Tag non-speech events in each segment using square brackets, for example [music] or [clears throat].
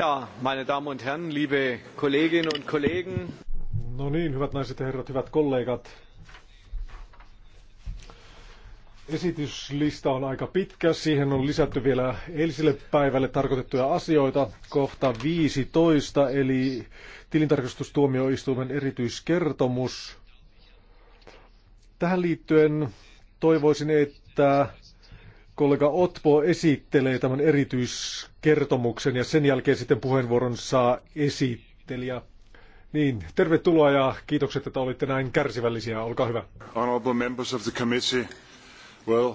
Ja, meine Damen und Herren, liebe Kolleginnen und Kollegen. No niin, hyvät naiset ja herrat, hyvät kollegat. Esityslista on aika pitkä. Siihen on lisätty vielä eiliselle päivälle tarkoitettuja asioita. Kohta 15, eli tilintarkastustuomioistuimen erityiskertomus. Tähän liittyen toivoisin, että kollega Otpo esittelee tämän erityiskertomuksen ja sen jälkeen sitten puheenvuoron saa esittelijä. Niin, tervetuloa ja kiitokset, että olitte näin kärsivällisiä. Olkaa hyvä. Honorable members of the committee. Well,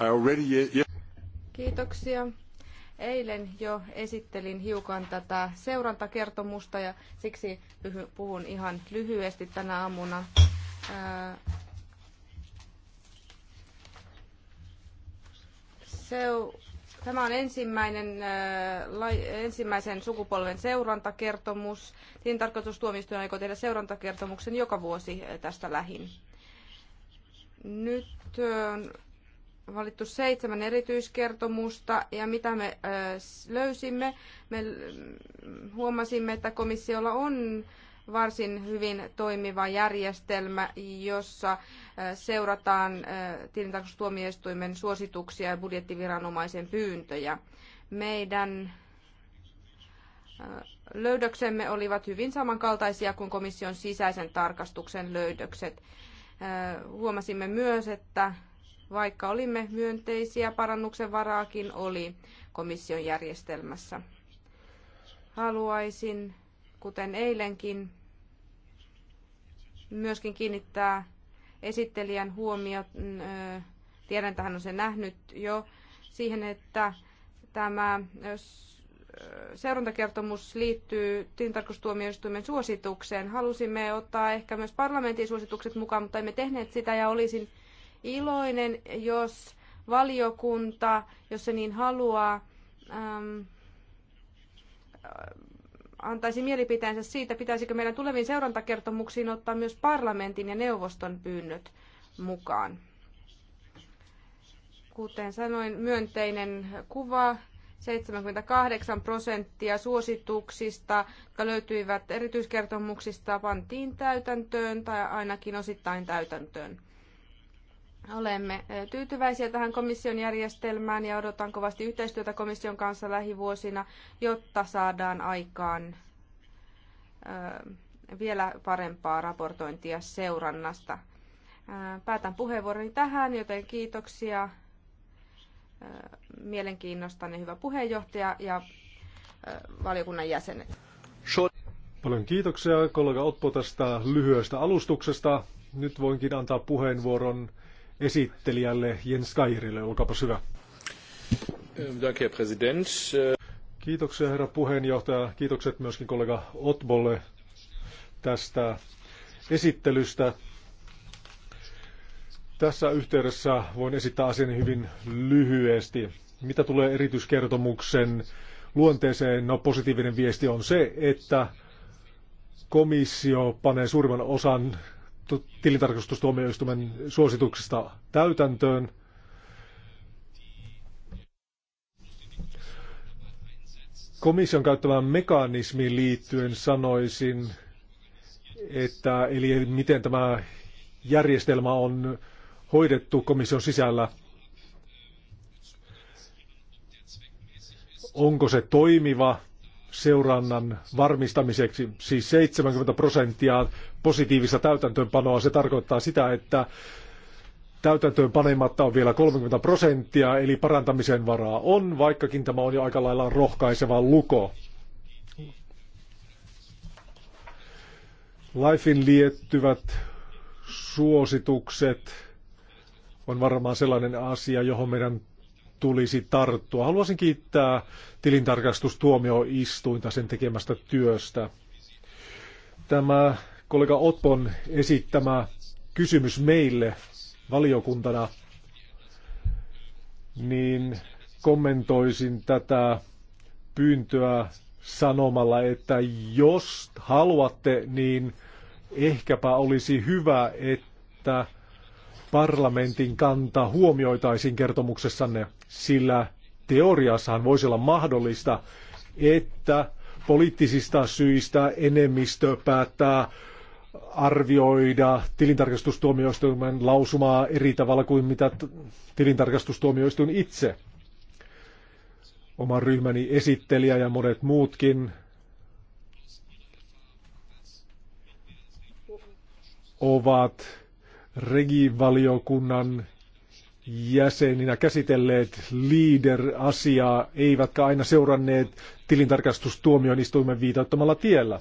I already... Kiitoksia. Eilen jo esittelin hiukan tätä seurantakertomusta ja siksi puhun ihan lyhyesti tänä aamuna. Seu, tämä on ensimmäinen, äh, ensimmäisen sukupolven seurantakertomus. tarkoitus tuomistuja aikoo tehdä seurantakertomuksen joka vuosi äh, tästä lähin. Nyt äh, on valittu seitsemän erityiskertomusta ja mitä me löysimme? Me mm, huomasimme, että komissiolla on varsin hyvin toimiva järjestelmä, jossa seurataan tilintarkastustuomioistuimen suosituksia ja budjettiviranomaisen pyyntöjä. Meidän löydöksemme olivat hyvin samankaltaisia kuin komission sisäisen tarkastuksen löydökset. Huomasimme myös, että vaikka olimme myönteisiä, parannuksen varaakin oli komission järjestelmässä. Haluaisin, kuten eilenkin, myöskin kiinnittää esittelijän huomiot, mm, tiedän, että hän on se nähnyt jo, siihen, että tämä seurantakertomus liittyy tilintarkastustuomioistuimen suositukseen. Halusimme ottaa ehkä myös parlamentin suositukset mukaan, mutta emme tehneet sitä ja olisin iloinen, jos valiokunta, jos se niin haluaa, ähm, antaisi mielipiteensä siitä, pitäisikö meidän tuleviin seurantakertomuksiin ottaa myös parlamentin ja neuvoston pyynnöt mukaan. Kuten sanoin, myönteinen kuva 78 prosenttia suosituksista, jotka löytyivät erityiskertomuksista, pantiin täytäntöön tai ainakin osittain täytäntöön. Olemme tyytyväisiä tähän komission järjestelmään ja odotan kovasti yhteistyötä komission kanssa lähivuosina, jotta saadaan aikaan vielä parempaa raportointia seurannasta. Päätän puheenvuoroni tähän, joten kiitoksia mielenkiinnostanne hyvä puheenjohtaja ja valiokunnan jäsenet. Paljon kiitoksia kollega Otpo tästä lyhyestä alustuksesta. Nyt voinkin antaa puheenvuoron esittelijälle Jens Kairille. Olkaapa hyvä. Kiitoksia herra puheenjohtaja. Kiitokset myöskin kollega Otbolle tästä esittelystä. Tässä yhteydessä voin esittää asian hyvin lyhyesti. Mitä tulee erityiskertomuksen luonteeseen, no positiivinen viesti on se, että komissio panee suurimman osan tilintarkastustuomioistuimen suosituksista täytäntöön. Komission käyttämään mekanismiin liittyen sanoisin, että eli miten tämä järjestelmä on hoidettu komission sisällä. Onko se toimiva seurannan varmistamiseksi, siis 70 prosenttia positiivista täytäntöönpanoa, se tarkoittaa sitä, että täytäntöön panematta on vielä 30 prosenttia, eli parantamisen varaa on, vaikkakin tämä on jo aika lailla rohkaiseva luko. Lifein liettyvät suositukset on varmaan sellainen asia, johon meidän tulisi tarttua. Haluaisin kiittää tilintarkastustuomioistuinta sen tekemästä työstä. Tämä kollega Otpon esittämä kysymys meille valiokuntana, niin kommentoisin tätä pyyntöä sanomalla, että jos haluatte, niin ehkäpä olisi hyvä, että parlamentin kanta huomioitaisiin kertomuksessanne, sillä teoriassahan voisi olla mahdollista, että poliittisista syistä enemmistö päättää arvioida tilintarkastustuomioistuimen lausumaa eri tavalla kuin mitä tilintarkastustuomioistuin itse. Oman ryhmäni esittelijä ja monet muutkin ovat regivaliokunnan jäseninä käsitelleet leader-asiaa, eivätkä aina seuranneet tilintarkastustuomioistuimen viitauttamalla tiellä.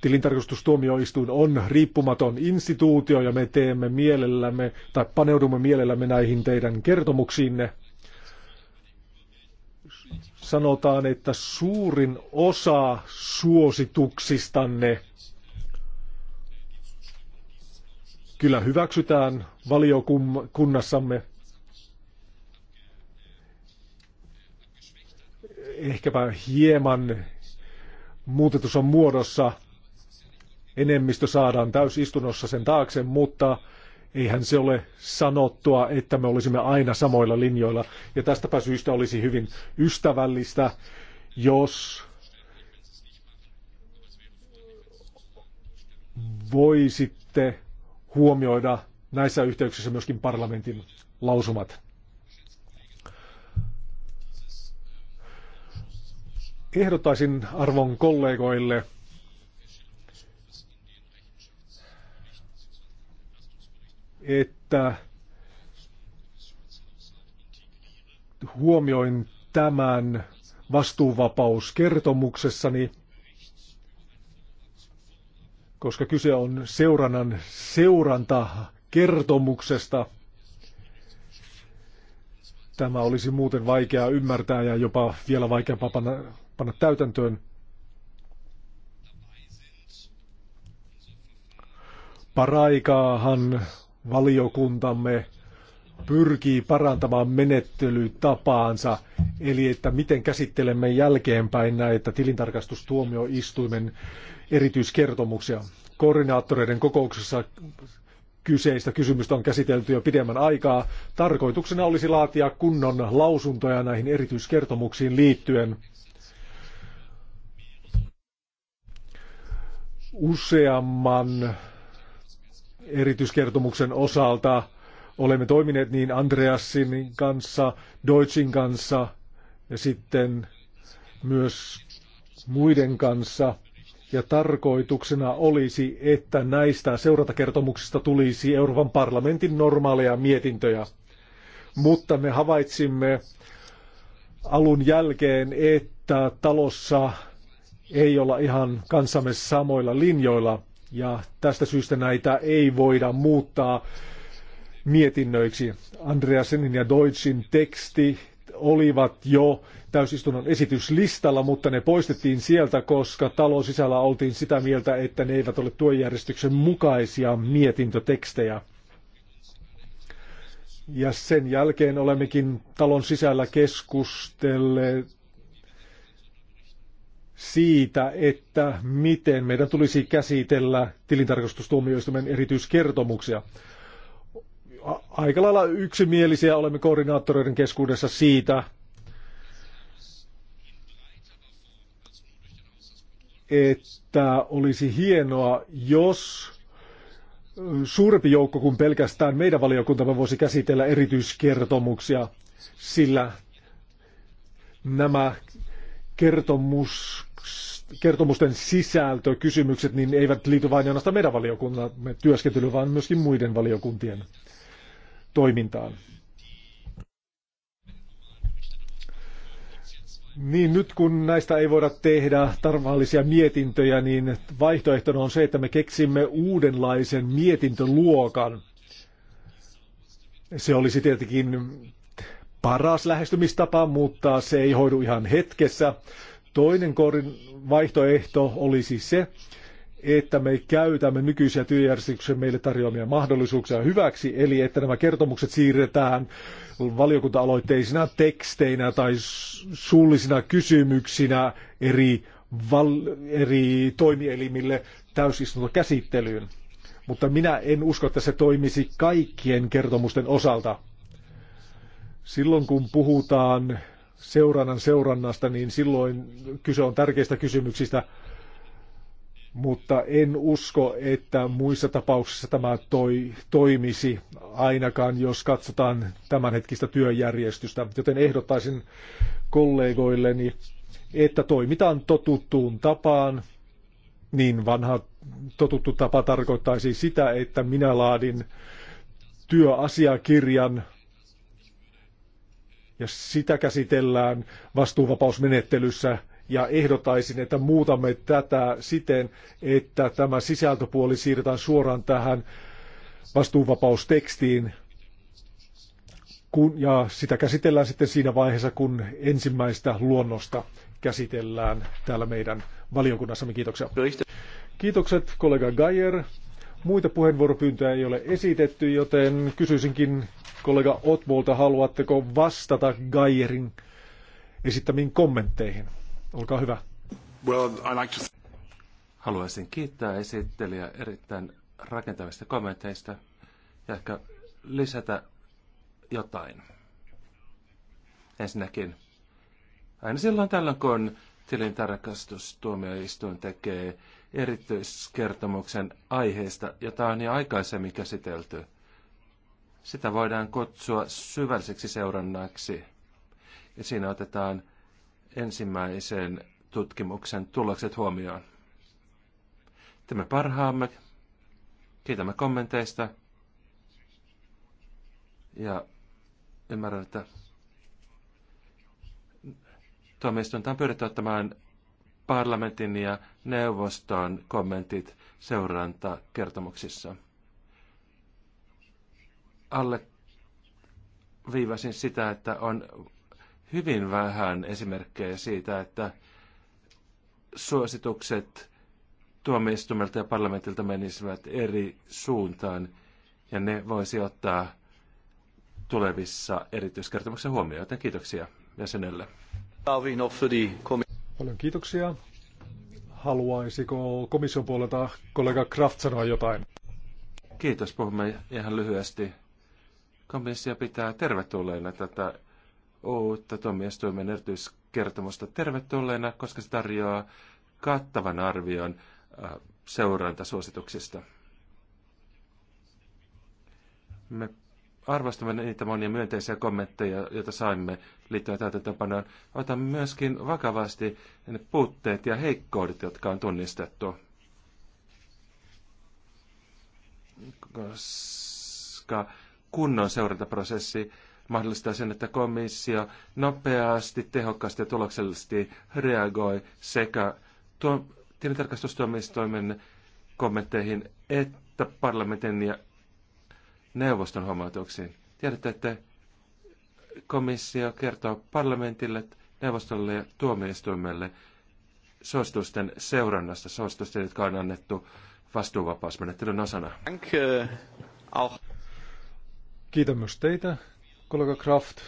Tilintarkastustuomioistuin on riippumaton instituutio ja me teemme mielellämme tai paneudumme mielellämme näihin teidän kertomuksiinne. Sanotaan, että suurin osa suosituksistanne – kyllä hyväksytään valiokunnassamme. Ehkäpä hieman muutetussa muodossa enemmistö saadaan täysistunnossa sen taakse, mutta eihän se ole sanottua, että me olisimme aina samoilla linjoilla. Ja tästäpä syystä olisi hyvin ystävällistä, jos voisitte huomioida näissä yhteyksissä myöskin parlamentin lausumat. Ehdottaisin arvon kollegoille, että huomioin tämän vastuuvapauskertomuksessani koska kyse on seurannan seuranta kertomuksesta. Tämä olisi muuten vaikea ymmärtää ja jopa vielä vaikeampaa panna, panna täytäntöön. Paraikaahan valiokuntamme pyrkii parantamaan menettelytapaansa, eli että miten käsittelemme jälkeenpäin näitä tilintarkastustuomioistuimen erityiskertomuksia. Koordinaattoreiden kokouksessa kyseistä kysymystä on käsitelty jo pidemmän aikaa. Tarkoituksena olisi laatia kunnon lausuntoja näihin erityiskertomuksiin liittyen. Useamman erityiskertomuksen osalta olemme toimineet niin Andreasin kanssa, Deutschin kanssa ja sitten myös muiden kanssa – ja tarkoituksena olisi, että näistä seurantakertomuksista tulisi Euroopan parlamentin normaaleja mietintöjä. Mutta me havaitsimme alun jälkeen, että talossa ei olla ihan kanssamme samoilla linjoilla ja tästä syystä näitä ei voida muuttaa mietinnöiksi. Andreasenin ja Deutschin teksti olivat jo täysistunnon esityslistalla, mutta ne poistettiin sieltä, koska talon sisällä oltiin sitä mieltä, että ne eivät ole tuojärjestyksen mukaisia mietintötekstejä. Ja sen jälkeen olemmekin talon sisällä keskustelleet siitä, että miten meidän tulisi käsitellä tilintarkastustuomioistuimen erityiskertomuksia. Aika lailla yksimielisiä olemme koordinaattoreiden keskuudessa siitä, että olisi hienoa, jos suurempi joukko kuin pelkästään meidän valiokuntamme voisi käsitellä erityiskertomuksia, sillä nämä kertomus, kertomusten kysymykset, niin eivät liity vain ainoastaan meidän valiokunnan työskentelyyn, vaan myöskin muiden valiokuntien toimintaan. Niin nyt kun näistä ei voida tehdä tarvallisia mietintöjä, niin vaihtoehtona on se, että me keksimme uudenlaisen mietintöluokan. Se olisi tietenkin paras lähestymistapa, mutta se ei hoidu ihan hetkessä. Toinen korin vaihtoehto olisi se, että me käytämme nykyisiä työjärjestyksen meille tarjoamia mahdollisuuksia hyväksi, eli että nämä kertomukset siirretään valiokunta-aloitteisina teksteinä tai suullisina kysymyksinä eri, val- eri toimielimille täysistuntokäsittelyyn. Mutta minä en usko, että se toimisi kaikkien kertomusten osalta. Silloin kun puhutaan seurannan seurannasta, niin silloin kyse on tärkeistä kysymyksistä – mutta en usko, että muissa tapauksissa tämä toi, toimisi ainakaan, jos katsotaan tämänhetkistä työjärjestystä. Joten ehdottaisin kollegoilleni, että toimitaan totuttuun tapaan. Niin vanha totuttu tapa tarkoittaisi sitä, että minä laadin työasiakirjan ja sitä käsitellään vastuuvapausmenettelyssä ja ehdotaisin, että muutamme tätä siten, että tämä sisältöpuoli siirretään suoraan tähän vastuuvapaustekstiin, kun, ja sitä käsitellään sitten siinä vaiheessa, kun ensimmäistä luonnosta käsitellään täällä meidän valiokunnassamme. Kiitoksia. Kiitokset kollega Geier. Muita puheenvuoropyyntöjä ei ole esitetty, joten kysyisinkin kollega Otvolta haluatteko vastata Geierin esittämiin kommentteihin? Olkaa hyvä. Well, I like to... Haluaisin kiittää esittelijä erittäin rakentavista kommenteista ja ehkä lisätä jotain. Ensinnäkin, aina silloin tällöin, kun tilintarkastustuomioistuin tekee erityiskertomuksen aiheesta, jota on jo aikaisemmin käsitelty. Sitä voidaan kutsua syvälliseksi seurannaksi, ja siinä otetaan ensimmäisen tutkimuksen tulokset huomioon. Teemme parhaamme, kiitämme kommenteista ja ymmärrän, että tuomioistuinta on pyritty ottamaan parlamentin ja neuvoston kommentit seurantakertomuksissa. Alle viivasin sitä, että on hyvin vähän esimerkkejä siitä, että suositukset tuomioistumelta ja parlamentilta menisivät eri suuntaan ja ne voisi ottaa tulevissa erityiskertomuksissa huomioon. Joten kiitoksia jäsenelle. No, Paljon kiitoksia. Haluaisiko komission puolelta kollega Kraft sanoa jotain? Kiitos, puhumme ihan lyhyesti. Komissio pitää tervetulleena tätä uutta tuomioistuimen erityiskertomusta tervetulleena, koska se tarjoaa kattavan arvion seurantasuosituksista. Me arvostamme niitä monia myönteisiä kommentteja, joita saimme liittyen täytäntöönpanoon. Otamme myöskin vakavasti ne puutteet ja heikkoudet, jotka on tunnistettu. Koska kunnon seurantaprosessi mahdollistaa sen, että komissio nopeasti, tehokkaasti ja tuloksellisesti reagoi sekä tuo, tilintarkastustuomioistuimen kommentteihin että parlamentin ja neuvoston huomautuksiin. Tiedätte, että komissio kertoo parlamentille, neuvostolle ja tuomioistuimelle suositusten seurannasta, suositusten, jotka on annettu vastuuvapausmenettelyn osana. Kiitän myös teitä Kollega Kraft,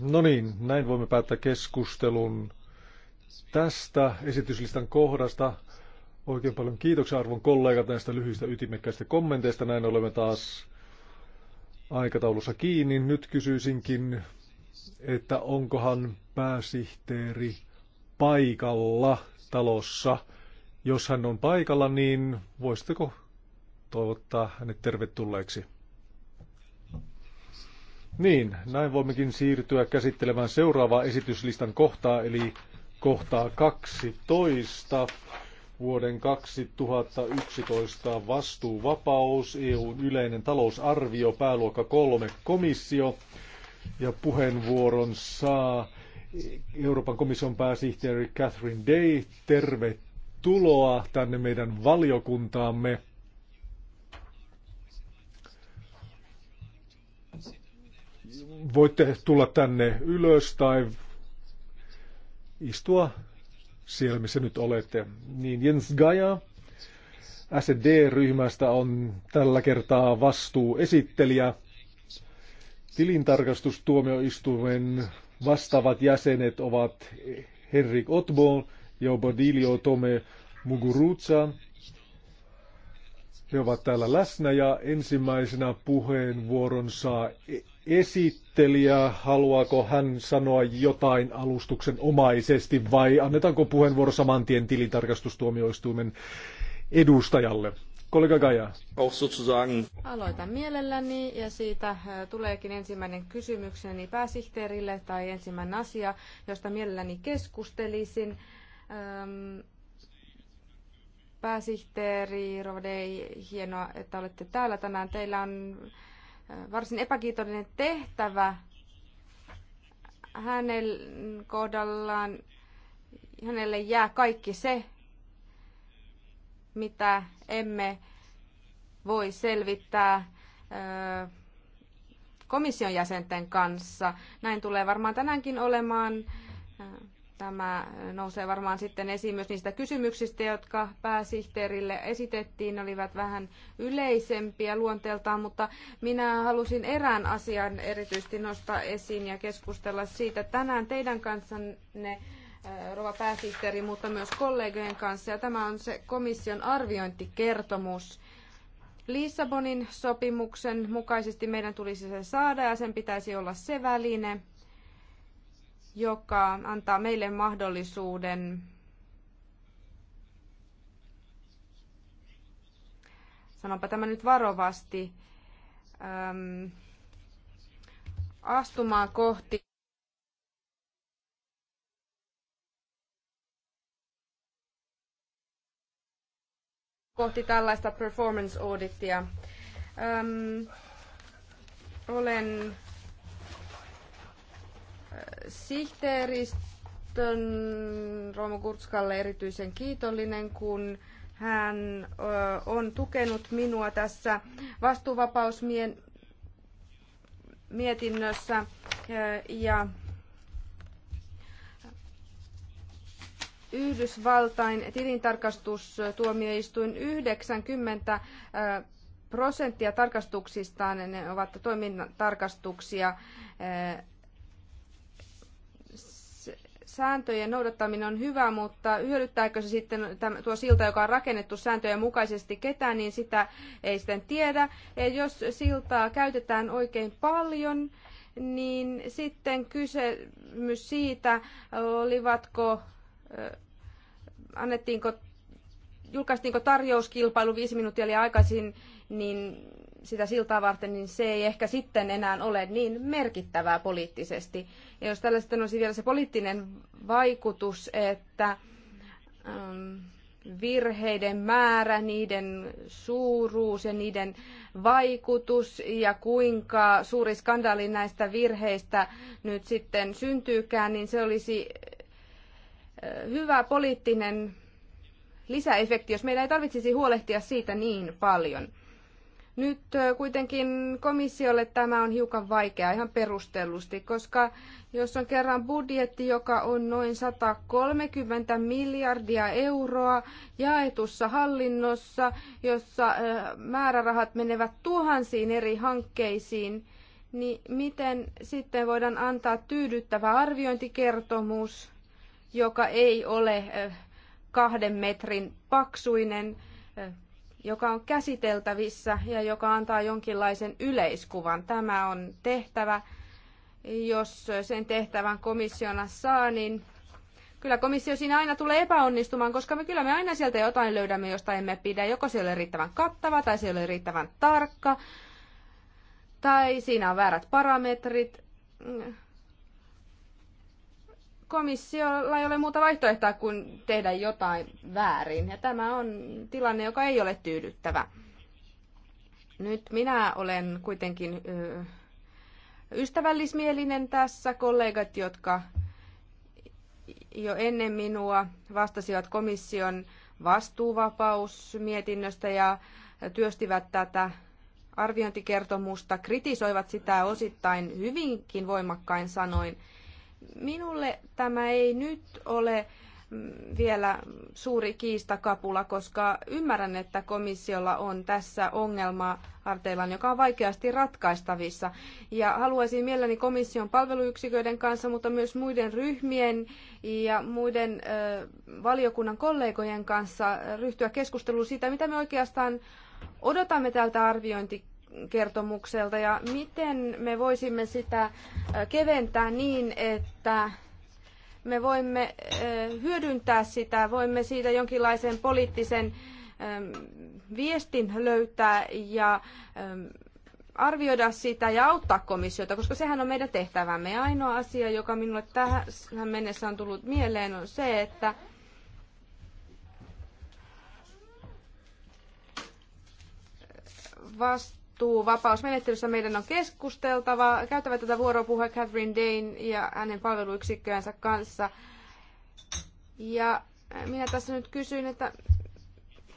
no niin, näin voimme päättää keskustelun tästä esityslistan kohdasta. Oikein paljon kiitoksia arvon kollegat näistä lyhyistä ytimekkäistä kommenteista. Näin olemme taas aikataulussa kiinni. Nyt kysyisinkin, että onkohan pääsihteeri paikalla talossa. Jos hän on paikalla, niin voisitteko toivottaa hänet tervetulleeksi? Niin, näin voimmekin siirtyä käsittelemään seuraavaa esityslistan kohtaa, eli kohtaa 12 vuoden 2011 vastuuvapaus, EUn yleinen talousarvio, pääluokka 3, komissio. Ja puheenvuoron saa Euroopan komission pääsihteeri Catherine Day. Tervetuloa tänne meidän valiokuntaamme. voitte tulla tänne ylös tai istua siellä, missä nyt olette. Niin Jens Gaja SD-ryhmästä on tällä kertaa vastuu esittelijä. Tilintarkastustuomioistuimen vastaavat jäsenet ovat Henrik Otbo ja Bodilio Tome Muguruza. He ovat täällä läsnä ja ensimmäisenä puheenvuoron saa esittelijä, haluaako hän sanoa jotain alustuksen omaisesti vai annetaanko puheenvuoro saman tien tilintarkastustuomioistuimen edustajalle? Kollega Gaja. Aloitan mielelläni ja siitä äh, tuleekin ensimmäinen kysymykseni pääsihteerille tai ensimmäinen asia, josta mielelläni keskustelisin. Ähm, pääsihteeri Rodei, hienoa, että olette täällä tänään. Teillä on varsin epäkiitollinen tehtävä hänen kohdallaan. Hänelle jää kaikki se, mitä emme voi selvittää komission jäsenten kanssa. Näin tulee varmaan tänäänkin olemaan. Tämä nousee varmaan sitten esiin myös niistä kysymyksistä, jotka pääsihteerille esitettiin, ne olivat vähän yleisempiä luonteeltaan, mutta minä halusin erään asian erityisesti nostaa esiin ja keskustella siitä tänään teidän kanssanne, äh, rova pääsihteeri, mutta myös kollegojen kanssa. Ja tämä on se komission arviointikertomus. Lissabonin sopimuksen mukaisesti meidän tulisi se saada ja sen pitäisi olla se väline, joka antaa meille mahdollisuuden sanonpa tämä nyt varovasti, ähm, astumaan kohti kohti tällaista performance auditia. Ähm, olen sihteeristön Romo Kurtskalle erityisen kiitollinen, kun hän on tukenut minua tässä vastuuvapausmien mietinnössä ja Yhdysvaltain tilintarkastustuomioistuin 90 prosenttia tarkastuksistaan ne ovat toimintatarkastuksia sääntöjen noudattaminen on hyvä, mutta hyödyttääkö se sitten tuo silta, joka on rakennettu sääntöjen mukaisesti ketään, niin sitä ei sitten tiedä. Ja jos siltaa käytetään oikein paljon, niin sitten kysymys siitä, olivatko, annettiinko, julkaistiinko tarjouskilpailu viisi minuuttia liian aikaisin, niin sitä siltaa varten, niin se ei ehkä sitten enää ole niin merkittävää poliittisesti. Ja jos tällä sitten olisi vielä se poliittinen vaikutus, että ähm, virheiden määrä, niiden suuruus ja niiden vaikutus ja kuinka suuri skandaali näistä virheistä nyt sitten syntyykään, niin se olisi äh, hyvä poliittinen lisäefekti, jos meidän ei tarvitsisi huolehtia siitä niin paljon. Nyt kuitenkin komissiolle tämä on hiukan vaikeaa ihan perustellusti, koska jos on kerran budjetti, joka on noin 130 miljardia euroa jaetussa hallinnossa, jossa määrärahat menevät tuhansiin eri hankkeisiin, niin miten sitten voidaan antaa tyydyttävä arviointikertomus, joka ei ole kahden metrin paksuinen joka on käsiteltävissä ja joka antaa jonkinlaisen yleiskuvan. Tämä on tehtävä. Jos sen tehtävän komissiona saa, niin kyllä komissio siinä aina tulee epäonnistumaan, koska me kyllä me aina sieltä jotain löydämme, josta emme pidä. Joko se ei ole riittävän kattava tai se ei ole riittävän tarkka tai siinä on väärät parametrit komissiolla ei ole muuta vaihtoehtoa kuin tehdä jotain väärin. Ja tämä on tilanne, joka ei ole tyydyttävä. Nyt minä olen kuitenkin ystävällismielinen tässä. Kollegat, jotka jo ennen minua vastasivat komission vastuuvapausmietinnöstä ja työstivät tätä arviointikertomusta, kritisoivat sitä osittain hyvinkin voimakkain sanoin – Minulle tämä ei nyt ole mm, vielä suuri kiistakapula, koska ymmärrän, että komissiolla on tässä ongelma harteillaan, joka on vaikeasti ratkaistavissa. Ja haluaisin mielelläni komission palveluyksiköiden kanssa, mutta myös muiden ryhmien ja muiden valiokunnan kollegojen kanssa ryhtyä keskusteluun siitä, mitä me oikeastaan odotamme tältä arviointi kertomukselta ja miten me voisimme sitä äh, keventää niin, että me voimme äh, hyödyntää sitä, voimme siitä jonkinlaisen poliittisen ähm, viestin löytää ja ähm, arvioida sitä ja auttaa komissiota, koska sehän on meidän tehtävämme. Ja ainoa asia, joka minulle tähän mennessä on tullut mieleen, on se, että vast tapahtuu vapausmenettelyssä, meidän on keskusteltava, käytävä tätä vuoropuhua Catherine Dane ja hänen palveluyksikköänsä kanssa. Ja äh, minä tässä nyt kysyin, että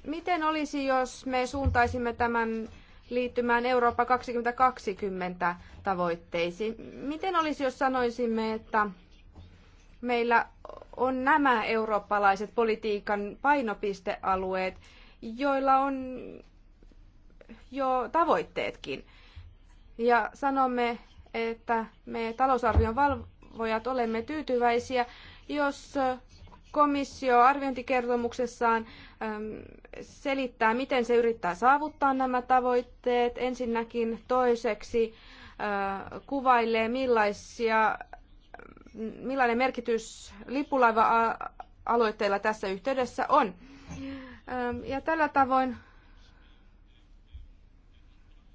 miten olisi, jos me suuntaisimme tämän liittymään Eurooppa 2020 tavoitteisiin? Miten olisi, jos sanoisimme, että meillä on nämä eurooppalaiset politiikan painopistealueet, joilla on jo tavoitteetkin. Ja sanomme, että me talousarvion valvojat olemme tyytyväisiä, jos komissio arviointikertomuksessaan selittää, miten se yrittää saavuttaa nämä tavoitteet. Ensinnäkin toiseksi kuvailee, millaisia, millainen merkitys lipulaiva-aloitteilla tässä yhteydessä on. Ja tällä tavoin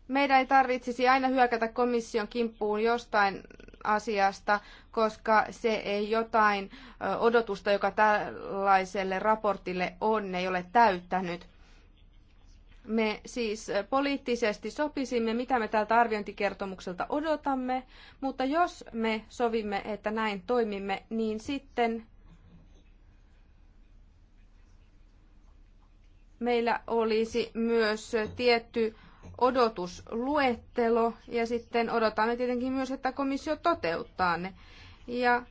meidän ei tarvitsisi aina hyökätä komission kimppuun jostain asiasta, koska se ei jotain odotusta, joka tällaiselle raportille on, ei ole täyttänyt. Me siis poliittisesti sopisimme, mitä me täältä arviointikertomukselta odotamme, mutta jos me sovimme, että näin toimimme, niin sitten meillä olisi myös tietty odotusluettelo ja sitten odotamme tietenkin myös, että komissio toteuttaa ne. Ja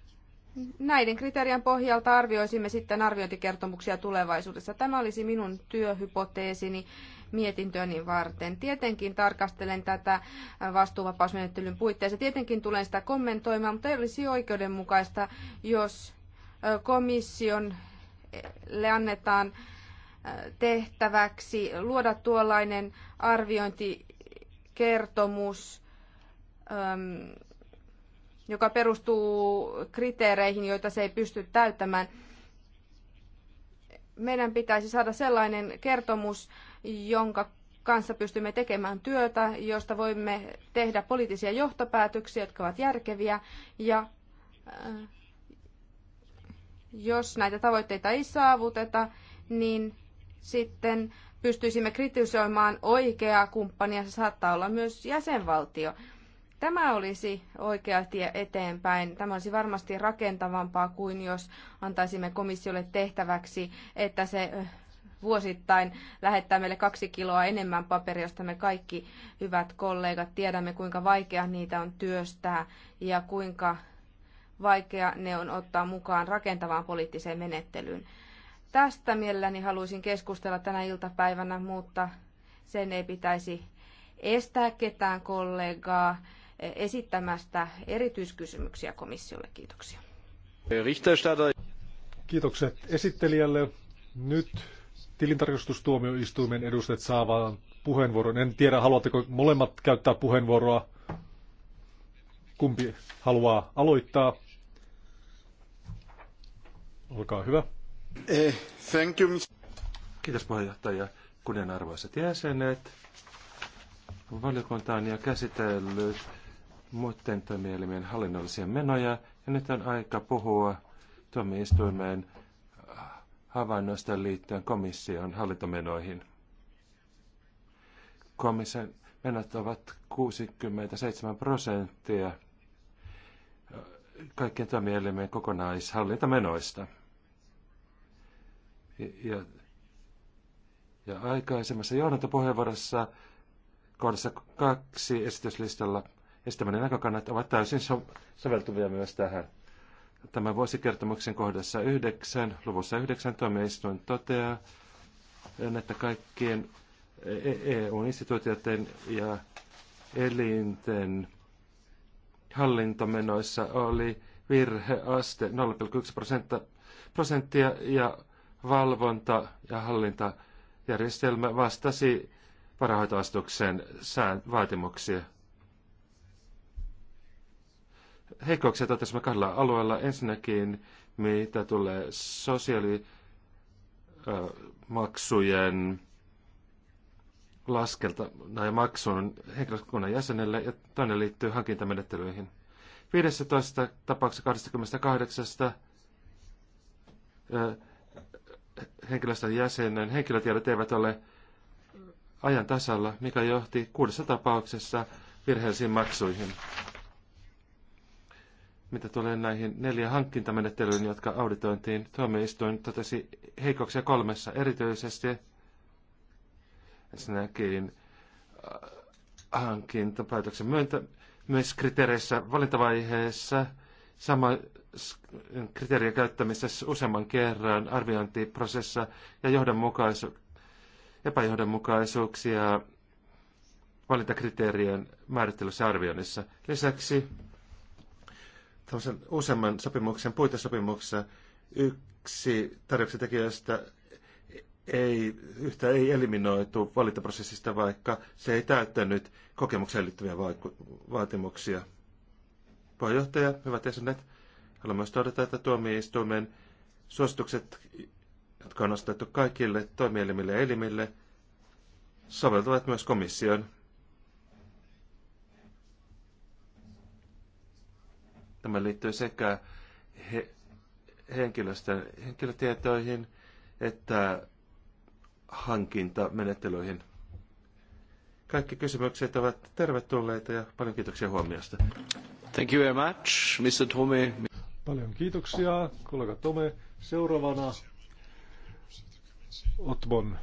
näiden kriteerien pohjalta arvioisimme sitten arviointikertomuksia tulevaisuudessa. Tämä olisi minun työhypoteesini mietintöni varten. Tietenkin tarkastelen tätä vastuuvapausmenettelyn puitteissa. Tietenkin tulen sitä kommentoimaan, mutta ei olisi oikeudenmukaista, jos komission e, annetaan tehtäväksi luoda tuollainen arviointikertomus, ähm, joka perustuu kriteereihin, joita se ei pysty täyttämään. Meidän pitäisi saada sellainen kertomus, jonka kanssa pystymme tekemään työtä, josta voimme tehdä poliittisia johtopäätöksiä, jotka ovat järkeviä. Ja äh, jos näitä tavoitteita ei saavuteta, niin sitten pystyisimme kritisoimaan oikeaa kumppania, se saattaa olla myös jäsenvaltio. Tämä olisi oikea tie eteenpäin. Tämä olisi varmasti rakentavampaa kuin jos antaisimme komissiolle tehtäväksi, että se eh, vuosittain lähettää meille kaksi kiloa enemmän paperia, josta me kaikki hyvät kollegat tiedämme, kuinka vaikea niitä on työstää ja kuinka vaikea ne on ottaa mukaan rakentavaan poliittiseen menettelyyn. Tästä mielelläni haluaisin keskustella tänä iltapäivänä, mutta sen ei pitäisi estää ketään kollegaa esittämästä erityiskysymyksiä komissiolle. Kiitoksia. Kiitokset esittelijälle. Nyt tilintarkastustuomioistuimen edustajat saavat puheenvuoron. En tiedä, haluatteko molemmat käyttää puheenvuoroa. Kumpi haluaa aloittaa? Olkaa hyvä. Eh, thank you. Kiitos puheenjohtaja. Kunnianarvoiset jäsenet, valiokunta on jo käsitellyt muiden toimielimien hallinnollisia menoja ja nyt on aika puhua tuomioistuimeen äh, havainnoista liittyen komission hallintomenoihin. Komission menot ovat 67 prosenttia äh, kaikkien toimielimien kokonaishallintamenoista. menoista. Ja, ja aikaisemmassa johdantopuheenvuorossa kohdassa kaksi esityslistalla esittämäni näkökannat ovat täysin so- soveltuvia myös tähän. Tämän vuosikertomuksen kohdassa 9, luvussa 9 tuomioistuin toteaa, että kaikkien EU-instituutioiden e ja elinten hallintomenoissa oli virheaste 0,1 prosenttia ja valvonta- ja hallintajärjestelmä vastasi varahoitoastuksen sään vaatimuksia. Heikkouksia totesimme kahdella alueella. Ensinnäkin, mitä tulee sosiaalimaksujen laskelta tai maksun henkilökunnan jäsenelle ja toinen liittyy hankintamenettelyihin. 15 tapauksessa 28 henkilöstön jäsenen henkilötiedot eivät ole ajan tasalla, mikä johti kuudessa tapauksessa virheellisiin maksuihin. Mitä tulee näihin neljä hankintamenettelyyn, jotka auditointiin, tuomioistuin totesi heikoksia kolmessa erityisesti. Ensinnäkin äh, hankintapäätöksen myöntämiskriteereissä valintavaiheessa – sama kriteeriä käyttämisessä useamman kerran arviointiprosessissa ja johdonmukaisu, epäjohdonmukaisuuksia valintakriteerien määrittelyssä arvioinnissa. Lisäksi useamman sopimuksen puitesopimuksessa yksi tarjouksen tekijöistä ei, yhtä ei eliminoitu valintaprosessista, vaikka se ei täyttänyt kokemukseen liittyviä vaatimuksia. Puheenjohtaja, hyvät jäsenet, haluan myös todeta, että tuomioistuimen suositukset, jotka on nostettu kaikille toimielimille ja elimille, soveltuvat myös komission. Tämä liittyy sekä he, henkilöstön, henkilötietoihin että hankintamenettelyihin. Kaikki kysymykset ovat tervetulleita ja paljon kiitoksia huomiosta. Thank you very much, Mr. Tome. Paljon kiitoksia, kollega Tome. Seuraavana Otbon.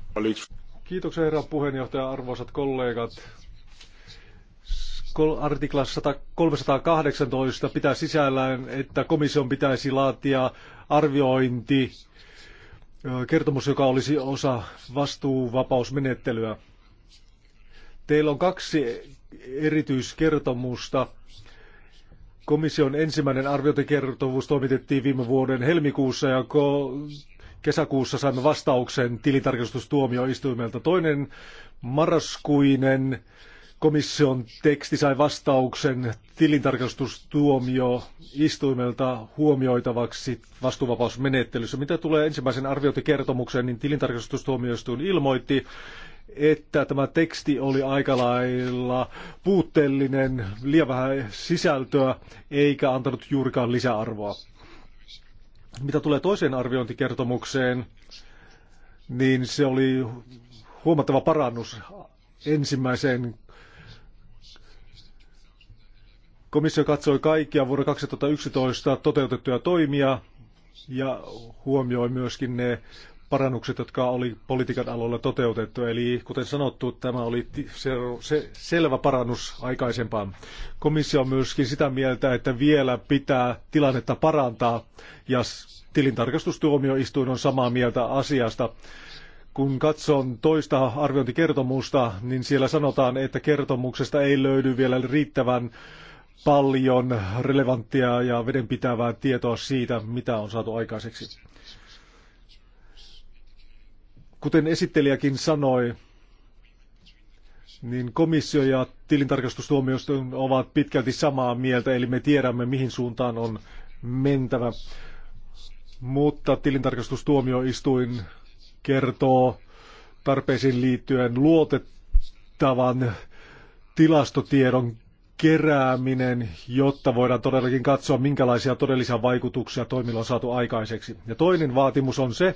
Kiitoksia herra puheenjohtaja, arvoisat kollegat. Artikla 318 pitää sisällään, että komission pitäisi laatia arviointi kertomus, joka olisi osa vastuuvapausmenettelyä. Teillä on kaksi erityiskertomusta Komission ensimmäinen arviointikertomus toimitettiin viime vuoden helmikuussa ja kesäkuussa saimme vastauksen tilintarkastustuomioistuimelta. Toinen marraskuinen komission teksti sai vastauksen tilintarkastustuomioistuimelta huomioitavaksi vastuuvapausmenettelyssä. Mitä tulee ensimmäisen arviointikertomukseen, niin tilintarkastustuomioistuin ilmoitti, että tämä teksti oli aika lailla puutteellinen, liian vähän sisältöä, eikä antanut juurikaan lisäarvoa. Mitä tulee toiseen arviointikertomukseen, niin se oli huomattava parannus ensimmäiseen. Komissio katsoi kaikkia vuonna 2011 toteutettuja toimia ja huomioi myöskin ne parannukset, jotka oli politiikan alueella toteutettu. Eli kuten sanottu, tämä oli se selvä parannus aikaisempaan. Komissio on myöskin sitä mieltä, että vielä pitää tilannetta parantaa ja tilintarkastustuomioistuin on samaa mieltä asiasta. Kun katson toista arviointikertomusta, niin siellä sanotaan, että kertomuksesta ei löydy vielä riittävän paljon relevanttia ja vedenpitävää tietoa siitä, mitä on saatu aikaiseksi. Kuten esittelijäkin sanoi, niin komissio ja tilintarkastustuomioistuin ovat pitkälti samaa mieltä, eli me tiedämme mihin suuntaan on mentävä. Mutta tilintarkastustuomioistuin kertoo tarpeisiin liittyen luotettavan tilastotiedon kerääminen, jotta voidaan todellakin katsoa, minkälaisia todellisia vaikutuksia toimilla on saatu aikaiseksi. Ja toinen vaatimus on se,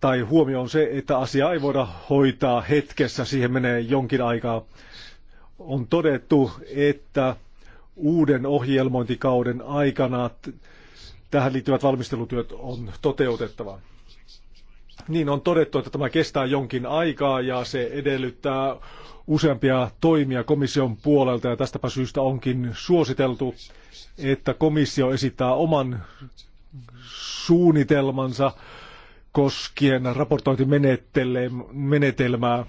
tai huomio on se, että asia ei voida hoitaa hetkessä, siihen menee jonkin aikaa. On todettu, että uuden ohjelmointikauden aikana tähän liittyvät valmistelutyöt on toteutettava. Niin on todettu, että tämä kestää jonkin aikaa ja se edellyttää useampia toimia komission puolelta ja tästäpä syystä onkin suositeltu, että komissio esittää oman suunnitelmansa koskien raportointimenetelmää,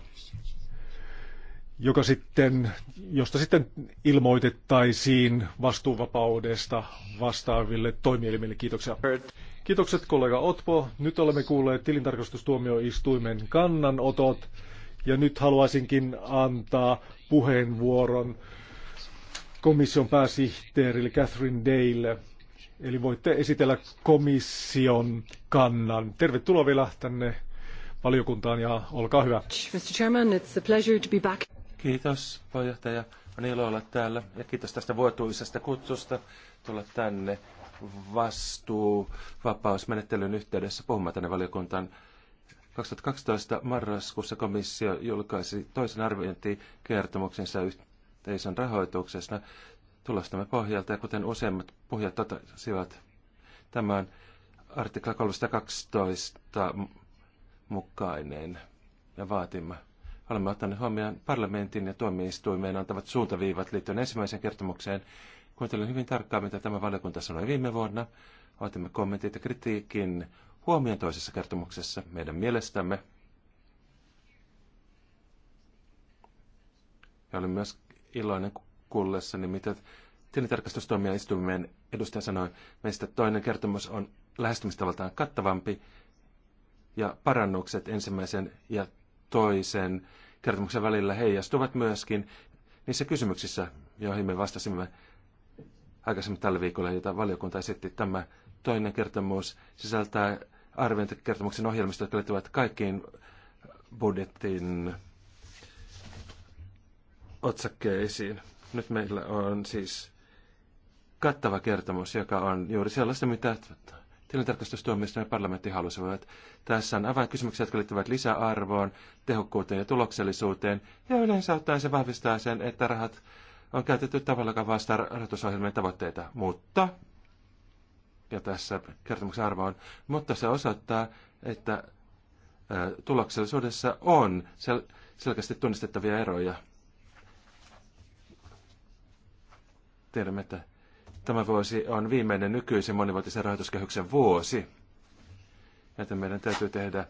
joka sitten, josta sitten ilmoitettaisiin vastuuvapaudesta vastaaville toimielimille. Kiitoksia. Kiitokset kollega Otpo. Nyt olemme kuulleet tilintarkastustuomioistuimen kannanotot ja nyt haluaisinkin antaa puheenvuoron komission pääsihteerille Catherine Dale Eli voitte esitellä komission kannan. Tervetuloa vielä tänne valiokuntaan ja olkaa hyvä. Mr. Chairman, it's a pleasure to be back. Kiitos puheenjohtaja. On ilo olla täällä ja kiitos tästä vuotuisesta kutsusta tulla tänne vastuuvapausmenettelyn yhteydessä puhumaan tänne valiokuntaan. 2012 marraskuussa komissio julkaisi toisen arviointikertomuksensa yhteisön rahoituksesta tulostamme pohjalta, ja kuten useimmat puhujat totesivat, tämä on artikla 312 mukainen ja vaatima. Olemme ottaneet huomioon parlamentin ja tuomioistuimeen antavat suuntaviivat liittyen ensimmäiseen kertomukseen. Kuuntelin hyvin tarkkaan, mitä tämä valiokunta sanoi viime vuonna. Otimme kommentit ja kritiikin huomioon toisessa kertomuksessa meidän mielestämme. Ja olin myös iloinen, kun kuullessa, niin mitä tilintarkastustoimijaistumien edustaja sanoi, meistä toinen kertomus on lähestymistavaltaan kattavampi ja parannukset ensimmäisen ja toisen kertomuksen välillä heijastuvat myöskin niissä kysymyksissä, joihin me vastasimme aikaisemmin tällä viikolla, jota valiokunta esitti. Tämä toinen kertomus sisältää arviointikertomuksen ohjelmista, jotka liittyvät kaikkiin budjetin otsakkeisiin. Nyt meillä on siis kattava kertomus, joka on juuri sellaista, mitä tilintarkastustuomioistuin ja parlamentti halusivat. Tässä on avainkysymyksiä, jotka liittyvät lisäarvoon, tehokkuuteen ja tuloksellisuuteen, ja yleensä ottaen se vahvistaa sen, että rahat on käytetty tavalla, joka vastaa rahoitusohjelmien tavoitteita. Mutta, ja tässä kertomuksen arvo on, mutta se osoittaa, että tuloksellisuudessa on sel- selkeästi tunnistettavia eroja. Tiedämme, että tämä vuosi on viimeinen nykyisen monivuotisen rahoituskehyksen vuosi, joten meidän täytyy tehdä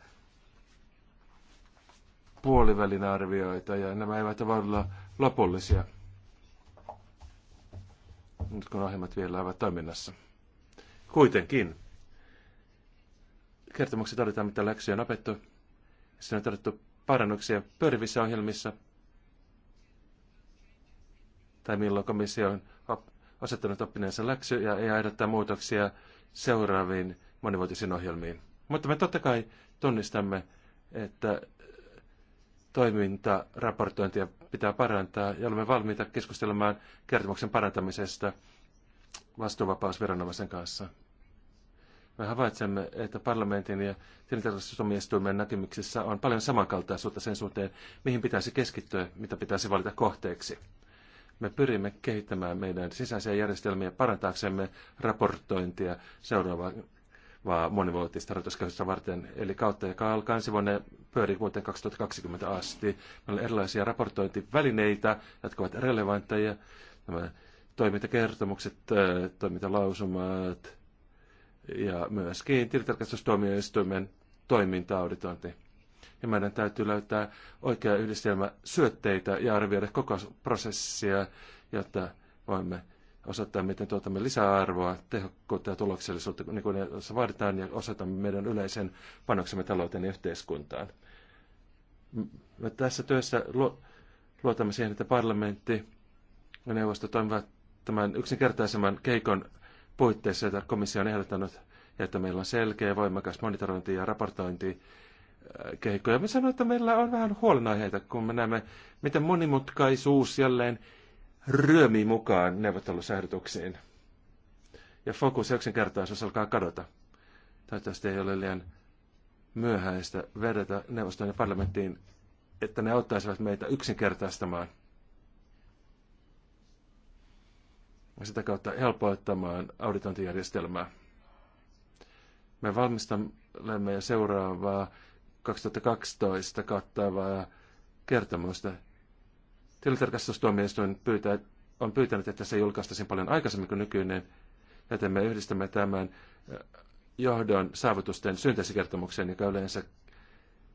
puolivälin arvioita ja nämä eivät voi olla lopullisia, nyt kun ohjelmat vielä ovat toiminnassa. Kuitenkin. Kertomuksessa todetaan, mitä läksyjä on opettu. Siinä on todettu parannuksia pyörivissä ohjelmissa – tai milloin komissio on asettanut oppineensa läksy ja ei aiheuttaa muutoksia seuraaviin monivuotisiin ohjelmiin. Mutta me totta kai tunnistamme, että toimintaraportointia pitää parantaa ja olemme valmiita keskustelemaan kertomuksen parantamisesta vastuuvapausviranomaisen kanssa. Me havaitsemme, että parlamentin ja tilintarkastusomistuimen näkemyksissä on paljon samankaltaisuutta sen suhteen, mihin pitäisi keskittyä, mitä pitäisi valita kohteeksi. Me pyrimme kehittämään meidän sisäisiä järjestelmiä parantaaksemme raportointia seuraavaa monivuotista rahoituskehitystä varten, eli kautta, joka alkaa ensi vuonna pyörii vuoteen 2020 asti. Meillä on erilaisia raportointivälineitä, jotka ovat relevantteja. Nämä toimintakertomukset, toimintalausumat ja myöskin tilitarkastustuomioistuimen toiminta-auditointi ja meidän täytyy löytää oikea yhdistelmä syötteitä ja arvioida koko prosessia, jotta voimme osoittaa, miten tuotamme lisäarvoa, tehokkuutta ja tuloksellisuutta, niin kuin se vaaditaan, ja osoitamme meidän yleisen panoksemme talouteen ja yhteiskuntaan. Me tässä työssä luotamme siihen, että parlamentti ja neuvosto toimivat tämän yksinkertaisemman keikon puitteissa, jota komissio on ehdottanut, että meillä on selkeä, voimakas monitorointi ja raportointi keikkoja. Me sanoin, että meillä on vähän huolenaiheita, kun me näemme, miten monimutkaisuus jälleen ryömii mukaan neuvottelusäädytyksiin. Ja fokus ja yksinkertaisuus alkaa kadota. Toivottavasti ei ole liian myöhäistä vedetä neuvostoon ja parlamenttiin, että ne auttaisivat meitä yksinkertaistamaan ja sitä kautta helpoittamaan auditointijärjestelmää. Me valmistamme ja seuraavaa 2012 kattavaa kertomusta. Tilintarkastustuomioistuin pyytää, on pyytänyt, että se julkaistaisiin paljon aikaisemmin kuin nykyinen, joten me yhdistämme tämän johdon saavutusten synteesikertomukseen, joka yleensä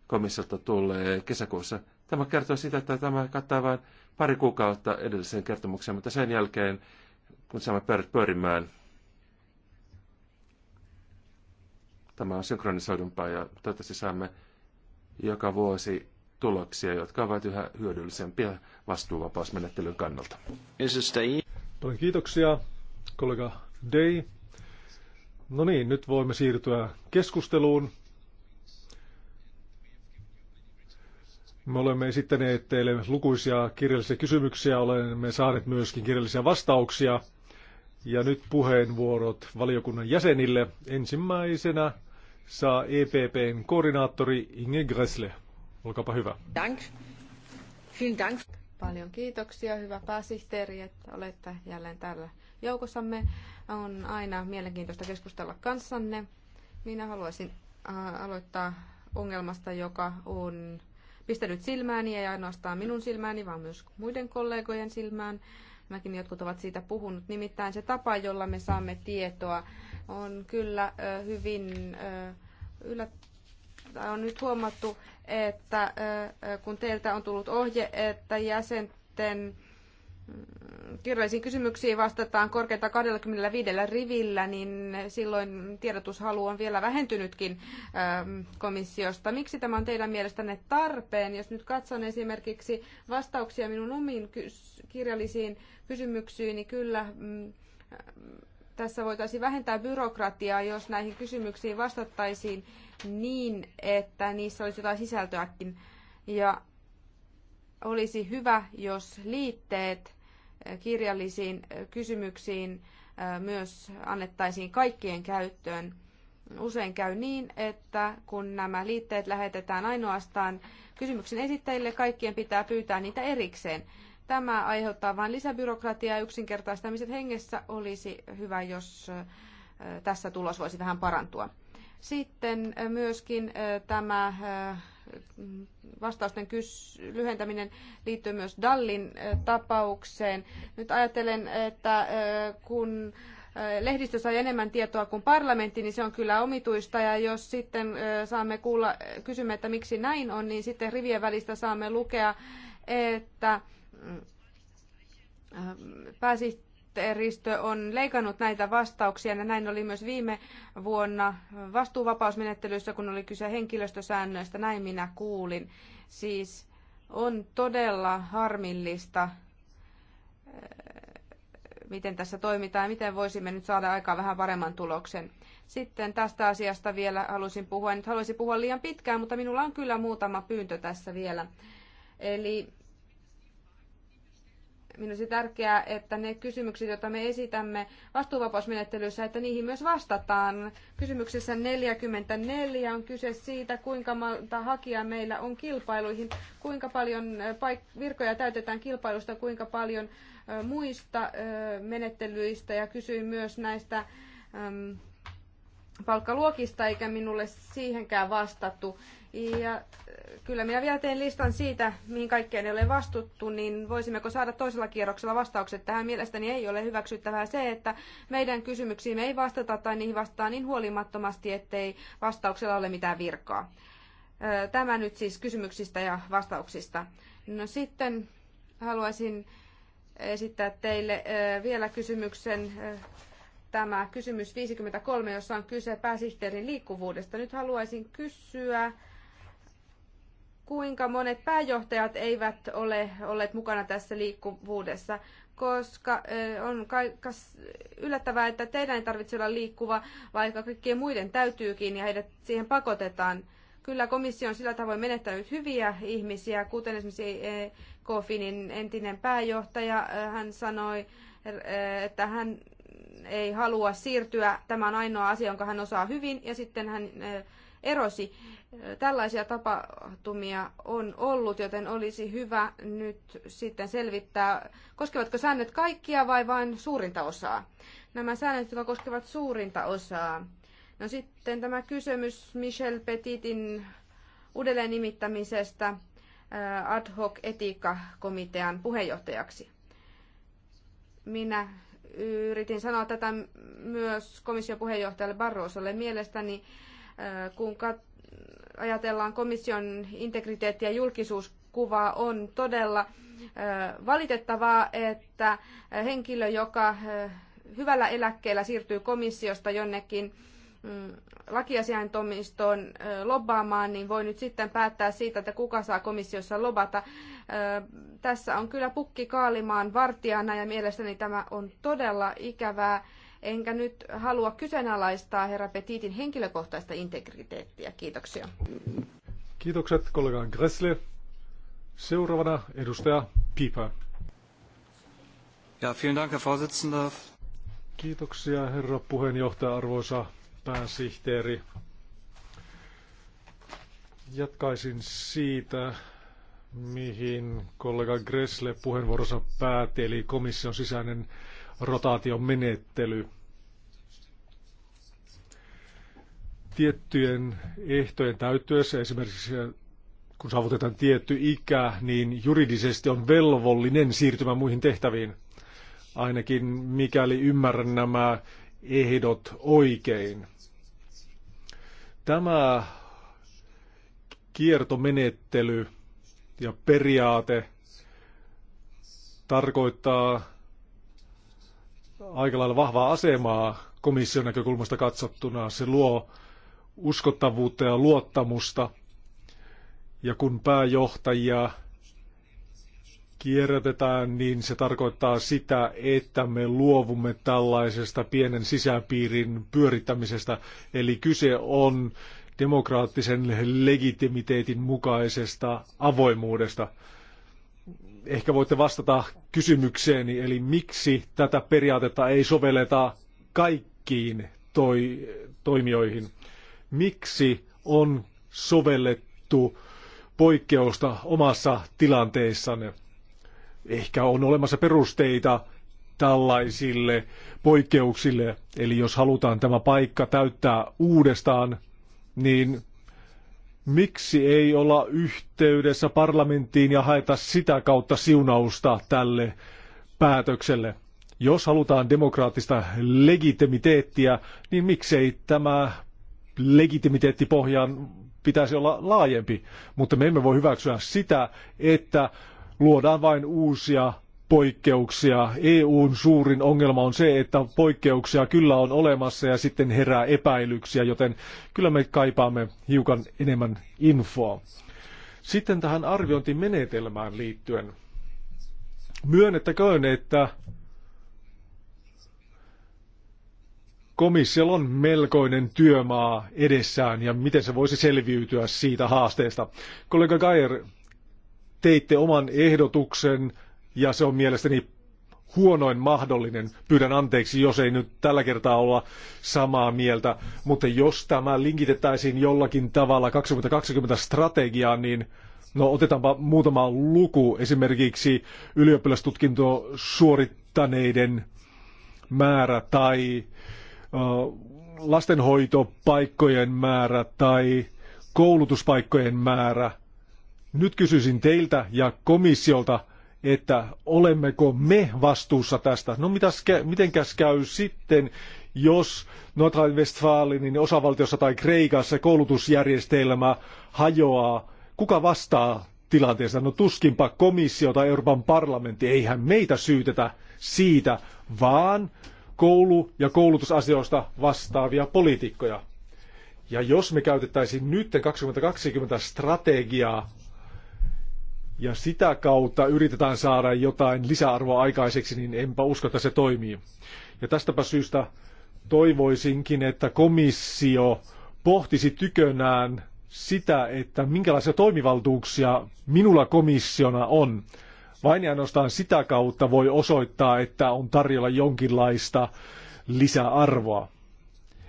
komissiolta tulee kesäkuussa. Tämä kertoo sitä, että tämä kattaa vain pari kuukautta edelliseen kertomukseen, mutta sen jälkeen, kun saamme pyörät pyörimään, tämä on synkronisoidumpaa ja toivottavasti saamme joka vuosi tuloksia, jotka ovat yhä hyödyllisempiä vastuuvapausmenettelyn kannalta. Paljon kiitoksia, kollega Day. No niin, nyt voimme siirtyä keskusteluun. Me olemme esittäneet teille lukuisia kirjallisia kysymyksiä, olemme saaneet myöskin kirjallisia vastauksia. Ja nyt puheenvuorot valiokunnan jäsenille. Ensimmäisenä saa EPPn koordinaattori Inge Gressle. Olkaapa hyvä. Dank. Vielen Dank. Paljon kiitoksia, hyvä pääsihteeri, että olette jälleen täällä joukossamme. On aina mielenkiintoista keskustella kanssanne. Minä haluaisin äh, aloittaa ongelmasta, joka on pistänyt silmääni, ei ainoastaan minun silmääni, vaan myös muiden kollegojen silmään. Mäkin jotkut ovat siitä puhunut, nimittäin se tapa, jolla me saamme tietoa on kyllä hyvin yllät, On nyt huomattu, että kun teiltä on tullut ohje, että jäsenten mm, kirjallisiin kysymyksiin vastataan korkeintaan 25 rivillä, niin silloin tiedotushalu on vielä vähentynytkin komissiosta. Miksi tämä on teidän mielestänne tarpeen? Jos nyt katson esimerkiksi vastauksia minun omiin kirjallisiin kysymyksiin, niin kyllä mm, tässä voitaisiin vähentää byrokratiaa, jos näihin kysymyksiin vastattaisiin niin, että niissä olisi jotain sisältöäkin. Ja olisi hyvä, jos liitteet kirjallisiin kysymyksiin myös annettaisiin kaikkien käyttöön. Usein käy niin, että kun nämä liitteet lähetetään ainoastaan kysymyksen esittäjille, kaikkien pitää pyytää niitä erikseen. Tämä aiheuttaa vain lisäbyrokratiaa ja yksinkertaistamisen hengessä olisi hyvä, jos tässä tulos voisi vähän parantua. Sitten myöskin tämä vastausten kys- lyhentäminen liittyy myös Dallin tapaukseen. Nyt ajattelen, että kun lehdistö sai enemmän tietoa kuin parlamentti, niin se on kyllä omituista. Ja jos sitten saamme kuulla, kysymme, että miksi näin on, niin sitten rivien välistä saamme lukea, että pääsihteeristö on leikannut näitä vastauksia ja näin oli myös viime vuonna vastuuvapausmenettelyssä, kun oli kyse henkilöstösäännöistä, näin minä kuulin. Siis on todella harmillista, eh, miten tässä toimitaan ja miten voisimme nyt saada aikaan vähän paremman tuloksen. Sitten tästä asiasta vielä halusin puhua. Nyt haluaisin puhua liian pitkään, mutta minulla on kyllä muutama pyyntö tässä vielä. Eli minusta tärkeää, että ne kysymykset, joita me esitämme vastuuvapausmenettelyssä, että niihin myös vastataan. Kysymyksessä 44 on kyse siitä, kuinka monta hakijaa meillä on kilpailuihin, kuinka paljon virkoja täytetään kilpailusta, kuinka paljon muista menettelyistä ja kysyin myös näistä palkkaluokista, eikä minulle siihenkään vastattu. Ja äh, kyllä minä vielä teen listan siitä, mihin kaikkeen ei ole vastuttu, niin voisimmeko saada toisella kierroksella vastaukset tähän. Mielestäni ei ole hyväksyttävää se, että meidän kysymyksiimme ei vastata tai niihin vastaa niin huolimattomasti, ettei vastauksella ole mitään virkaa. Tämä nyt siis kysymyksistä ja vastauksista. No sitten haluaisin esittää teille vielä kysymyksen tämä kysymys 53, jossa on kyse pääsihteerin liikkuvuudesta. Nyt haluaisin kysyä, kuinka monet pääjohtajat eivät ole olleet mukana tässä liikkuvuudessa, koska on yllättävää, että teidän ei tarvitse olla liikkuva, vaikka kaikkien muiden täytyykin ja heidät siihen pakotetaan. Kyllä komissio on sillä tavoin menettänyt hyviä ihmisiä, kuten esimerkiksi Kofinin entinen pääjohtaja, hän sanoi, että hän ei halua siirtyä. Tämä on ainoa asia, jonka hän osaa hyvin, ja sitten hän erosi. Tällaisia tapahtumia on ollut, joten olisi hyvä nyt sitten selvittää, koskevatko säännöt kaikkia vai vain suurinta osaa. Nämä säännöt, jotka koskevat suurinta osaa. No sitten tämä kysymys Michel Petitin uudelleen nimittämisestä äh, ad hoc etiikkakomitean puheenjohtajaksi. Minä yritin sanoa tätä myös komission puheenjohtajalle Barrosolle. Mielestäni Äh, kun ajatellaan komission integriteettiä ja julkisuuskuvaa, on todella äh, valitettavaa, että henkilö, joka äh, hyvällä eläkkeellä siirtyy komissiosta jonnekin mm, lakiasiaintoimistoon lobbaamaan, niin voi nyt sitten päättää siitä, että kuka saa komissiossa lobata. Tässä on kyllä pukki kaalimaan vartijana ja mielestäni tämä on todella ikävää enkä nyt halua kyseenalaistaa herra Petitin henkilökohtaista integriteettiä. Kiitoksia. Kiitokset kollegaan Gressle. Seuraavana edustaja Pipa. Ja, vielen Dank, Herr Vorsitzender. Kiitoksia, herra puheenjohtaja, arvoisa pääsihteeri. Jatkaisin siitä, mihin kollega Gressle puheenvuorossa pääteli komission sisäinen rotaation menettely. Tiettyjen ehtojen täyttyessä, esimerkiksi kun saavutetaan tietty ikä, niin juridisesti on velvollinen siirtymään muihin tehtäviin, ainakin mikäli ymmärrän nämä ehdot oikein. Tämä kiertomenettely ja periaate tarkoittaa aika lailla vahvaa asemaa komission näkökulmasta katsottuna. Se luo uskottavuutta ja luottamusta. Ja kun pääjohtajia kierrätetään, niin se tarkoittaa sitä, että me luovumme tällaisesta pienen sisäpiirin pyörittämisestä. Eli kyse on demokraattisen legitimiteetin mukaisesta avoimuudesta ehkä voitte vastata kysymykseeni, eli miksi tätä periaatetta ei sovelleta kaikkiin toi, toimijoihin? Miksi on sovellettu poikkeusta omassa tilanteessanne? Ehkä on olemassa perusteita tällaisille poikkeuksille, eli jos halutaan tämä paikka täyttää uudestaan, niin Miksi ei olla yhteydessä parlamenttiin ja haeta sitä kautta siunausta tälle päätökselle? Jos halutaan demokraattista legitimiteettiä, niin miksei tämä legitimiteettipohjan pitäisi olla laajempi, mutta me emme voi hyväksyä sitä, että luodaan vain uusia poikkeuksia. EUn suurin ongelma on se, että poikkeuksia kyllä on olemassa ja sitten herää epäilyksiä, joten kyllä me kaipaamme hiukan enemmän infoa. Sitten tähän arviointimenetelmään liittyen. Myönnettäköön, että komissiolla on melkoinen työmaa edessään ja miten se voisi selviytyä siitä haasteesta. Kollega Geier, teitte oman ehdotuksen ja se on mielestäni huonoin mahdollinen. Pyydän anteeksi, jos ei nyt tällä kertaa olla samaa mieltä, mutta jos tämä linkitettäisiin jollakin tavalla 2020 strategiaan, niin no otetaanpa muutama luku esimerkiksi ylioppilastutkinto suorittaneiden määrä tai lastenhoitopaikkojen määrä tai koulutuspaikkojen määrä. Nyt kysyisin teiltä ja komissiolta, että olemmeko me vastuussa tästä. No mitäs, mitenkäs käy sitten, jos Nordrhein-Westfalenin osavaltiossa tai Kreikassa koulutusjärjestelmä hajoaa? Kuka vastaa tilanteesta? No tuskinpa komissio tai Euroopan parlamentti, eihän meitä syytetä siitä, vaan koulu- ja koulutusasioista vastaavia poliitikkoja. Ja jos me käytettäisiin nyt 2020 strategiaa ja sitä kautta yritetään saada jotain lisäarvoa aikaiseksi, niin enpä usko, että se toimii. Ja tästäpä syystä toivoisinkin, että komissio pohtisi tykönään sitä, että minkälaisia toimivaltuuksia minulla komissiona on. Vain ja ainoastaan sitä kautta voi osoittaa, että on tarjolla jonkinlaista lisäarvoa.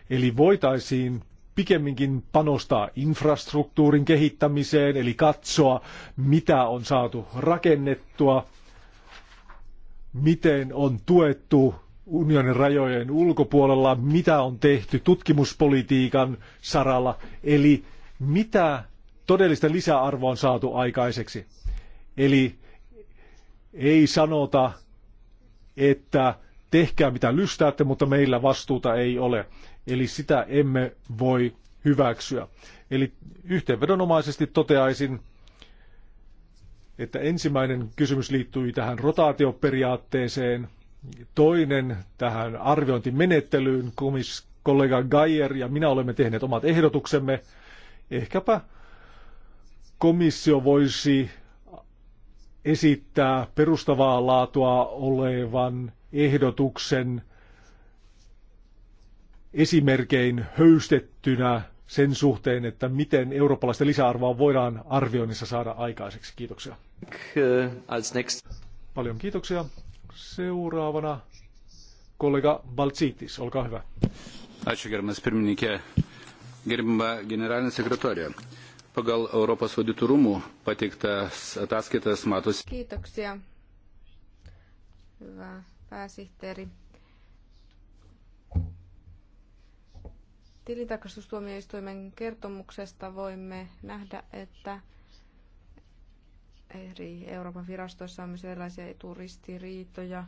Eli voitaisiin pikemminkin panostaa infrastruktuurin kehittämiseen, eli katsoa, mitä on saatu rakennettua, miten on tuettu unionin rajojen ulkopuolella, mitä on tehty tutkimuspolitiikan saralla, eli mitä todellista lisäarvoa on saatu aikaiseksi. Eli ei sanota, että tehkää mitä lystäätte, mutta meillä vastuuta ei ole. Eli sitä emme voi hyväksyä. Eli yhteenvedonomaisesti toteaisin, että ensimmäinen kysymys liittyy tähän rotaatioperiaatteeseen, toinen tähän arviointimenettelyyn, komis kollega Geier ja minä olemme tehneet omat ehdotuksemme. Ehkäpä komissio voisi esittää perustavaa laatua olevan ehdotuksen – esimerkein höystettynä sen suhteen, että miten eurooppalaista lisäarvoa voidaan arvioinnissa saada aikaiseksi. Kiitoksia. Paljon kiitoksia. Seuraavana kollega Balcitis, olkaa hyvä. Ačiū gerbiamas pirmininkė, gerbima generalinė sekretorija. Pagal Europos auditų rūmų pateiktas ataskaitas matosi. Kiitoksia. Hyvä pääsihteeri. Tilintarkastustuomioistuimen kertomuksesta voimme nähdä, että eri Euroopan virastoissa on myös erilaisia eturistiriitoja.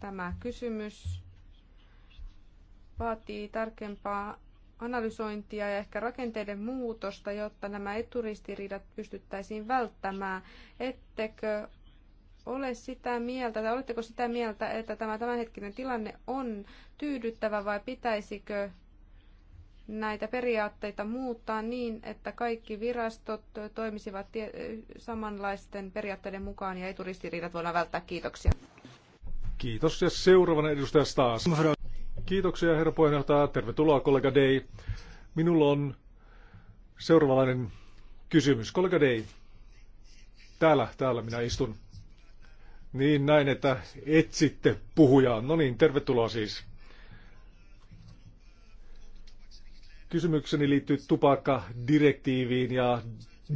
Tämä kysymys vaatii tarkempaa analysointia ja ehkä rakenteiden muutosta, jotta nämä eturistiriidat pystyttäisiin välttämään. Ettekö ole sitä mieltä, tai oletteko sitä mieltä, että tämä tämänhetkinen tilanne on tyydyttävä vai pitäisikö näitä periaatteita muuttaa niin, että kaikki virastot toimisivat samanlaisten periaatteiden mukaan ja eturistiriidat voidaan välttää. Kiitoksia. Kiitos. Ja seuraavana edustaja Staas. Kiitoksia herra puheenjohtaja. Tervetuloa kollega Day. Minulla on seuraavanlainen kysymys. Kollega Day, täällä, täällä minä istun. Niin näin, että etsitte puhujaa. No niin, tervetuloa siis. Kysymykseni liittyy tupakkadirektiiviin ja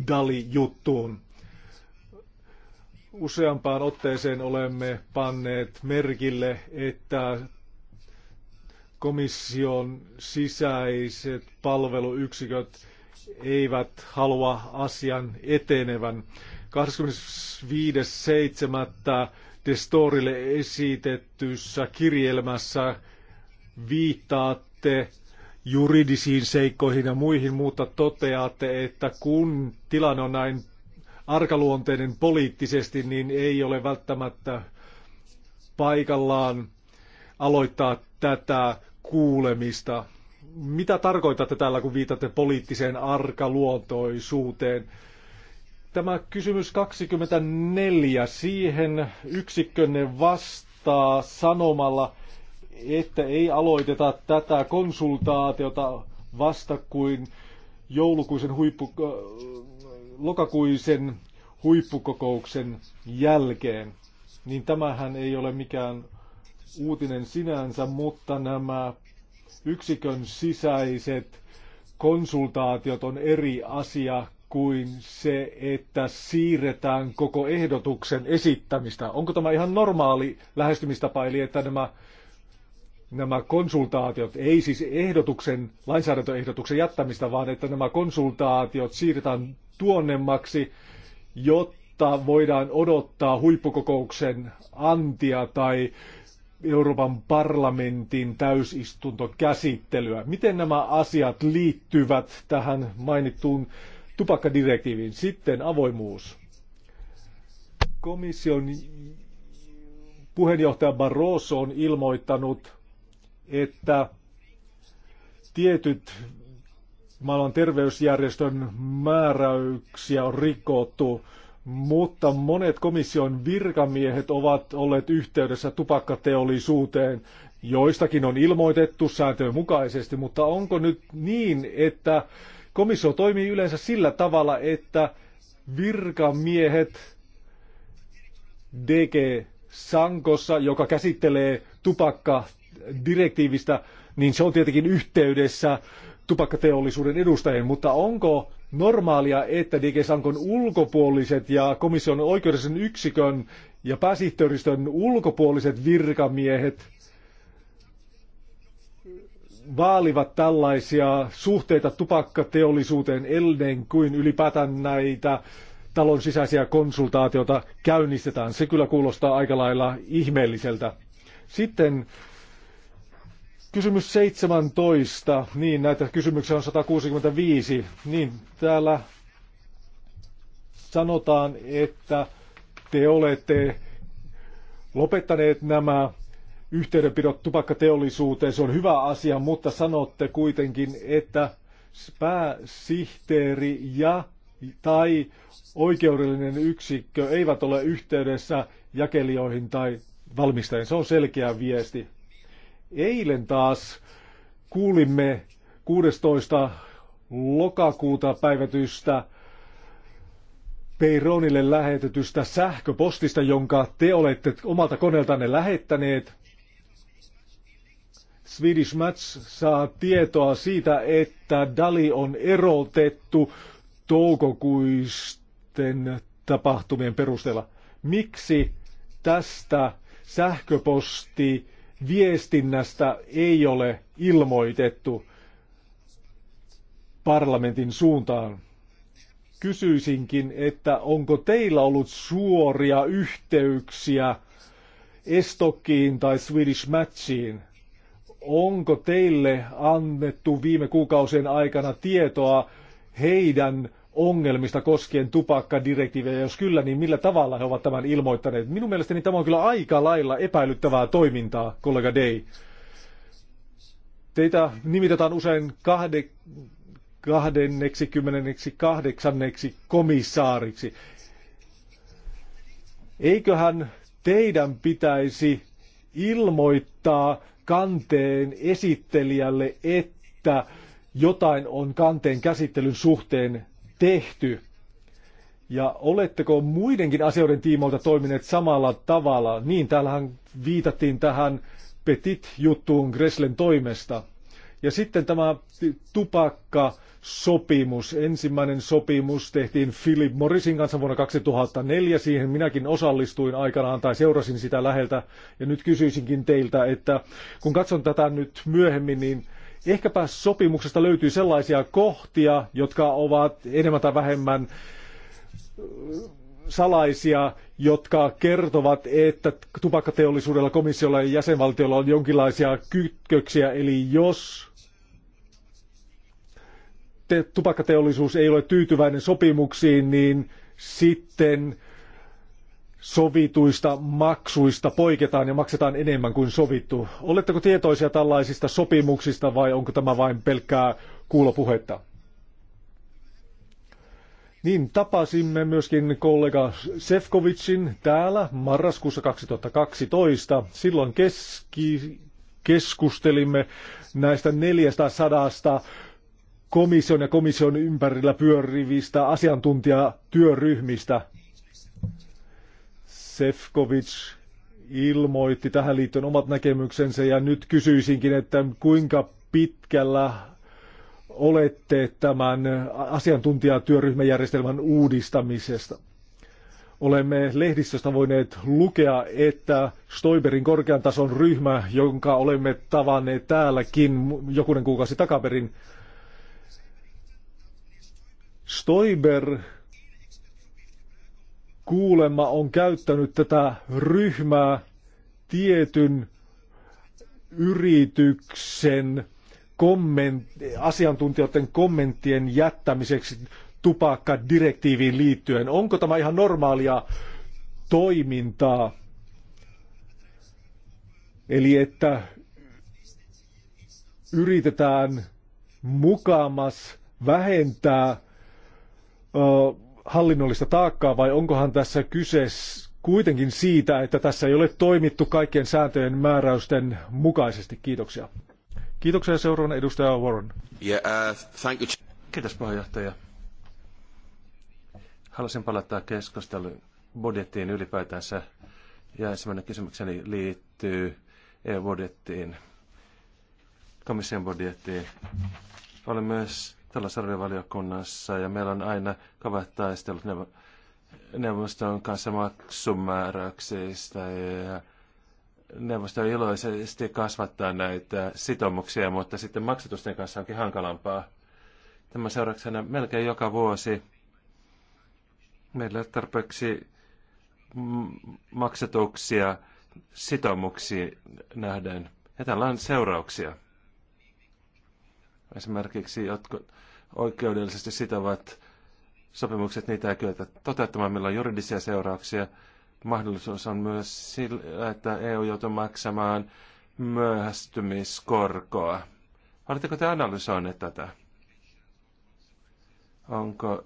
Dali-juttuun. Useampaan otteeseen olemme panneet merkille, että komission sisäiset palveluyksiköt eivät halua asian etenevän. 25.7. Destorille esitettyssä kirjelmässä viittaatte juridisiin seikkoihin ja muihin, mutta toteatte, että kun tilanne on näin arkaluonteinen poliittisesti, niin ei ole välttämättä paikallaan aloittaa tätä kuulemista. Mitä tarkoitatte tällä, kun viitatte poliittiseen arkaluontoisuuteen? Tämä kysymys 24, siihen yksikkönne vastaa sanomalla, että ei aloiteta tätä konsultaatiota vasta kuin joulukuisen huippu, lokakuisen huippukokouksen jälkeen. Niin tämähän ei ole mikään uutinen sinänsä, mutta nämä yksikön sisäiset konsultaatiot on eri asia kuin se, että siirretään koko ehdotuksen esittämistä. Onko tämä ihan normaali lähestymistapa, eli että nämä, nämä konsultaatiot, ei siis ehdotuksen, lainsäädäntöehdotuksen jättämistä, vaan että nämä konsultaatiot siirretään tuonnemmaksi, jotta voidaan odottaa huippukokouksen antia tai Euroopan parlamentin täysistuntokäsittelyä. Miten nämä asiat liittyvät tähän mainittuun tupakkadirektiiviin. Sitten avoimuus. Komission puheenjohtaja Barroso on ilmoittanut, että tietyt maailman terveysjärjestön määräyksiä on rikottu, mutta monet komission virkamiehet ovat olleet yhteydessä tupakkateollisuuteen. Joistakin on ilmoitettu sääntöön mukaisesti, mutta onko nyt niin, että Komissio toimii yleensä sillä tavalla, että virkamiehet DG Sankossa, joka käsittelee tupakkadirektiivistä, niin se on tietenkin yhteydessä tupakkateollisuuden edustajien, mutta onko normaalia, että DG Sankon ulkopuoliset ja komission oikeudellisen yksikön ja pääsihteeristön ulkopuoliset virkamiehet vaalivat tällaisia suhteita tupakkateollisuuteen ennen kuin ylipäätään näitä talon sisäisiä konsultaatioita käynnistetään. Se kyllä kuulostaa aika lailla ihmeelliseltä. Sitten kysymys 17. Niin, näitä kysymyksiä on 165. Niin, täällä sanotaan, että te olette lopettaneet nämä yhteydenpidot tupakkateollisuuteen, se on hyvä asia, mutta sanotte kuitenkin, että pääsihteeri ja tai oikeudellinen yksikkö eivät ole yhteydessä jakelijoihin tai valmistajien, Se on selkeä viesti. Eilen taas kuulimme 16. lokakuuta päivätystä Peironille lähetetystä sähköpostista, jonka te olette omalta koneeltanne lähettäneet. Swedish Match saa tietoa siitä, että Dali on erotettu toukokuisten tapahtumien perusteella. Miksi tästä sähköposti viestinnästä ei ole ilmoitettu parlamentin suuntaan? Kysyisinkin, että onko teillä ollut suoria yhteyksiä Estokkiin tai Swedish Matchiin? onko teille annettu viime kuukausien aikana tietoa heidän ongelmista koskien tupakkadirektiivejä? Jos kyllä, niin millä tavalla he ovat tämän ilmoittaneet? Minun mielestäni tämä on kyllä aika lailla epäilyttävää toimintaa, kollega Day. Teitä nimitetään usein kahde, 28. komissaariksi. Eiköhän teidän pitäisi ilmoittaa kanteen esittelijälle, että jotain on kanteen käsittelyn suhteen tehty? Ja oletteko muidenkin asioiden tiimoilta toimineet samalla tavalla? Niin, täällähän viitattiin tähän Petit-juttuun Greslen toimesta – ja sitten tämä tupakka sopimus Ensimmäinen sopimus tehtiin Philip Morrisin kanssa vuonna 2004. Siihen minäkin osallistuin aikanaan tai seurasin sitä läheltä. Ja nyt kysyisinkin teiltä, että kun katson tätä nyt myöhemmin, niin ehkäpä sopimuksesta löytyy sellaisia kohtia, jotka ovat enemmän tai vähemmän äh, salaisia, jotka kertovat, että tupakkateollisuudella, komissiolla ja jäsenvaltiolla on jonkinlaisia kytköksiä. Eli jos te, tupakkateollisuus ei ole tyytyväinen sopimuksiin, niin sitten sovituista maksuista poiketaan ja maksetaan enemmän kuin sovittu. Oletteko tietoisia tällaisista sopimuksista vai onko tämä vain pelkkää kuulopuhetta? Niin, tapasimme myöskin kollega Sefkovicin täällä marraskuussa 2012. Silloin keski, keskustelimme näistä 400 komission ja komission ympärillä pyörivistä asiantuntijatyöryhmistä. Sefkovic ilmoitti tähän liittyen omat näkemyksensä ja nyt kysyisinkin, että kuinka pitkällä olette tämän asiantuntijatyöryhmäjärjestelmän uudistamisesta? Olemme lehdistöstä voineet lukea, että Stoiberin korkean tason ryhmä, jonka olemme tavanneet täälläkin jokunen kuukausi takaperin, Stoiber kuulemma on käyttänyt tätä ryhmää tietyn yrityksen komment, asiantuntijoiden kommenttien jättämiseksi tupakkadirektiiviin liittyen. Onko tämä ihan normaalia toimintaa? Eli että yritetään mukaamas vähentää hallinnollista taakkaa vai onkohan tässä kyse kuitenkin siitä, että tässä ei ole toimittu kaikkien sääntöjen määräysten mukaisesti? Kiitoksia. Kiitoksia seuraavana edustaja Warren. Yeah, uh, thank you. Kiitos puheenjohtaja. Haluaisin palata keskusteluun budjettiin ylipäätänsä. Ja ensimmäinen kysymykseni liittyy EU-budjettiin, komission budjettiin. Olen myös talousarviovaliokunnassa ja meillä on aina kovat taistelut neuvoston kanssa maksumääräyksistä ja neuvosto on iloisesti kasvattaa näitä sitoumuksia, mutta sitten maksatusten kanssa onkin hankalampaa. tämä seurauksena melkein joka vuosi meillä on tarpeeksi maksatuksia sitoumuksiin nähden. Ja tällä on seurauksia. Esimerkiksi jotkut oikeudellisesti sitovat sopimukset, niitä ei kyetä toteuttamaan, millä on juridisia seurauksia. Mahdollisuus on myös sillä, että EU joutuu maksamaan myöhästymiskorkoa. Oletteko te analysoineet tätä? Onko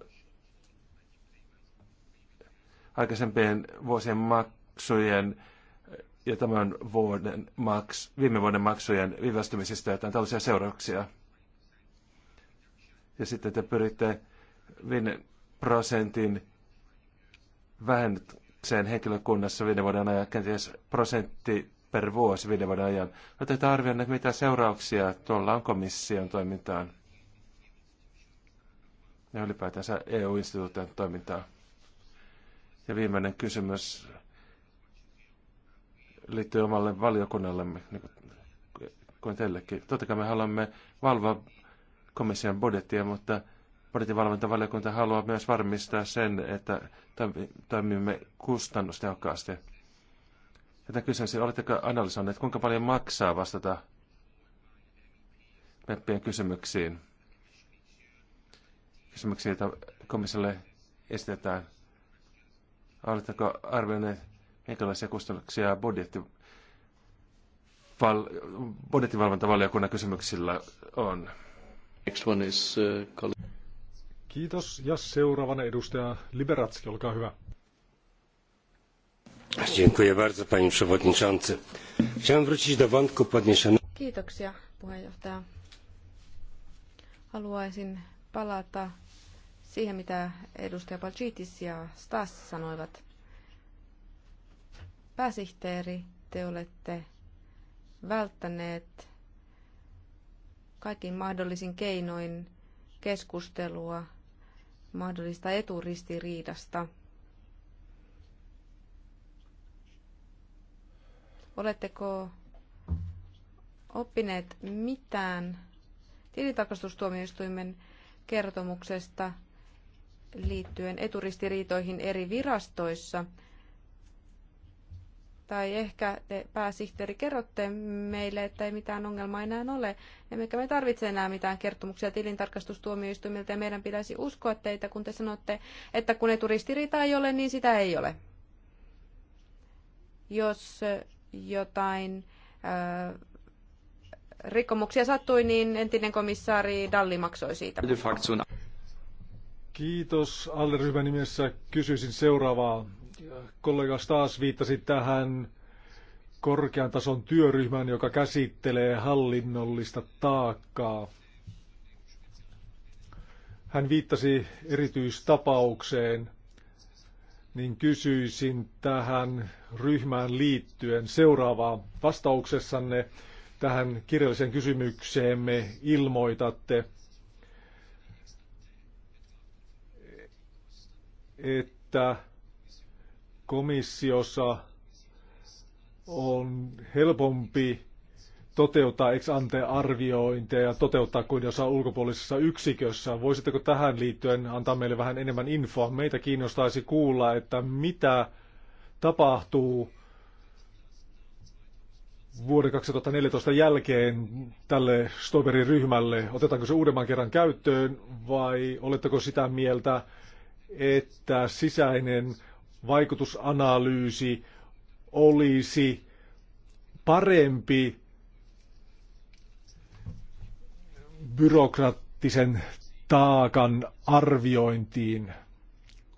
aikaisempien vuosien maksujen ja tämän vuoden maks, viime vuoden maksujen viivästymisestä jotain tällaisia seurauksia? ja sitten te pyritte 5 prosentin vähennykseen henkilökunnassa viiden vuoden ajan, kenties prosentti per vuosi viiden vuoden ajan. Otetaan arvioon, mitä seurauksia tuolla on komission toimintaan ja ylipäätänsä EU-instituution toimintaan. Ja viimeinen kysymys liittyy omalle valiokunnallemme, niin kuin teillekin. Totta kai me haluamme valvoa komission budjettia, mutta budjettivalvontavaliokunta haluaa myös varmistaa sen, että toimimme kustannustehokkaasti. Joten kysyisin, oletteko analysoineet, kuinka paljon maksaa vastata meppien kysymyksiin? Kysymyksiä, joita komissiolle esitetään. Oletteko arvioineet, minkälaisia kustannuksia budjetti, val, budjettivalvontavaliokunnan kysymyksillä on? Next one is, uh, Kiitos. Ja seuraavana edustaja Liberatski, olkaa hyvä. Dziękuję bardzo, panie przewodniczący. Chciałem wrócić do wątku podniesionego. Kiitoksia, puheenjohtaja. Haluaisin palata siihen, mitä edustaja Palcitis ja Stas sanoivat. Pääsihteeri, te olette välttäneet kaikin mahdollisin keinoin keskustelua mahdollista eturistiriidasta. Oletteko oppineet mitään tilintarkastustuomioistuimen kertomuksesta liittyen eturistiriitoihin eri virastoissa – tai ehkä te pääsihteeri kerrotte meille, että ei mitään ongelmaa enää ole. Emmekä me tarvitse enää mitään kertomuksia tilintarkastustuomioistuimilta ja meidän pitäisi uskoa teitä, kun te sanotte, että kun eturistiriitaa ei ole, niin sitä ei ole. Jos jotain äh, rikkomuksia sattui, niin entinen komissaari Dalli maksoi siitä. Kiitos. Alleryhmän nimessä kysyisin seuraavaa. Kollega Staas viittasi tähän korkean tason työryhmään, joka käsittelee hallinnollista taakkaa. Hän viittasi erityistapaukseen, niin kysyisin tähän ryhmään liittyen seuraavaa. Vastauksessanne tähän kirjalliseen kysymykseemme ilmoitatte, että komissiossa on helpompi toteuttaa ex ante arviointeja ja toteuttaa kuin jossain ulkopuolisessa yksikössä. Voisitteko tähän liittyen antaa meille vähän enemmän infoa? Meitä kiinnostaisi kuulla, että mitä tapahtuu vuoden 2014 jälkeen tälle Stoiberin ryhmälle? Otetaanko se uudemman kerran käyttöön vai oletteko sitä mieltä, että sisäinen vaikutusanalyysi olisi parempi byrokraattisen taakan arviointiin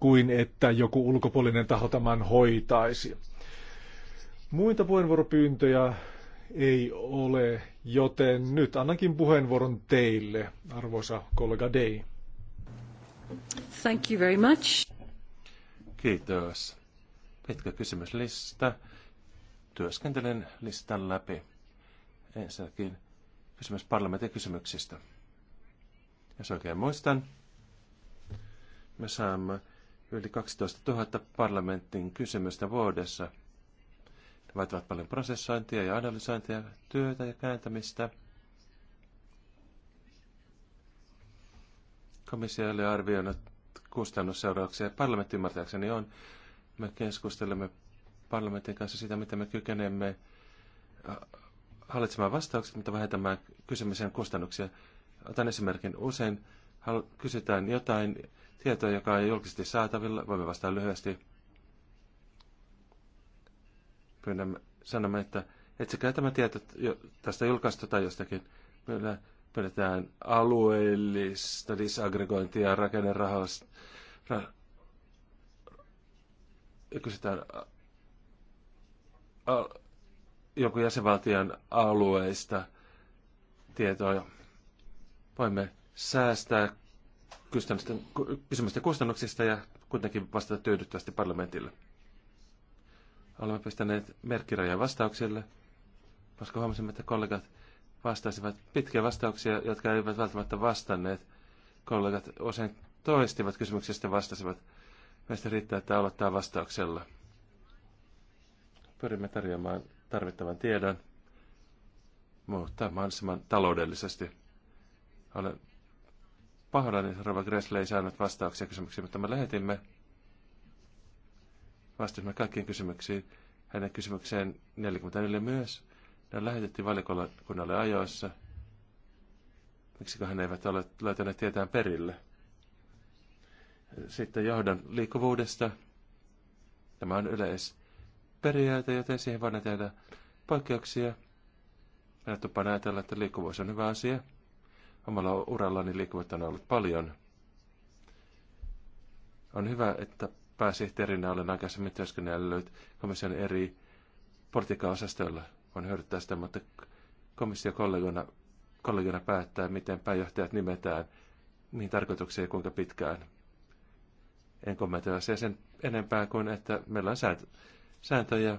kuin että joku ulkopuolinen taho tämän hoitaisi. Muita puheenvuoropyyntöjä ei ole, joten nyt annankin puheenvuoron teille, arvoisa kollega Day. Thank you very much. Kiitos. Pitkä kysymyslista. Työskentelen listan läpi. Ensinnäkin kysymys parlamentin kysymyksistä. Jos oikein muistan, me saamme yli 12 000 parlamentin kysymystä vuodessa. Ne vaativat paljon prosessointia ja analysointia, työtä ja kääntämistä. Komissio oli arvioinut kustannusseurauksia. Parlamentti ymmärtääkseni on. Me keskustelemme parlamentin kanssa sitä, mitä me kykenemme äh, hallitsemaan vastaukset, mutta vähentämään kysymisen kustannuksia. Otan esimerkin usein. Kysytään jotain tietoa, joka ei julkisesti saatavilla. Voimme vastata lyhyesti. Pyydämme, sanomme, että etsikää tämä tieto tästä julkaistu tai jostakin. Meillä pidetään alueellista disaggregointia rakennerahoista. Ra, kysytään joku jäsenvaltion alueista tietoa. Voimme säästää kustannusten, kysymysten kustannuksista ja kuitenkin vastata tyydyttävästi parlamentille. Olemme pistäneet merkkirajan vastauksille, koska huomasimme, että kollegat vastasivat pitkiä vastauksia, jotka eivät välttämättä vastanneet. Kollegat usein toistivat kysymyksestä vastasivat. Meistä riittää, että aloittaa vastauksella. Pyrimme tarjoamaan tarvittavan tiedon, mutta mahdollisimman taloudellisesti. Olen pahoillani, että Rova Gressle ei saanut vastauksia kysymyksiin, mutta me lähetimme vastasimme kaikkiin kysymyksiin. Hänen kysymykseen 44 myös. Ne lähetettiin valikunnalle ajoissa. Miksi ne eivät ole löytäneet tietään perille? Sitten johdon liikkuvuudesta. Tämä on yleisperiaate, joten siihen voidaan tehdä poikkeuksia. Minä tupaan ajatella, että liikkuvuus on hyvä asia. Omalla urallani liikkuvuutta on ollut paljon. On hyvä, että pääsihteerinä olen aikaisemmin työskennellyt komission eri politiikka-osastoilla. On hyödyt tästä, mutta komissio kollegana, kollegana päättää, miten pääjohtajat nimetään, mihin tarkoitukseen ja kuinka pitkään. En kommentoi asiaa sen enempää kuin, että meillä on sääntö, sääntöjä,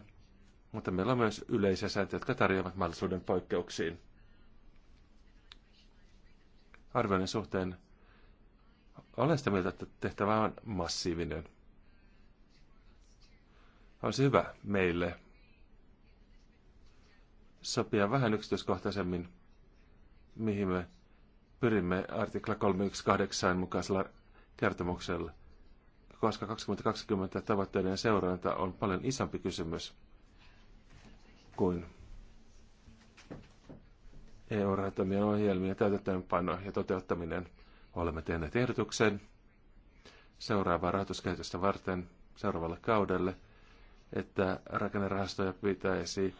mutta meillä on myös yleisiä sääntöjä, jotka tarjoavat mahdollisuuden poikkeuksiin. Arvioinnin suhteen olen sitä mieltä, että tehtävä on massiivinen. Olisi hyvä meille sopia vähän yksityiskohtaisemmin, mihin me pyrimme artikla 318 mukaisella kertomuksella, koska 2020 tavoitteiden seuranta on paljon isompi kysymys kuin EU-rahoittamien ohjelmien täytäntöönpano ja toteuttaminen. Olemme tehneet ehdotuksen seuraavaa rahoituskehitystä varten seuraavalle kaudelle, että rakennerahastoja pitäisi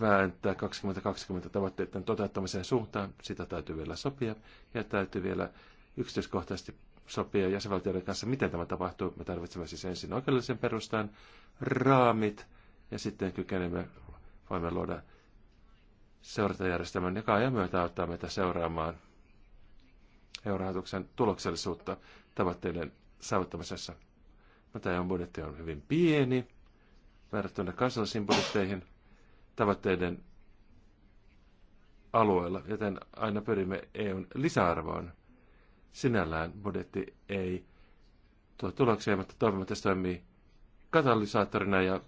vääntää 2020 tavoitteiden toteuttamiseen suuntaan. Sitä täytyy vielä sopia ja täytyy vielä yksityiskohtaisesti sopia jäsenvaltioiden kanssa, miten tämä tapahtuu. Me tarvitsemme siis ensin oikeudellisen perustan, raamit ja sitten kykenemme, voimme luoda seurantajärjestelmän, joka ajan myötä auttaa meitä seuraamaan eurorahoituksen tuloksellisuutta tavoitteiden saavuttamisessa. Mutta budjetti on hyvin pieni verrattuna kansallisiin budjetteihin – tavoitteiden alueella, joten aina pyrimme EUn lisäarvoon. Sinällään budjetti ei tuo tuloksia, mutta toivomme, että se toimii katalysaattorina ja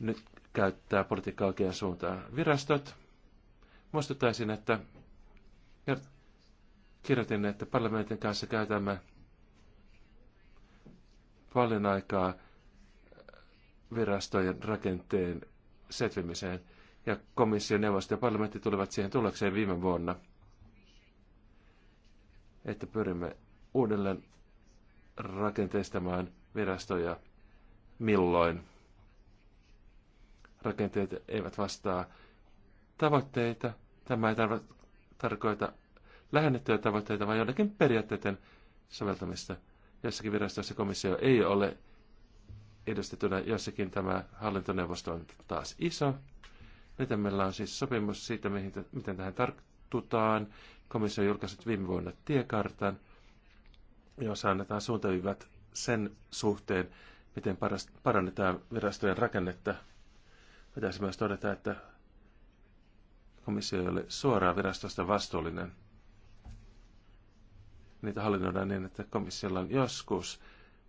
nyt käyttää politiikkaa oikean suuntaan. Virastot. Muistuttaisin, että kirjoitin, että parlamentin kanssa käytämme paljon aikaa virastojen rakenteen setvimiseen, ja komission neuvosto ja parlamentti tulivat siihen tulokseen viime vuonna, että pyrimme uudelleen rakenteistamaan virastoja milloin. Rakenteet eivät vastaa tavoitteita. Tämä ei tarv- tarkoita lähennettyjä tavoitteita, vaan joidenkin periaatteiden soveltamista. Jossakin virastossa komissio ei ole edustettuna jossakin tämä hallintoneuvosto on taas iso. Nyt meillä on siis sopimus siitä, mihin, miten tähän tarttutaan. Komissio on julkaissut viime vuonna tiekartan, jossa annetaan suuntaviivat sen suhteen, miten parannetaan virastojen rakennetta. Pitäisi myös todeta, että komissio ei ole suoraan virastosta vastuullinen. Niitä hallinnoidaan niin, että komissiolla on joskus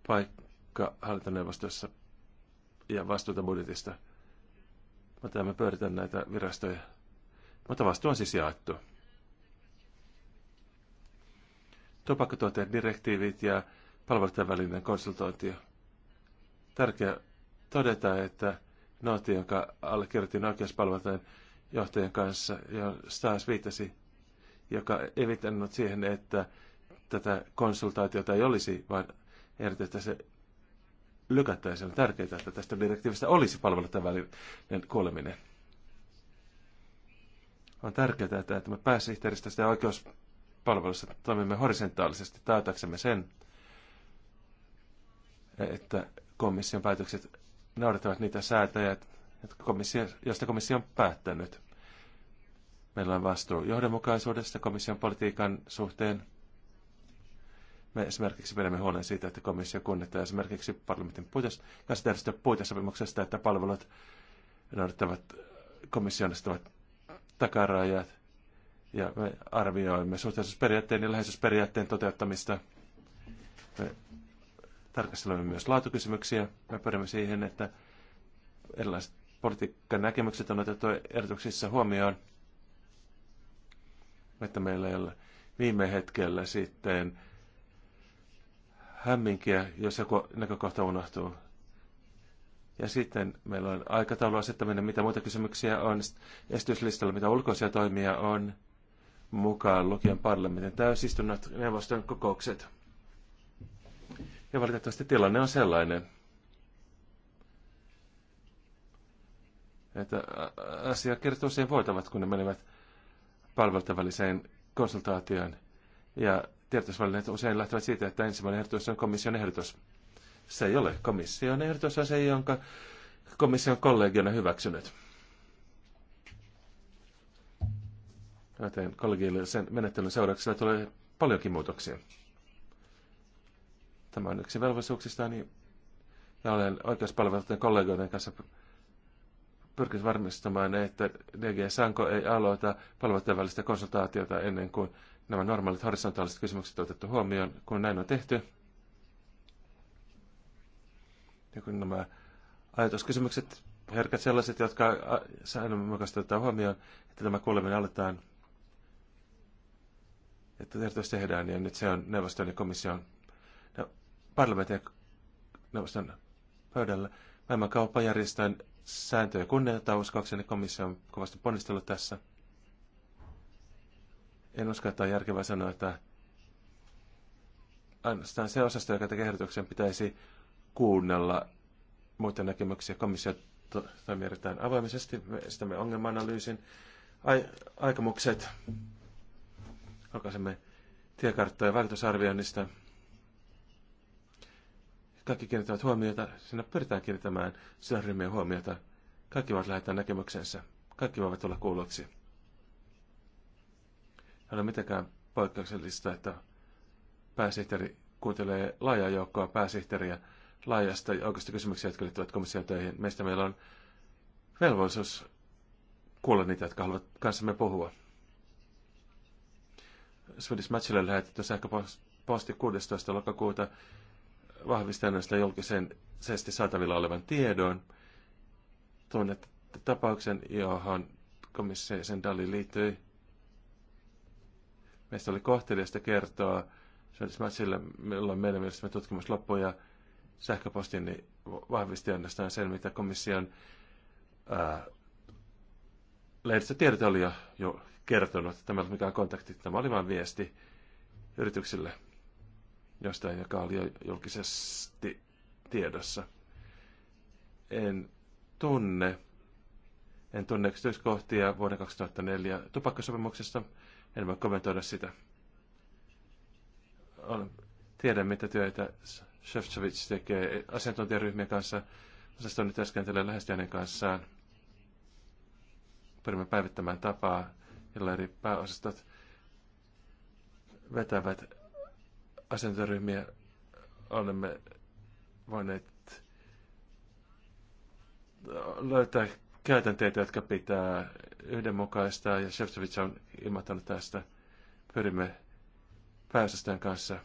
paikka politiikka hallintoneuvostossa ja vastuuta budjetista. Mutta mä pyöritän näitä virastoja. Mutta vastuu on siis jaettu. Tupakkatuotteiden direktiivit ja palveluiden välinen konsultointi. Tärkeää todeta, että nootti, jonka allekirjoitin oikeuspalveluiden johtajan kanssa, johon Stas viittasi, joka ei viitannut siihen, että tätä konsultaatiota ei olisi, vaan erityisesti se lykättäisiin. On tärkeää, että tästä direktiivistä olisi palveluiden välinen kuoleminen. On tärkeää, että me pääsihteeristöstä ja oikeuspalvelussa toimimme horisontaalisesti taataksemme sen, että komission päätökset noudattavat niitä sääntöjä, että komissio, joista komissio on päättänyt. Meillä on vastuu johdonmukaisuudesta komission politiikan suhteen – me esimerkiksi pidämme huolen siitä, että komissio kunnittaa esimerkiksi parlamentin puites, kansanterveystön puitesopimuksesta, että palvelut noudattavat komission asettavat takarajat. Ja me arvioimme suhteellisuusperiaatteen ja läheisyysperiaatteen toteuttamista. Me tarkastelemme myös laatukysymyksiä. Me pyrimme siihen, että erilaiset politiikan näkemykset on otettu erityksissä huomioon, että meillä ei ole viime hetkellä sitten hämminkiä, jos joku näkökohta unohtuu. Ja sitten meillä on aikatauluasettaminen, asettaminen, mitä muita kysymyksiä on, estyslistalla, mitä ulkoisia toimia on, mukaan lukien parlamentin täysistunnot, neuvoston kokoukset. Ja valitettavasti tilanne on sellainen, että kertoo usein voitavat, kun ne menevät palveltaväliseen konsultaatioon. Ja tiedotusvälineet usein lähtevät siitä, että ensimmäinen ehdotus on komission ehdotus. Se ei ole komission ehdotus, se ei jonka komission on hyväksynyt. Joten kollegiolle sen menettelyn seurauksena tulee paljonkin muutoksia. Tämä on yksi velvollisuuksistani niin ja olen oikeuspalveluiden kollegoiden kanssa pyrkinyt varmistamaan, että DG Sanko ei aloita palveluiden välistä konsultaatiota ennen kuin nämä normaalit horisontaaliset kysymykset on otettu huomioon, kun näin on tehty. Ja kun nämä ajatuskysymykset, herkät sellaiset, jotka säännönmukaisesti otetaan huomioon, että tämä kuuleminen aletaan, että tehtävästi tehdään, ja niin nyt se on neuvoston ja komission parlamentin ja neuvoston pöydällä. Maailmankauppajärjestön sääntöjä kunnioittaa uskoakseni komissio on kovasti ponnistellut tässä. En usko, että on järkevää sanoa, että ainoastaan se osasto, joka tekee ehdotuksen, pitäisi kuunnella muita näkemyksiä. Komissio to- toimii erittäin avoimisesti. Me esitämme ongelma-analyysin ai- aikomukset. Alkaisemme tiekarttoja vaikutusarvioinnista. Kaikki kiinnittävät huomiota. Sinne pyritään kiinnittämään sidosryhmien huomiota. Kaikki voivat lähettää näkemyksensä. Kaikki voivat tulla kuulluksi. Ei ole mitenkään poikkeuksellista, että pääsihteeri kuuntelee laajaa joukkoa pääsihteeriä laajasta oikeasta kysymyksiä, jotka liittyvät komission töihin. Meistä meillä on velvollisuus kuulla niitä, jotka haluavat kanssamme puhua. Swedish Matchille lähetetty sähköposti 16. lokakuuta vahvistaa näistä julkisesti saatavilla olevan tiedon. Tunnet tapauksen, johon komissio sen Dali liittyi. Meistä oli kohteliasta kertoa siis sillä milloin meidän mielestämme tutkimus loppui ja sähköpostin niin vahvisti ainoastaan sen, mitä komission lehdistä tiedot oli jo, jo kertonut. Tämä oli mikään kontakti, tämä oli vain viesti yrityksille jostain, joka oli jo julkisesti tiedossa. En tunne, en tunne yksityiskohtia vuoden 2004 tupakkasopimuksesta, en voi kommentoida sitä. Olen, tiedän, mitä työtä Shevchevich tekee asiantuntijaryhmien kanssa. Osastoni työskentelee läheisesti hänen kanssaan. Pyrimme päivittämään tapaa, jolla eri pääosastot vetävät asiantuntijaryhmiä. Olemme voineet löytää käytänteitä, jotka pitää yhdenmukaistaa ja Shevchevich on ilmoittanut tästä. Pyrimme pääsystään kanssa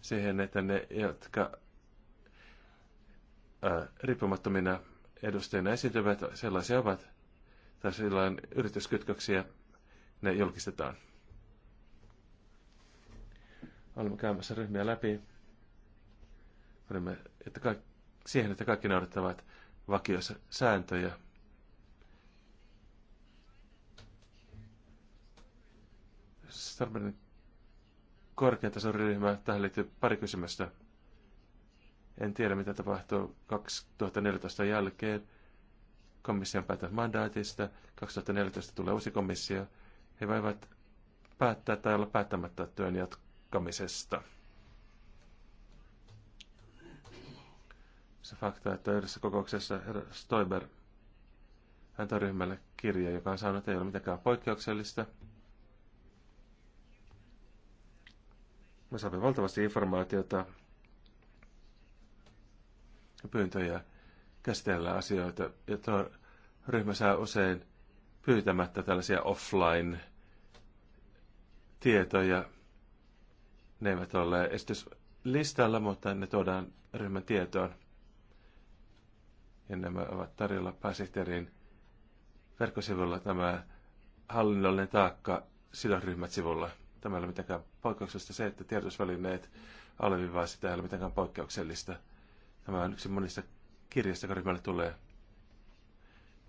siihen, että ne, jotka ää, riippumattomina edustajina esiintyvät, sellaisia ovat, tai sillä on yrityskytköksiä, ne julkistetaan. Olemme käymässä ryhmiä läpi. Olemme, että kaikki, siihen, että kaikki noudattavat vakiossa sääntöjä. Starberin korkeatason ryhmä. Tähän liittyy pari kysymystä. En tiedä, mitä tapahtuu 2014 jälkeen. Komission päätät mandaatista. 2014 tulee uusi komissio. He voivat päättää tai olla päättämättä työn jatkamisesta. Se fakta, että yhdessä kokouksessa herra Stoiber antoi ryhmälle kirja, joka on saanut ei ole mitenkään poikkeuksellista – Me saamme valtavasti informaatiota ja pyyntöjä käsitellä asioita. Ja tuo ryhmä saa usein pyytämättä tällaisia offline-tietoja. Ne eivät ole esityslistalla, mutta ne tuodaan ryhmän tietoon. Ja nämä ovat tarjolla pääsihteerin verkkosivulla tämä hallinnollinen taakka sidosryhmät sivulla. Tämä ei ole mitenkään poikkeuksellista se, että tiedotusvälineet alleviivaa sitä ei ole mitenkään poikkeuksellista. Tämä on yksi monista kirjasta, joka ryhmälle tulee.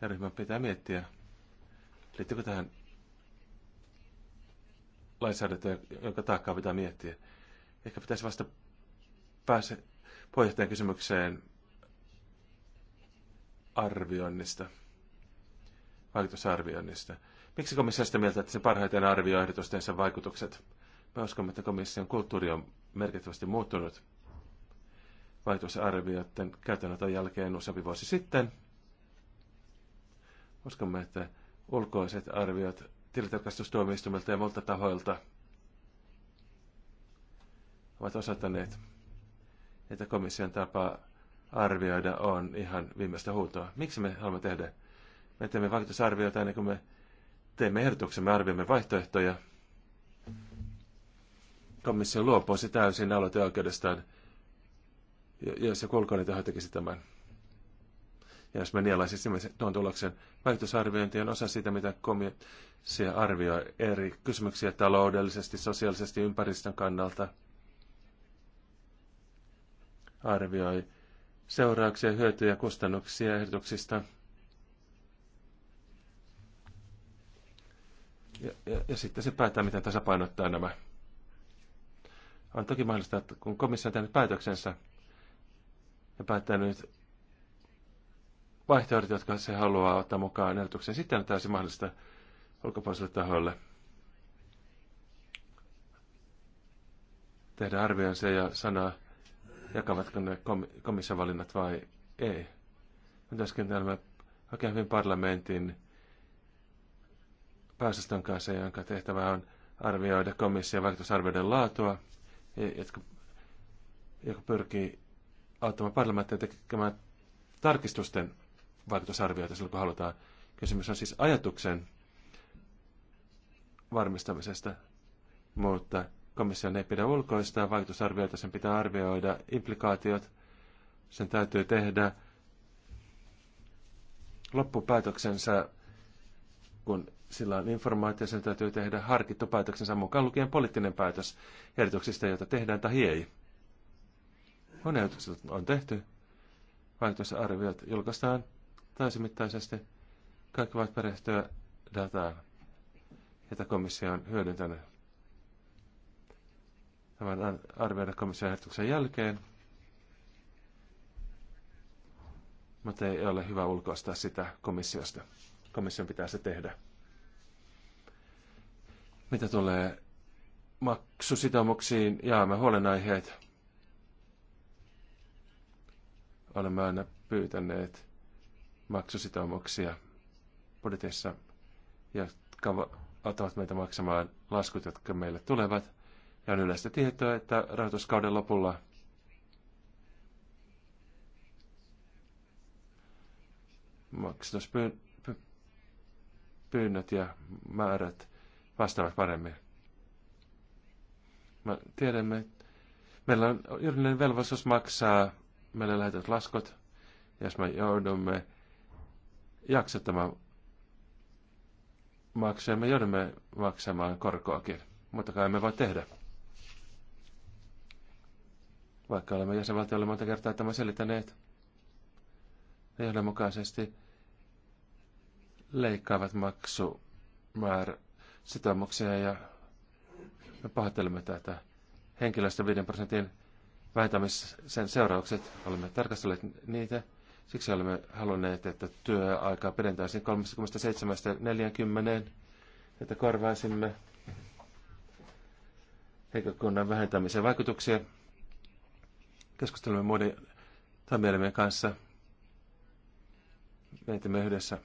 Ja ryhmän pitää miettiä, liittyykö tähän lainsäädäntöön, jonka taakkaa pitää miettiä. Ehkä pitäisi vasta pääse puheenjohtajan kysymykseen arvioinnista, vaikutusarvioinnista. Miksi komissio sitä mieltä, että se parhaiten arvioi ehdotustensa vaikutukset? Mä uskon, että komission kulttuuri on merkittävästi muuttunut vaikutusarvioiden käytännön jälkeen useampi vuosi sitten. Uskomme, että ulkoiset arviot tilitarkastustuomioistumilta ja muilta tahoilta ovat osoittaneet, että komission tapa arvioida on ihan viimeistä huutoa. Miksi me haluamme tehdä? Me teemme vaikutusarvioita ennen kuin me teemme ehdotuksen, me arvioimme vaihtoehtoja – komissio luopuisi täysin aloiteoikeudestaan, jos joku ulkoinen taho tekisi tämän. Ja jos me siis tuon tuloksen, vaikutusarviointi on osa sitä, mitä komissio arvioi eri kysymyksiä taloudellisesti, sosiaalisesti, ympäristön kannalta. Arvioi seurauksia, hyötyjä, kustannuksia ehdotuksista. Ja, ja, ja sitten se päättää, miten tasapainottaa nämä on toki mahdollista, että kun komissio on tehnyt päätöksensä ja päättänyt vaihtoehdot, jotka se haluaa ottaa mukaan ehdotukseen, sitten on täysin mahdollista ulkopuoliselle taholle tehdä arvionsa ja sanoa, jakavatko ne komission valinnat vai ei. Me tämä oikein hyvin parlamentin pääosaston kanssa, jonka tehtävä on arvioida komission vaikutusarvioiden laatua – jotka, jotka pyrkii auttamaan parlamenttia tekemään tarkistusten vaikutusarvioita silloin, kun halutaan. Kysymys on siis ajatuksen varmistamisesta, mutta komission ei pidä ulkoistaa vaikutusarvioita, sen pitää arvioida implikaatiot, sen täytyy tehdä loppupäätöksensä, kun sillä on informaatio, sen täytyy tehdä harkittu päätöksensä mukaan lukien poliittinen päätös ehdotuksista, joita tehdään tai ei. Monet on tehty. Vaikutusarviot julkaistaan täysimittaisesti. Kaikki voivat perehtyä dataan, jota komissio on hyödyntänyt. Tämän arvioida komission ehdotuksen jälkeen. Mutta ei ole hyvä ulkoistaa sitä komissiosta. Komission pitää se tehdä. Mitä tulee maksusitoumuksiin, jaamme huolenaiheet. Olemme aina pyytäneet maksusitoumuksia budjetissa, jotka ottavat meitä maksamaan laskut, jotka meille tulevat. Ja on yleistä tietoa, että rahoituskauden lopulla maksatuspyynnöt ja määrät vastaavat paremmin. Me tiedämme, meillä on yhdellinen velvollisuus maksaa meille lähetetyt laskut, jos me joudumme jaksettamaan maksuja, me joudumme maksamaan korkoakin, mutta kai me voi tehdä. Vaikka olemme jäsenvaltiolle monta kertaa tämä selittäneet, ne johdonmukaisesti leikkaavat maksumäärä sitoumuksia ja me pahoittelemme tätä henkilöstön 5 prosentin vähentämisen seuraukset. Olemme tarkastelleet niitä. Siksi olemme halunneet, että työaikaa pidentäisiin 37-40, että korvaisimme henkilökunnan vähentämisen vaikutuksia. Keskustelemme muiden toimielimien kanssa. Mietimme yhdessä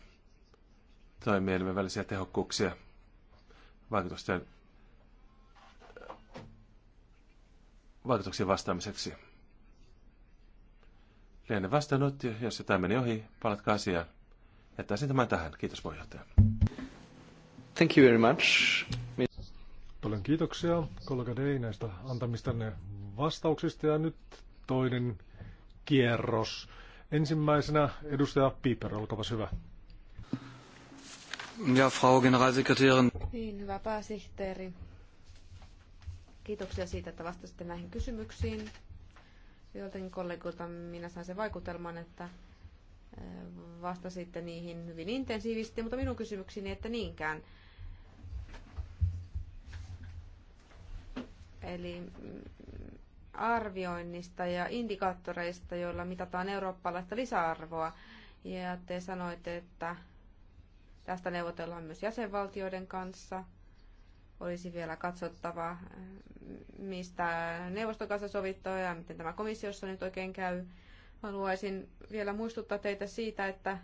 toimielimen välisiä tehokkuuksia vaikutusten vaikutuksien vastaamiseksi. Liene vastannut, jos jotain meni ohi, palatkaa asiaan. Jättäisin tämän tähän. Kiitos puheenjohtaja. Thank you very much. Paljon kiitoksia kollega Dei näistä antamistanne vastauksista ja nyt toinen kierros. Ensimmäisenä edustaja Piper, olkaa hyvä. Ja Frau Generalsekretärin. Niin, hyvä pääsihteeri. Kiitoksia siitä, että vastasitte näihin kysymyksiin. Joiltakin kollegoilta minä sain sen vaikutelman, että vastasitte niihin hyvin intensiivisesti, mutta minun kysymykseni, että niinkään. Eli mm, arvioinnista ja indikaattoreista, joilla mitataan eurooppalaista lisäarvoa. Ja te sanoitte, että Tästä neuvotellaan myös jäsenvaltioiden kanssa. Olisi vielä katsottava, mistä neuvoston kanssa sovittaa ja miten tämä komissiossa nyt oikein käy. Haluaisin vielä muistuttaa teitä siitä, että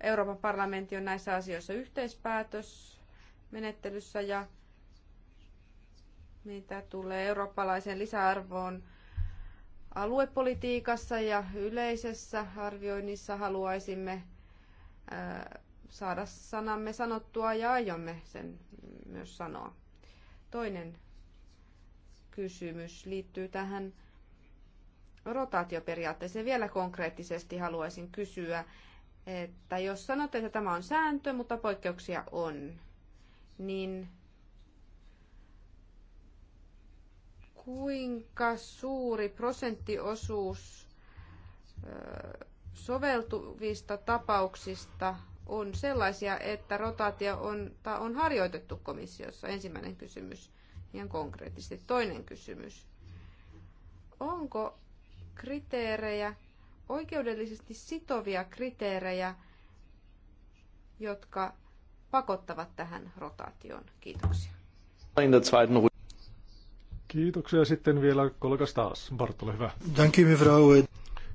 Euroopan parlamentti on näissä asioissa menettelyssä ja mitä tulee eurooppalaisen lisäarvoon aluepolitiikassa ja yleisessä arvioinnissa haluaisimme saada sanamme sanottua ja aiomme sen myös sanoa. Toinen kysymys liittyy tähän rotaatioperiaatteeseen. Vielä konkreettisesti haluaisin kysyä, että jos sanotte, että tämä on sääntö, mutta poikkeuksia on, niin kuinka suuri prosenttiosuus soveltuvista tapauksista on sellaisia, että rotaatio on, on harjoitettu komissiossa? Ensimmäinen kysymys ihan konkreettisesti. Toinen kysymys. Onko kriteerejä, oikeudellisesti sitovia kriteerejä, jotka pakottavat tähän rotaatioon? Kiitoksia. Kiitoksia sitten vielä kollega taas. Bart, hyvä.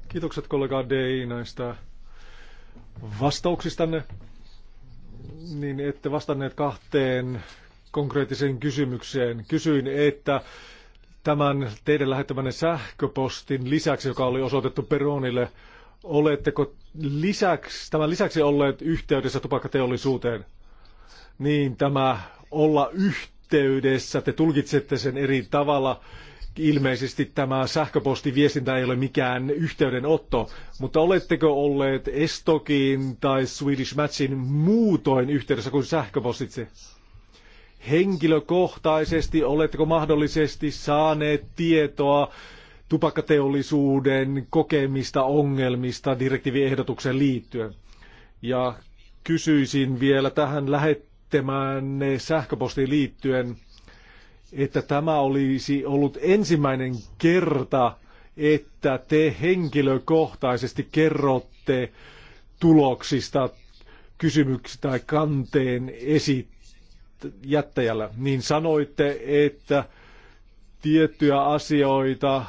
Kiitokset kollega Dei näistä vastauksistanne, niin ette vastanneet kahteen konkreettiseen kysymykseen. Kysyin, että tämän teidän lähettämänne sähköpostin lisäksi, joka oli osoitettu Peronille, oletteko lisäksi, tämän lisäksi olleet yhteydessä tupakkateollisuuteen? Niin tämä olla yhteydessä, te tulkitsette sen eri tavalla Ilmeisesti tämä sähköpostiviestintä ei ole mikään yhteydenotto, mutta oletteko olleet Estokin tai Swedish Matchin muutoin yhteydessä kuin sähköpostitse? Henkilökohtaisesti oletteko mahdollisesti saaneet tietoa tupakkateollisuuden kokemista ongelmista direktiiviehdotukseen liittyen? Ja kysyisin vielä tähän lähettämään sähköpostiin liittyen – että tämä olisi ollut ensimmäinen kerta, että te henkilökohtaisesti kerrotte tuloksista kysymyksistä tai kanteen esittämisestä niin sanoitte, että tiettyjä asioita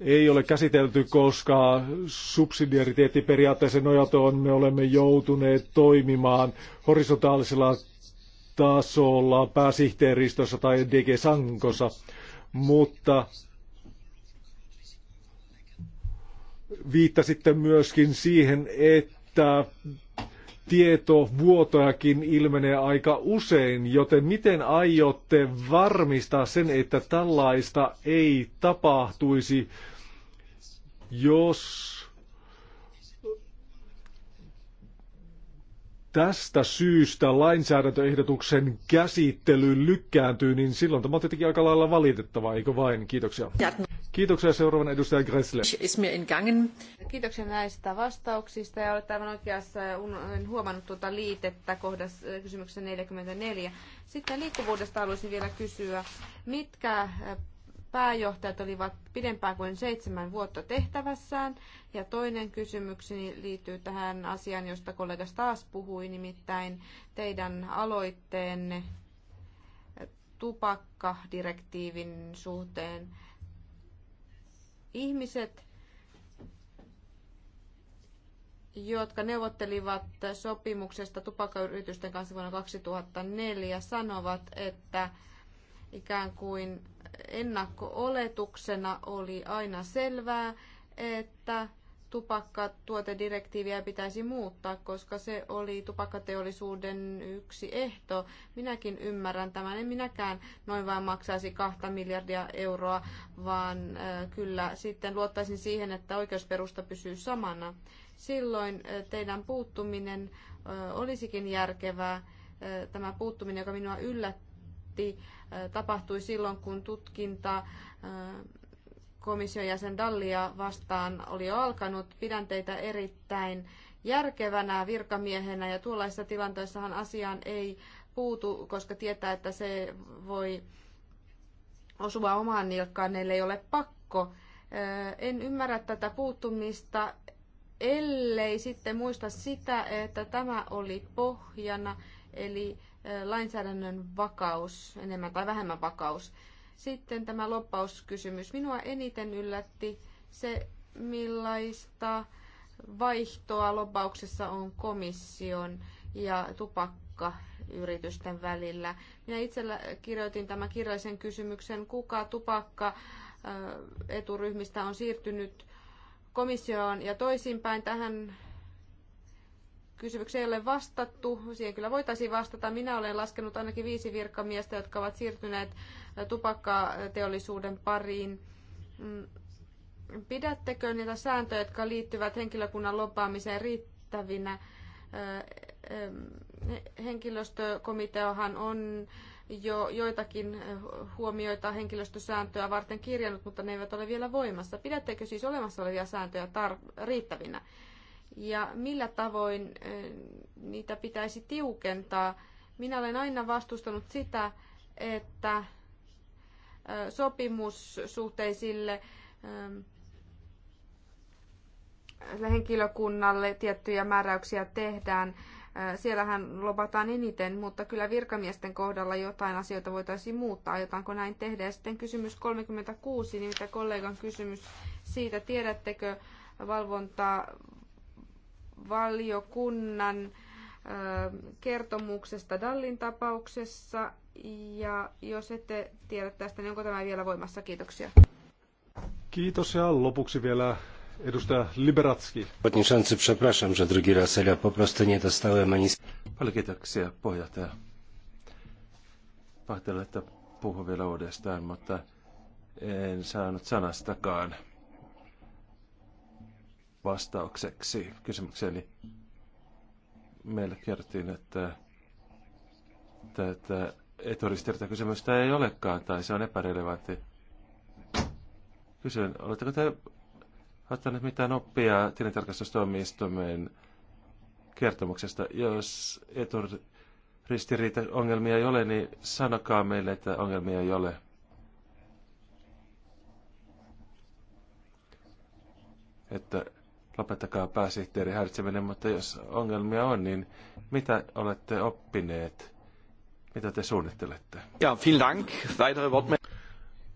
ei ole käsitelty, koska subsidiariteettiperiaatteeseen nojaton me olemme joutuneet toimimaan horisontaalisella tasolla, pääsihteeristössä tai DG Sankossa, mutta viittasitte myöskin siihen, että tietovuotojakin ilmenee aika usein, joten miten aiotte varmistaa sen, että tällaista ei tapahtuisi, jos tästä syystä lainsäädäntöehdotuksen käsittely lykkääntyy, niin silloin tämä on tietenkin aika lailla valitettavaa, eikö vain? Kiitoksia. Kiitoksia seuraavan edustajan Gressle. Kiitoksia näistä vastauksista ja olet aivan oikeassa, en huomannut tuota liitettä kohdassa äh, kysymyksessä 44. Sitten liikkuvuudesta haluaisin vielä kysyä, mitkä äh, pääjohtajat olivat pidempään kuin seitsemän vuotta tehtävässään. Ja toinen kysymykseni liittyy tähän asiaan, josta kollega taas puhui, nimittäin teidän aloitteenne tupakkadirektiivin suhteen. Ihmiset, jotka neuvottelivat sopimuksesta tupakkayritysten kanssa vuonna 2004, sanovat, että ikään kuin ennakko-oletuksena oli aina selvää, että tupakkatuotedirektiiviä pitäisi muuttaa, koska se oli tupakkateollisuuden yksi ehto. Minäkin ymmärrän tämän. En minäkään noin vain maksaisi kahta miljardia euroa, vaan kyllä sitten luottaisin siihen, että oikeusperusta pysyy samana. Silloin teidän puuttuminen olisikin järkevää. Tämä puuttuminen, joka minua yllätti, tapahtui silloin, kun tutkinta komission jäsen Dallia vastaan oli jo alkanut. Pidän teitä erittäin järkevänä virkamiehenä ja tuollaisessa tilanteessahan asiaan ei puutu, koska tietää, että se voi osua omaan nilkkaan, ellei ei ole pakko. En ymmärrä tätä puuttumista, ellei sitten muista sitä, että tämä oli pohjana, eli lainsäädännön vakaus, enemmän tai vähemmän vakaus. Sitten tämä loppauskysymys. Minua eniten yllätti se, millaista vaihtoa loppauksessa on komission ja tupakkayritysten välillä. Minä itse kirjoitin tämän kirjallisen kysymyksen, kuka tupakka eturyhmistä on siirtynyt komissioon ja toisinpäin. Tähän kysymykseen ei ole vastattu. Siihen kyllä voitaisiin vastata. Minä olen laskenut ainakin viisi virkamiestä, jotka ovat siirtyneet tupakkateollisuuden pariin. Mm, pidättekö niitä sääntöjä, jotka liittyvät henkilökunnan lobbaamiseen riittävinä? henkilöstökomiteohan on jo joitakin huomioita henkilöstösääntöä varten kirjannut, mutta ne eivät ole vielä voimassa. Pidättekö siis olemassa olevia sääntöjä riittävinä? ja millä tavoin eh, niitä pitäisi tiukentaa. Minä olen aina vastustanut sitä, että eh, sopimussuhteisille eh, henkilökunnalle tiettyjä määräyksiä tehdään. Siellähän lobataan eniten, mutta kyllä virkamiesten kohdalla jotain asioita voitaisiin muuttaa. Aiotaanko näin tehdä? Ja sitten kysymys 36, niin mitä kollegan kysymys siitä, tiedättekö valvontaa valiokunnan kertomuksesta Dallin tapauksessa. Ja jos ette tiedä tästä, niin onko tämä vielä voimassa? Kiitoksia. Kiitos ja lopuksi vielä edustaja Liberatski. ja Paljon kiitoksia, puheenjohtaja. Pahoittelen, että puhun vielä uudestaan, mutta en saanut sanastakaan vastaukseksi kysymykseen. niin meille kerrottiin, että tätä kysymystä ei olekaan, tai se on epärelevantti. Kysyn, oletteko te ottaneet mitään oppia tilintarkastustoimistomeen kertomuksesta? Jos eturistiriita-ongelmia ei ole, niin sanokaa meille, että ongelmia ei ole. Että lopettakaa pääsihteeri häiritseminen, mutta jos ongelmia on, niin mitä olette oppineet? Mitä te suunnittelette? Ja, vielen dank. Weitere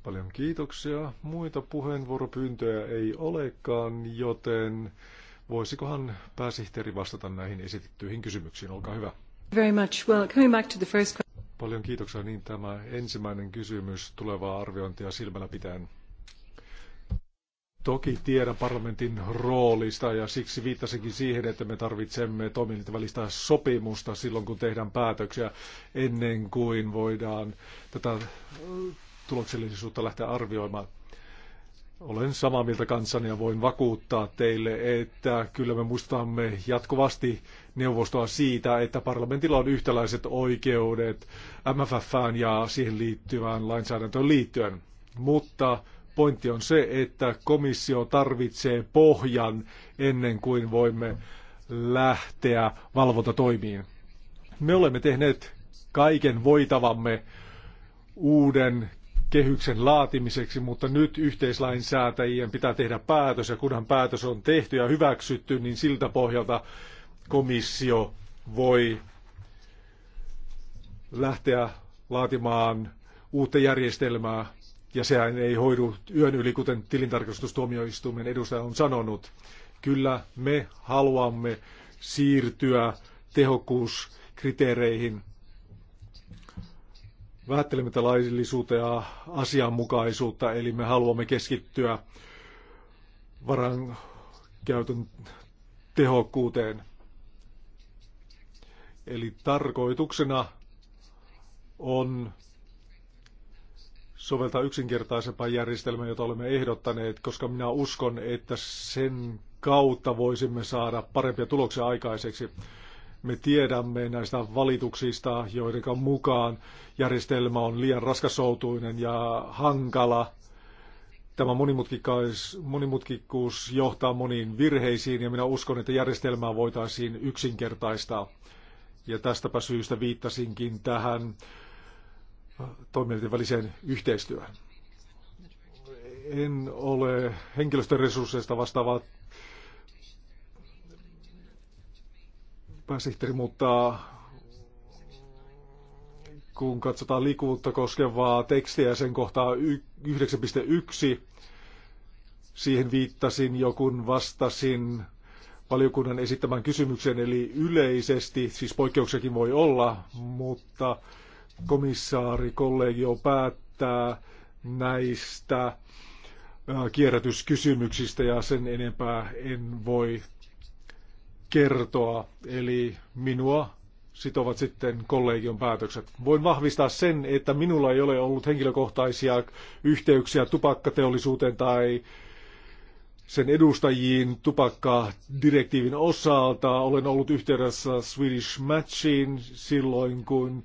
Paljon kiitoksia. Muita puheenvuoropyyntöjä ei olekaan, joten voisikohan pääsihteeri vastata näihin esitettyihin kysymyksiin? Olkaa hyvä. Very much. Well, coming back to the first... Paljon kiitoksia. Niin tämä ensimmäinen kysymys tulevaa arviointia silmällä pitäen. Toki tiedän parlamentin roolista ja siksi viittasinkin siihen, että me tarvitsemme toimintavälistä välistä sopimusta silloin, kun tehdään päätöksiä ennen kuin voidaan tätä tuloksellisuutta lähteä arvioimaan. Olen samaa mieltä kanssani ja voin vakuuttaa teille, että kyllä me muistamme jatkuvasti neuvostoa siitä, että parlamentilla on yhtäläiset oikeudet MFFään ja siihen liittyvään lainsäädäntöön liittyen. Mutta pointti on se, että komissio tarvitsee pohjan ennen kuin voimme lähteä valvontatoimiin. Me olemme tehneet kaiken voitavamme uuden kehyksen laatimiseksi, mutta nyt yhteislainsäätäjien pitää tehdä päätös, ja kunhan päätös on tehty ja hyväksytty, niin siltä pohjalta komissio voi lähteä laatimaan uutta järjestelmää ja sehän ei hoidu yön yli, kuten tilintarkastustuomioistuimen edustaja on sanonut. Kyllä me haluamme siirtyä tehokkuuskriteereihin. Vähättelemme laillisuutta ja asianmukaisuutta, eli me haluamme keskittyä varan käytön tehokkuuteen. Eli tarkoituksena on soveltaa yksinkertaisempaa järjestelmää, jota olemme ehdottaneet, koska minä uskon, että sen kautta voisimme saada parempia tuloksia aikaiseksi. Me tiedämme näistä valituksista, joiden mukaan järjestelmä on liian raskasoutuinen ja hankala. Tämä monimutkikkuus johtaa moniin virheisiin ja minä uskon, että järjestelmää voitaisiin yksinkertaistaa. Ja tästäpä syystä viittasinkin tähän toimijoiden väliseen yhteistyöhön. En ole henkilöstöresursseista vastaava pääsihteeri, mutta kun katsotaan liikkuvuutta koskevaa tekstiä ja sen kohtaa 9.1, siihen viittasin jo kun vastasin valiokunnan esittämään kysymykseen, eli yleisesti, siis poikkeuksiakin voi olla, mutta komissaari, kollegio päättää näistä kierrätyskysymyksistä ja sen enempää en voi kertoa. Eli minua sitovat sitten kollegion päätökset. Voin vahvistaa sen, että minulla ei ole ollut henkilökohtaisia yhteyksiä tupakkateollisuuteen tai sen edustajiin tupakkadirektiivin osalta. Olen ollut yhteydessä Swedish Matchiin silloin, kun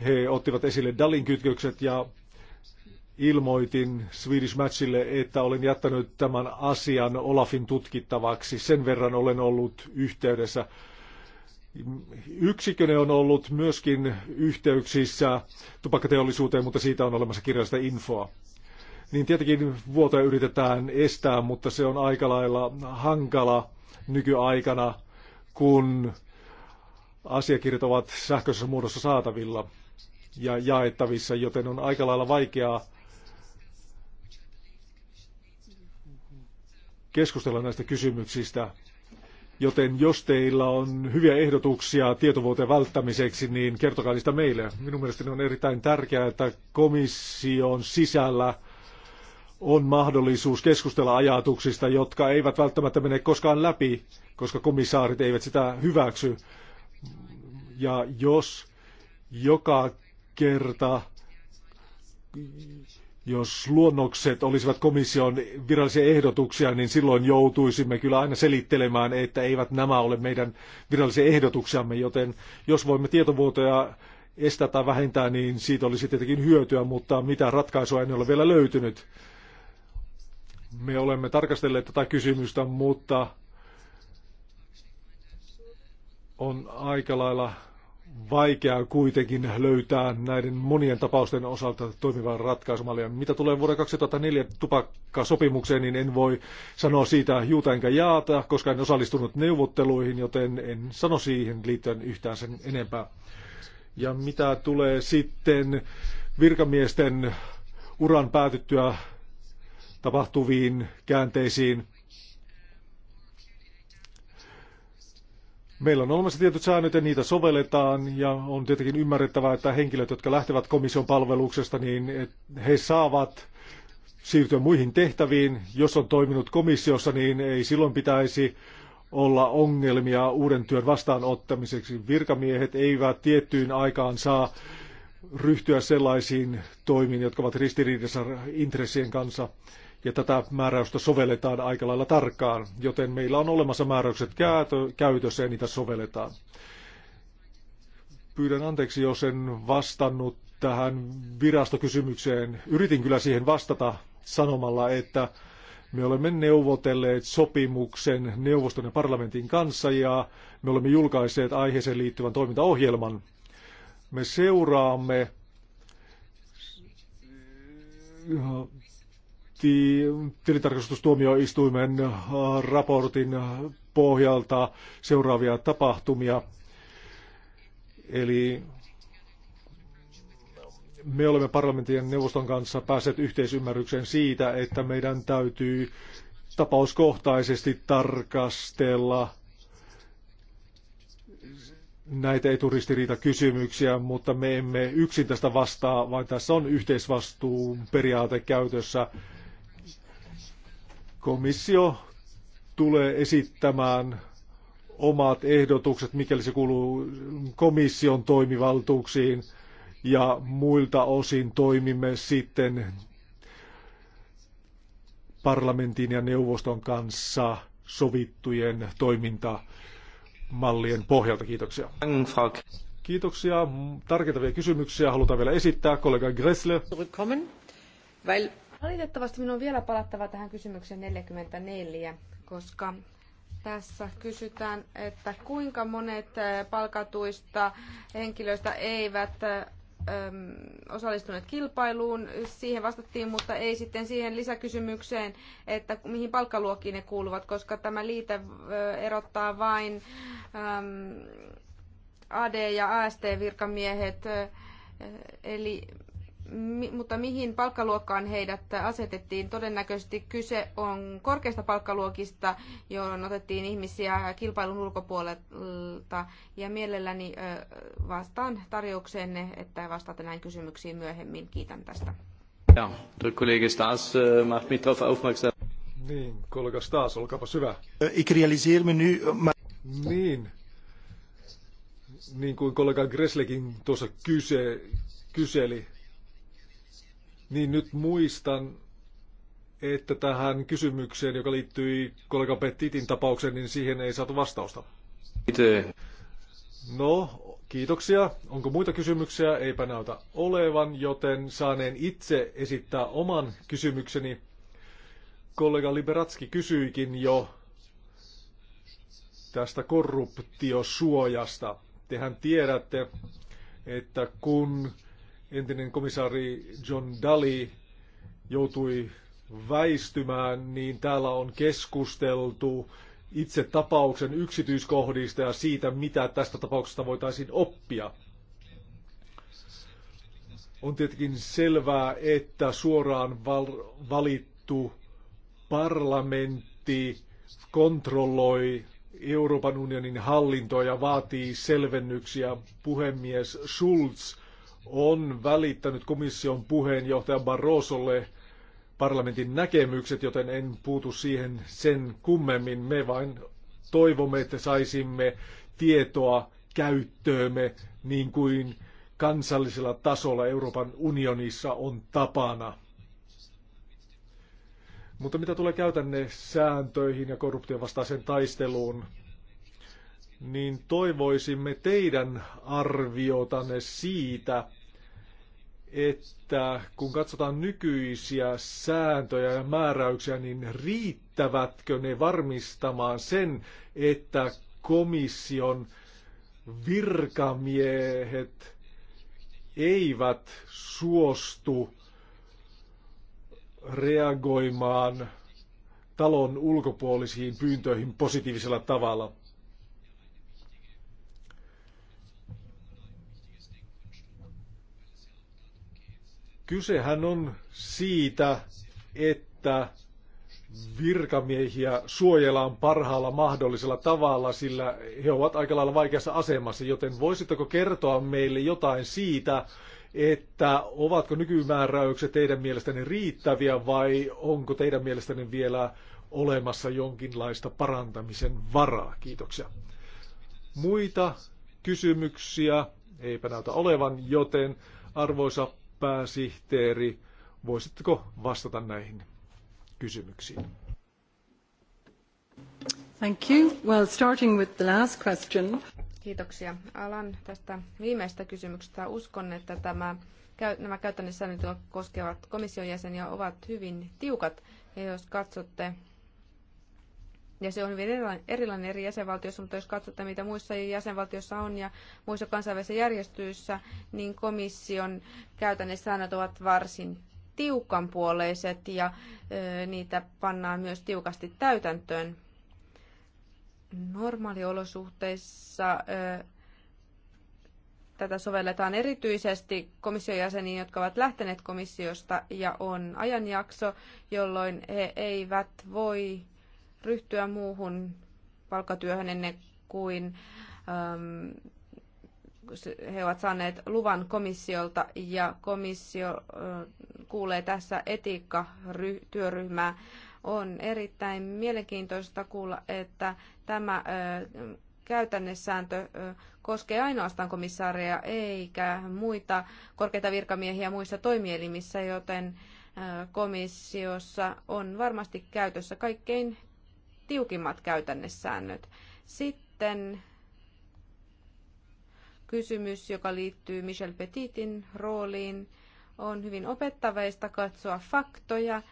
he ottivat esille Dalin kytkökset ja ilmoitin Swedish Matchille, että olen jättänyt tämän asian Olafin tutkittavaksi. Sen verran olen ollut yhteydessä. Yksikönen on ollut myöskin yhteyksissä tupakkateollisuuteen, mutta siitä on olemassa kirjallista infoa. Niin tietenkin vuotoja yritetään estää, mutta se on aika lailla hankala nykyaikana, kun asiakirjat ovat sähköisessä muodossa saatavilla ja jaettavissa, joten on aika lailla vaikeaa keskustella näistä kysymyksistä. Joten jos teillä on hyviä ehdotuksia tietovuoteen välttämiseksi, niin kertokaa niistä meille. Minun mielestäni on erittäin tärkeää, että komission sisällä on mahdollisuus keskustella ajatuksista, jotka eivät välttämättä mene koskaan läpi, koska komissaarit eivät sitä hyväksy. Ja jos joka kerta, jos luonnokset olisivat komission virallisia ehdotuksia, niin silloin joutuisimme kyllä aina selittelemään, että eivät nämä ole meidän virallisia ehdotuksiamme, joten jos voimme tietovuotoja estää tai vähentää, niin siitä olisi tietenkin hyötyä, mutta mitä ratkaisua ei ole vielä löytynyt. Me olemme tarkastelleet tätä kysymystä, mutta on aika lailla vaikeaa kuitenkin löytää näiden monien tapausten osalta toimivaa ratkaisumallia. Mitä tulee vuoden 2004 tupakkasopimukseen, niin en voi sanoa siitä juuta enkä jaata, koska en osallistunut neuvotteluihin, joten en sano siihen liittyen yhtään sen enempää. Ja mitä tulee sitten virkamiesten uran päätyttyä tapahtuviin käänteisiin, Meillä on olemassa tietyt säännöt ja niitä sovelletaan ja on tietenkin ymmärrettävää, että henkilöt, jotka lähtevät komission palveluksesta, niin he saavat siirtyä muihin tehtäviin. Jos on toiminut komissiossa, niin ei silloin pitäisi olla ongelmia uuden työn vastaanottamiseksi. Virkamiehet eivät tiettyyn aikaan saa ryhtyä sellaisiin toimiin, jotka ovat ristiriidassa intressien kanssa ja tätä määräystä sovelletaan aika lailla tarkkaan, joten meillä on olemassa määräykset käytössä ja niitä sovelletaan. Pyydän anteeksi, jos en vastannut tähän virastokysymykseen. Yritin kyllä siihen vastata sanomalla, että me olemme neuvotelleet sopimuksen neuvoston ja parlamentin kanssa ja me olemme julkaiseet aiheeseen liittyvän toimintaohjelman. Me seuraamme tilitarkastustuomioistuimen raportin pohjalta seuraavia tapahtumia. Eli me olemme parlamentin neuvoston kanssa päässeet yhteisymmärrykseen siitä, että meidän täytyy tapauskohtaisesti tarkastella näitä eturistiriitakysymyksiä, mutta me emme yksin tästä vastaa, vaan tässä on yhteisvastuun periaate käytössä Komissio tulee esittämään omat ehdotukset, mikäli se kuuluu komission toimivaltuuksiin, ja muilta osin toimimme sitten parlamentin ja neuvoston kanssa sovittujen toimintamallien pohjalta. Kiitoksia. Kiitoksia. Tarkentavia kysymyksiä halutaan vielä esittää. Kollega Gressle. Weil Valitettavasti minun on vielä palattava tähän kysymykseen 44, koska tässä kysytään, että kuinka monet palkatuista henkilöistä eivät osallistuneet kilpailuun. Siihen vastattiin, mutta ei sitten siihen lisäkysymykseen, että mihin palkkaluokkiin ne kuuluvat, koska tämä liite erottaa vain AD- ja AST-virkamiehet. Eli mutta mihin palkkaluokkaan heidät asetettiin? Todennäköisesti kyse on korkeista palkkaluokista, johon otettiin ihmisiä kilpailun ulkopuolelta. Ja mielelläni vastaan tarjoukseenne, että vastaatte näin kysymyksiin myöhemmin. Kiitän tästä. Ja, kollega Kollege macht mich darauf aufmerksam. Niin, kollega Stas, olkaapa syvä. Eh, ich realisiere menü... Eh, niin, niin kuin kollega Greslekin tuossa kyse, kyseli, niin nyt muistan, että tähän kysymykseen, joka liittyi kollega Petitin tapaukseen, niin siihen ei saatu vastausta. Itse. No, kiitoksia. Onko muita kysymyksiä? Eipä näytä olevan, joten saaneen itse esittää oman kysymykseni. Kollega Liberatski kysyikin jo tästä korruptiosuojasta. Tehän tiedätte, että kun entinen komissaari John Daly joutui väistymään, niin täällä on keskusteltu itse tapauksen yksityiskohdista ja siitä, mitä tästä tapauksesta voitaisiin oppia. On tietenkin selvää, että suoraan val- valittu parlamentti kontrolloi Euroopan unionin hallintoa ja vaatii selvennyksiä. Puhemies Schulz on välittänyt komission puheenjohtaja Barrosolle parlamentin näkemykset, joten en puutu siihen sen kummemmin. Me vain toivomme, että saisimme tietoa käyttöömme niin kuin kansallisella tasolla Euroopan unionissa on tapana. Mutta mitä tulee käytänne sääntöihin ja korruption vastaiseen taisteluun, niin toivoisimme teidän arviotanne siitä, että kun katsotaan nykyisiä sääntöjä ja määräyksiä, niin riittävätkö ne varmistamaan sen, että komission virkamiehet eivät suostu reagoimaan talon ulkopuolisiin pyyntöihin positiivisella tavalla. Kysehän on siitä, että virkamiehiä suojellaan parhaalla mahdollisella tavalla, sillä he ovat aika lailla vaikeassa asemassa, joten voisitteko kertoa meille jotain siitä, että ovatko nykymääräykset teidän mielestänne riittäviä vai onko teidän mielestänne vielä olemassa jonkinlaista parantamisen varaa? Kiitoksia. Muita kysymyksiä eipä näytä olevan, joten arvoisa pääsihteeri. Voisitteko vastata näihin kysymyksiin? Thank you. Well, starting with the last question. Kiitoksia. Alan tästä viimeistä kysymyksestä. Uskon, että tämä, nämä käytännössä nyt koskevat komission jäseniä ovat hyvin tiukat. Ja jos katsotte ja se on hyvin erilainen eri jäsenvaltioissa, mutta jos katsotaan, mitä muissa jäsenvaltioissa on ja muissa kansainvälisissä järjestyissä, niin komission käytännössä säännöt ovat varsin tiukanpuoleiset ja ö, niitä pannaan myös tiukasti täytäntöön. Normaaliolosuhteissa ö, tätä sovelletaan erityisesti komission jäseniin, jotka ovat lähteneet komissiosta ja on ajanjakso, jolloin he eivät voi ryhtyä muuhun palkkatyöhön ennen kuin äm, he ovat saaneet luvan komissiolta ja komissio äh, kuulee tässä etiikkatyöryhmää. On erittäin mielenkiintoista kuulla, että tämä äh, käytännessääntö äh, koskee ainoastaan komissaaria eikä muita korkeita virkamiehiä muissa toimielimissä, joten äh, komissiossa on varmasti käytössä kaikkein tiukimmat käytännessäännöt. Sitten kysymys, joka liittyy Michel Petitin rooliin, on hyvin opettavaista katsoa faktoja.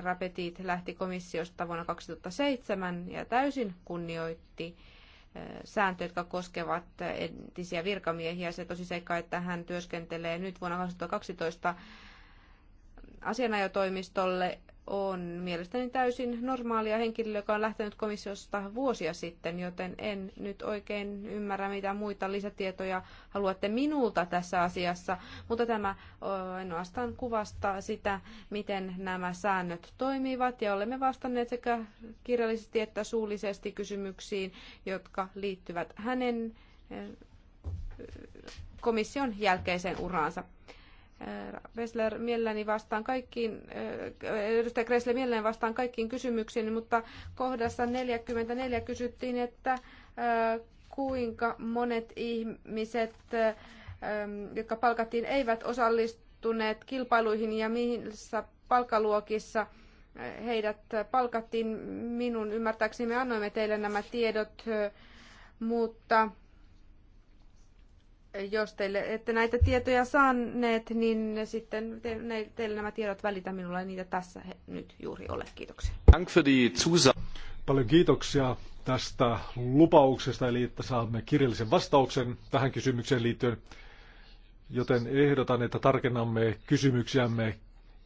Rapetit lähti komissiosta vuonna 2007 ja täysin kunnioitti eh, sääntöjä, jotka koskevat entisiä virkamiehiä. Se seikka, että hän työskentelee nyt vuonna 2012 asianajotoimistolle on mielestäni täysin normaalia henkilö, joka on lähtenyt komissiosta vuosia sitten, joten en nyt oikein ymmärrä, mitä muita lisätietoja haluatte minulta tässä asiassa, mutta tämä ainoastaan kuvastaa sitä, miten nämä säännöt toimivat, ja olemme vastanneet sekä kirjallisesti että suullisesti kysymyksiin, jotka liittyvät hänen eh, komission jälkeiseen uraansa. Vesler, mielelläni vastaan kaikkiin, eh, edustaja Kressler, mielelläni vastaan kaikkiin kysymyksiin, mutta kohdassa 44 kysyttiin, että eh, kuinka monet ihmiset, eh, jotka palkattiin, eivät osallistuneet kilpailuihin ja missä palkaluokissa heidät palkattiin. Minun ymmärtääkseni me annoimme teille nämä tiedot, mutta jos teille ette näitä tietoja saaneet, niin sitten te, ne, teille nämä tiedot välitä. minulle niitä tässä he, nyt juuri ole. Kiitoksia. Paljon kiitoksia tästä lupauksesta, eli että saamme kirjallisen vastauksen tähän kysymykseen liittyen. Joten ehdotan, että tarkennamme kysymyksiämme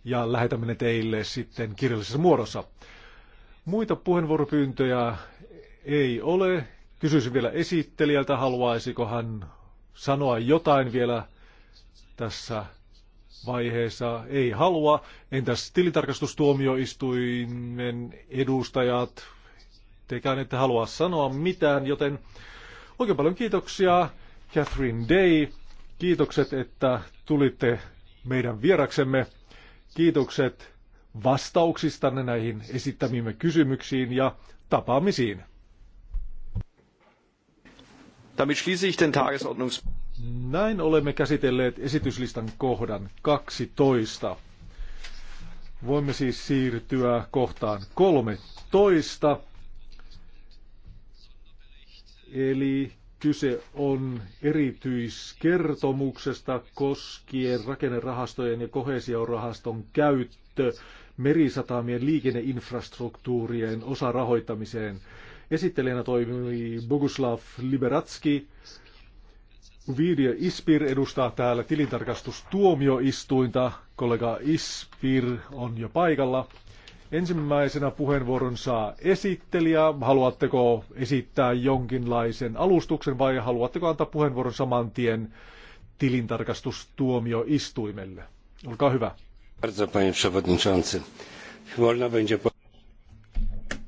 ja lähetämme ne teille sitten kirjallisessa muodossa. Muita puheenvuoropyyntöjä ei ole. Kysyisin vielä esittelijältä, haluaisiko hän sanoa jotain vielä tässä vaiheessa ei halua. Entäs tilintarkastustuomioistuimen edustajat? Tekään ette halua sanoa mitään, joten oikein paljon kiitoksia Catherine Day. Kiitokset, että tulitte meidän vieraksemme. Kiitokset vastauksistanne näihin esittämiimme kysymyksiin ja tapaamisiin. Näin olemme käsitelleet esityslistan kohdan 12. Voimme siis siirtyä kohtaan 13. Eli kyse on erityiskertomuksesta koskien rakennerahastojen ja kohesiorahaston käyttö merisatamien liikenneinfrastruktuurien osarahoittamiseen – Esittelijänä toimii Boguslav Liberatski. Video Ispir edustaa täällä tilintarkastustuomioistuinta. Kollega Ispir on jo paikalla. Ensimmäisenä puheenvuoron saa esittelijä. Haluatteko esittää jonkinlaisen alustuksen vai haluatteko antaa puheenvuoron saman tien tilintarkastustuomioistuimelle? Olkaa hyvä. Bardzo panie przewodniczący. Wolna będzie...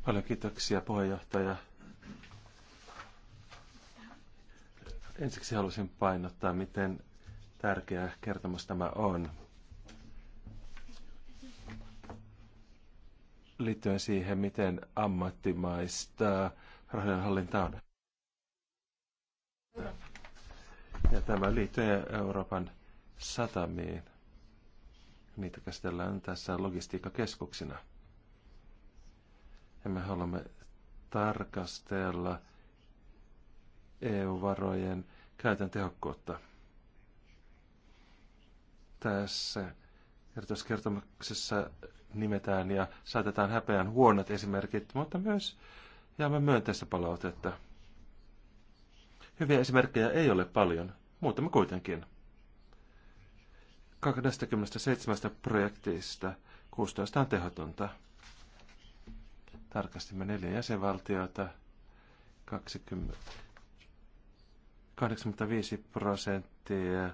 Paljon kiitoksia puheenjohtaja. Ensiksi halusin painottaa, miten tärkeä kertomus tämä on. Liittyen siihen, miten ammattimaista rahojenhallinta on. Ja tämä liittyy Euroopan satamiin. Niitä käsitellään tässä logistiikkakeskuksina ja me haluamme tarkastella EU-varojen käytön tehokkuutta. Tässä kertomuksessa nimetään ja saatetaan häpeän huonot esimerkit, mutta myös jaamme myönteistä palautetta. Hyviä esimerkkejä ei ole paljon, muutama kuitenkin. 27 projektista 16 on tehotonta. Tarkastimme neljä jäsenvaltiota. 20, 85 prosenttia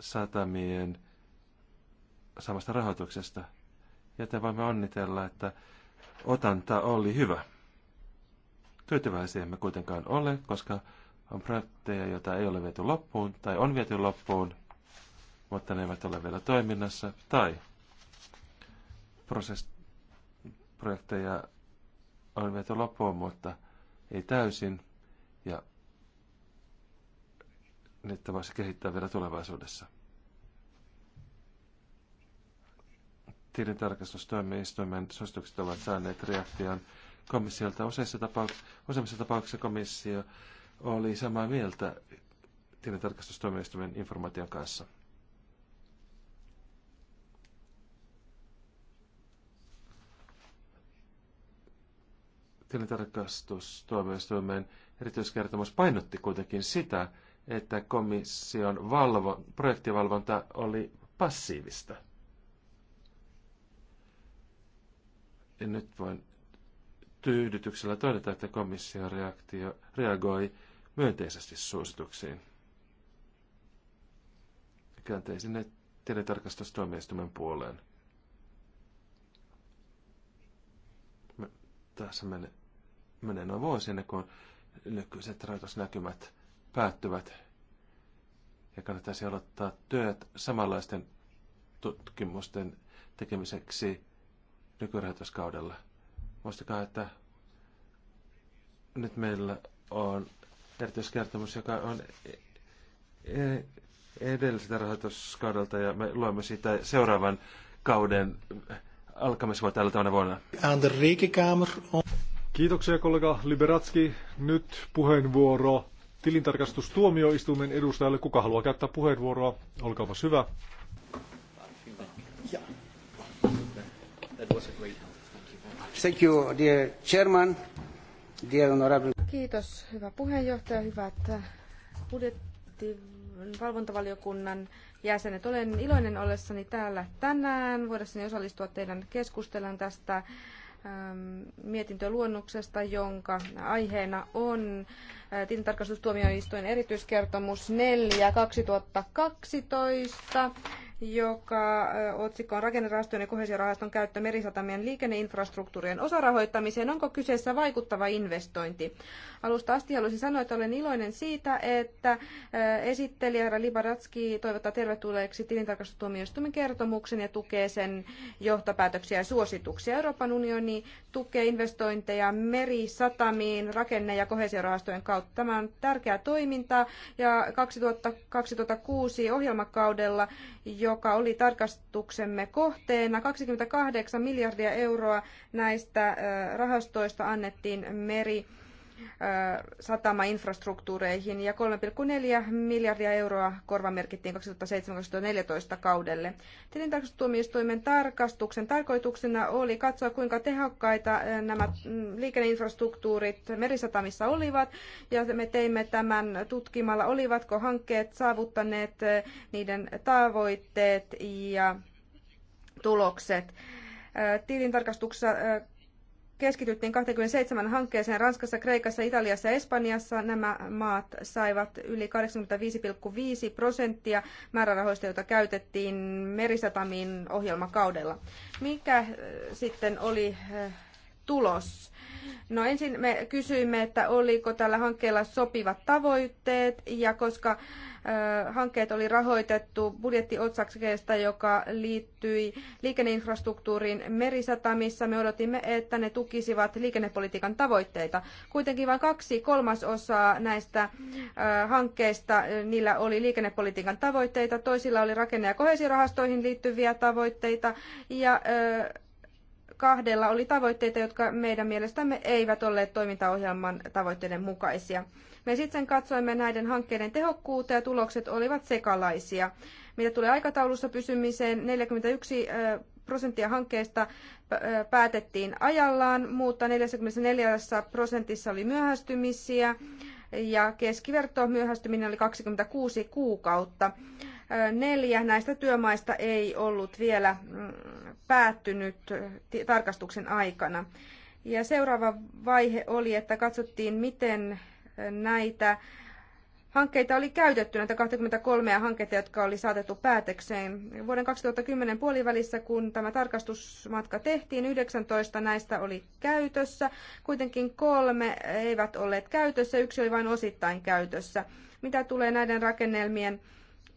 satamien samasta rahoituksesta. Joten voimme onnitella, että otanta oli hyvä. Tyytyväisiä emme kuitenkaan ole, koska on projekteja, joita ei ole viety loppuun tai on viety loppuun, mutta ne eivät ole vielä toiminnassa, tai prosessi projekteja on viety loppuun, mutta ei täysin. Ja niitä voisi kehittää vielä tulevaisuudessa. Tilintarkastustoimistoimen suositukset ovat saaneet reaktion komissiolta. Useissa tapauksissa, useimmissa tapauksissa komissio oli samaa mieltä tilintarkastustoimistoimen informaation kanssa. tilintarkastustuomioistuimen erityiskertomus painotti kuitenkin sitä, että komission valvo, projektivalvonta oli passiivista. Ja nyt voin tyydytyksellä todeta, että komissio reaktio, reagoi myönteisesti suosituksiin. Kääntäin sinne tilintarkastustuomioistuimen puoleen. tässä menee menee noin vuosi ennen kuin nykyiset rajoitusnäkymät päättyvät. Ja kannattaisi aloittaa työt samanlaisten tutkimusten tekemiseksi nykyrahoituskaudella. Muistakaa, että nyt meillä on erityiskertomus, joka on e-, edelliseltä rahoituskaudelta ja me luemme siitä seuraavan kauden alkamisvuotta tänä vuonna. Kiitoksia kollega Liberatski. Nyt puheenvuoro tilintarkastustuomioistuimen edustajalle. Kuka haluaa käyttää puheenvuoroa? Olkaapa hyvä. Thank you, dear chairman, dear honorable. Kiitos, hyvä puheenjohtaja, hyvät äh, budjettivalvontavaliokunnan jäsenet. Olen iloinen ollessani täällä tänään, voidessani osallistua teidän keskustelun tästä Ähm, mietintöluonnoksesta, jonka aiheena on äh, tilintarkastustuomioistuin erityiskertomus 4 2012 joka otsikko on rakennerahastojen ja kohesiorahaston käyttö merisatamien liikenneinfrastruktuurien osarahoittamiseen. Onko kyseessä vaikuttava investointi? Alusta asti haluaisin sanoa, että olen iloinen siitä, että esittelijä Libaratski toivottaa tervetulleeksi tilintarkastustuomioistuimen kertomuksen ja tukee sen johtopäätöksiä ja suosituksia. Euroopan unioni tukee investointeja merisatamiin rakenne- ja kohesiorahastojen kautta. Tämä on tärkeää toimintaa ja 2000, 2006 ohjelmakaudella jo joka oli tarkastuksemme kohteena. 28 miljardia euroa näistä rahastoista annettiin meri satamainfrastruktuureihin ja 3,4 miljardia euroa korvamerkittiin 2017 2014 kaudelle. Tilintarkastustuomioistuimen tarkastuksen tarkoituksena oli katsoa, kuinka tehokkaita nämä mm, liikenneinfrastruktuurit merisatamissa olivat, ja me teimme tämän tutkimalla, olivatko hankkeet saavuttaneet niiden tavoitteet ja tulokset. Tilintarkastuksessa keskityttiin 27 hankkeeseen Ranskassa, Kreikassa, Italiassa ja Espanjassa. Nämä maat saivat yli 85,5 prosenttia määrärahoista, joita käytettiin merisatamiin ohjelmakaudella. Mikä äh, sitten oli äh, tulos? No ensin me kysyimme, että oliko tällä hankkeella sopivat tavoitteet ja koska hankkeet oli rahoitettu budjettiotsakkeesta, joka liittyi liikenneinfrastruktuuriin merisatamissa. Me odotimme, että ne tukisivat liikennepolitiikan tavoitteita. Kuitenkin vain kaksi kolmasosaa näistä hankkeista, niillä oli liikennepolitiikan tavoitteita, toisilla oli rakenne- ja kohesirahastoihin liittyviä tavoitteita ja kahdella oli tavoitteita, jotka meidän mielestämme eivät olleet toimintaohjelman tavoitteiden mukaisia. Me sitten katsoimme näiden hankkeiden tehokkuutta ja tulokset olivat sekalaisia. Mitä tulee aikataulussa pysymiseen, 41 prosenttia hankkeista päätettiin ajallaan, mutta 44 prosentissa oli myöhästymisiä ja keskiverto myöhästyminen oli 26 kuukautta. Neljä näistä työmaista ei ollut vielä mm, päättynyt tarkastuksen aikana. Ja seuraava vaihe oli, että katsottiin, miten näitä hankkeita oli käytetty, näitä 23 hanketta, jotka oli saatettu päätökseen. Vuoden 2010 puolivälissä, kun tämä tarkastusmatka tehtiin, 19 näistä oli käytössä. Kuitenkin kolme eivät olleet käytössä, yksi oli vain osittain käytössä. Mitä tulee näiden rakennelmien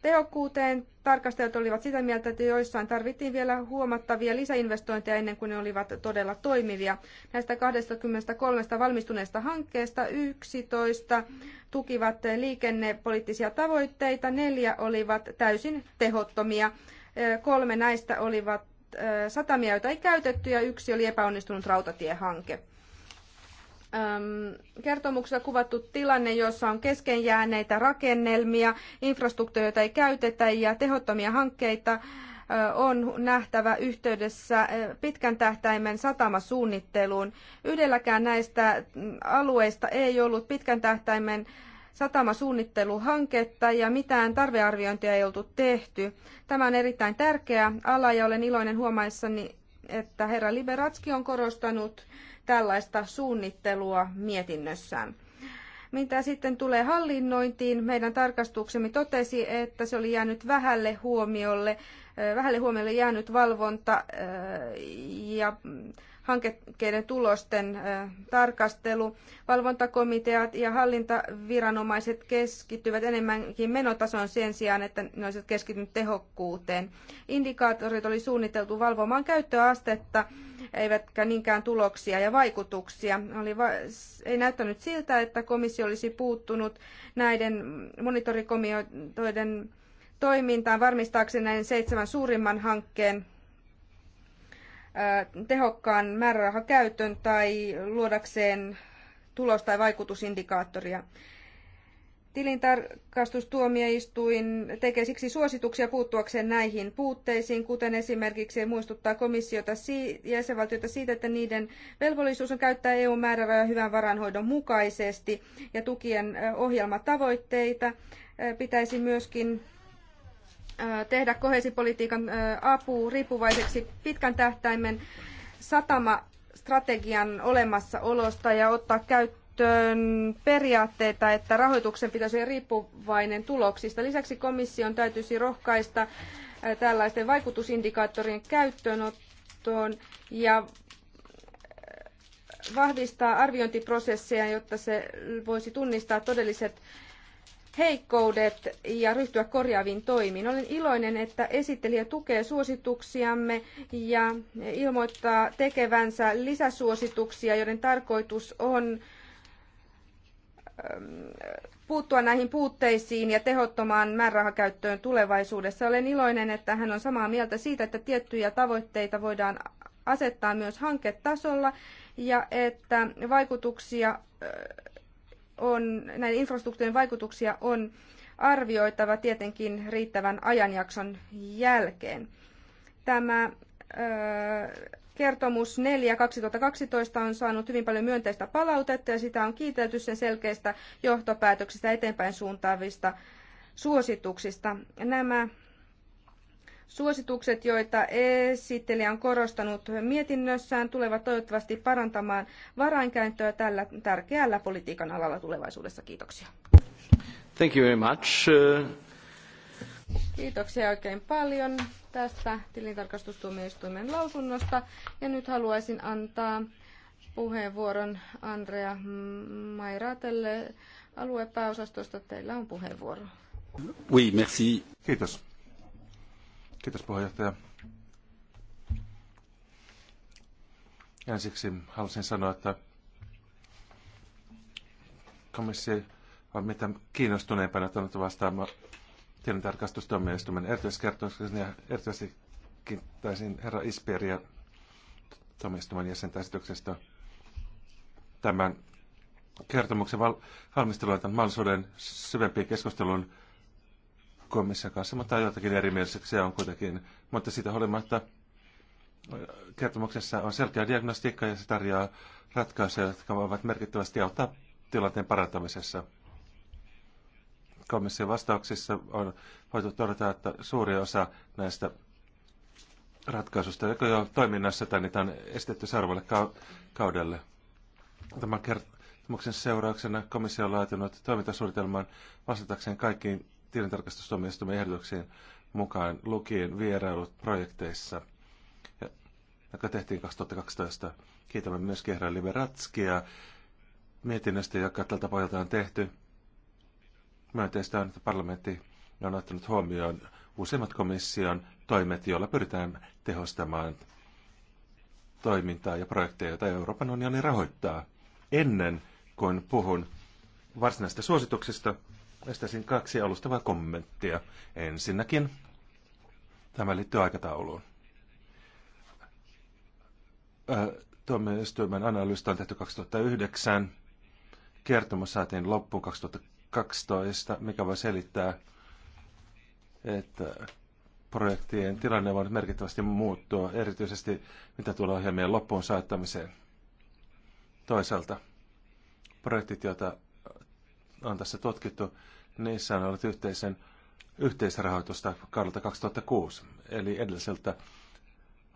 tehokkuuteen. Tarkastajat olivat sitä mieltä, että joissain tarvittiin vielä huomattavia lisäinvestointeja ennen kuin ne olivat todella toimivia. Näistä 23 valmistuneesta hankkeesta 11 tukivat liikennepoliittisia tavoitteita, neljä olivat täysin tehottomia. Kolme näistä olivat satamia, joita ei käytetty ja yksi oli epäonnistunut rautatiehanke kertomuksessa kuvattu tilanne, jossa on kesken jääneitä rakennelmia, infrastruktuureita ei käytetä ja tehottomia hankkeita on nähtävä yhteydessä pitkän tähtäimen satamasuunnitteluun. Yhdelläkään näistä alueista ei ollut pitkän tähtäimen satamasuunnitteluhanketta ja mitään tarvearviointia ei oltu tehty. Tämä on erittäin tärkeä ala ja olen iloinen huomaissani, että herra Liberatski on korostanut tällaista suunnittelua mietinnössään. Mitä sitten tulee hallinnointiin, meidän tarkastuksemme totesi, että se oli jäänyt vähälle huomiolle, vähälle huomiolle jäänyt valvonta ja hankkeiden tulosten tarkastelu. Valvontakomiteat ja hallintaviranomaiset keskittyvät enemmänkin menotason sen sijaan, että ne olisivat keskittyneet tehokkuuteen. Indikaattorit oli suunniteltu valvomaan käyttöastetta, eivätkä niinkään tuloksia ja vaikutuksia. Oli va- ei näyttänyt siltä, että komissio olisi puuttunut näiden monitorikomiteoiden toimintaan varmistaakseen näiden seitsemän suurimman hankkeen tehokkaan määrärahakäytön tai luodakseen tulos- tai vaikutusindikaattoria. Tilintarkastustuomioistuin tekee siksi suosituksia puuttuakseen näihin puutteisiin, kuten esimerkiksi muistuttaa komissiota ja jäsenvaltioita siitä, että niiden velvollisuus on käyttää eu määrärahoja hyvän varanhoidon mukaisesti ja tukien ohjelmatavoitteita. Pitäisi myöskin tehdä kohesipolitiikan apu riippuvaiseksi pitkän tähtäimen satamastrategian olemassaolosta ja ottaa käyttöön periaatteita, että rahoituksen pitäisi olla riippuvainen tuloksista. Lisäksi komission täytyisi rohkaista tällaisten vaikutusindikaattorien käyttöönottoon ja vahvistaa arviointiprosesseja, jotta se voisi tunnistaa todelliset heikkoudet ja ryhtyä korjaaviin toimiin. Olen iloinen, että esittelijä tukee suosituksiamme ja ilmoittaa tekevänsä lisäsuosituksia, joiden tarkoitus on ähm, puuttua näihin puutteisiin ja tehottomaan määrärahakäyttöön tulevaisuudessa. Olen iloinen, että hän on samaa mieltä siitä, että tiettyjä tavoitteita voidaan asettaa myös hanketasolla ja että vaikutuksia äh, on, näiden infrastruktuurin vaikutuksia on arvioitava tietenkin riittävän ajanjakson jälkeen. Tämä kertomus 4.2012 on saanut hyvin paljon myönteistä palautetta ja sitä on kiitelty sen selkeistä johtopäätöksistä eteenpäin suuntaavista suosituksista. Nämä Suositukset, joita esittelijä on korostanut mietinnössään, tulevat toivottavasti parantamaan varainkäyttöä tällä tärkeällä politiikan alalla tulevaisuudessa. Kiitoksia. Thank you very much. Kiitoksia oikein paljon tästä tilintarkastustuomioistuimen lausunnosta. Ja nyt haluaisin antaa puheenvuoron Andrea Mairatelle aluepääosastosta. Teillä on puheenvuoro. Oui, merci. Kiitos Kiitos puheenjohtaja. Ensiksi halusin sanoa, että komissio on mitä kiinnostuneempana vastaamaan tiedon tilintarkastustuomioistuimen erityiskertomuksen ja erityisesti kiittäisin herra Isperia tuomioistuimen jäsentä esityksestä tämän kertomuksen val- valmistelun tämän mahdollisuuden syvempiin keskustelun komissa kanssa, mutta joitakin se on kuitenkin. Mutta siitä huolimatta äh, kertomuksessa on selkeä diagnostiikka ja se tarjoaa ratkaisuja, jotka voivat merkittävästi auttaa tilanteen parantamisessa. Komission vastauksissa on voitu todeta, että suuri osa näistä ratkaisusta, joka jo toiminnassa tai niitä on estetty seuraavalle kaudelle. Tämän kertomuksen seurauksena komissio on laatinut toimintasuunnitelman vastatakseen kaikkiin tilintarkastustuomioistuimen ehdotuksiin mukaan lukien vierailut projekteissa, joka tehtiin 2012. Kiitämme myös Kehra Liberatskia mietinnöstä, joka tältä pohjalta on tehty. Myönteistä on, että parlamentti on ottanut huomioon useimmat komission toimet, joilla pyritään tehostamaan toimintaa ja projekteja, joita Euroopan unioni rahoittaa. Ennen kuin puhun varsinaisista suosituksista, Estäisin kaksi alustavaa kommenttia. Ensinnäkin tämä liittyy aikatauluun. Tuomioistuimen analyysi on tehty 2009. Kertomus saatiin loppuun 2012, mikä voi selittää, että projektien tilanne voi merkittävästi muuttua, erityisesti mitä tulee ohjelmien loppuun saattamiseen. Toisaalta projektit, joita on tässä tutkittu, niissä on ollut yhteisen, yhteisrahoitusta kaudelta 2006, eli edelliseltä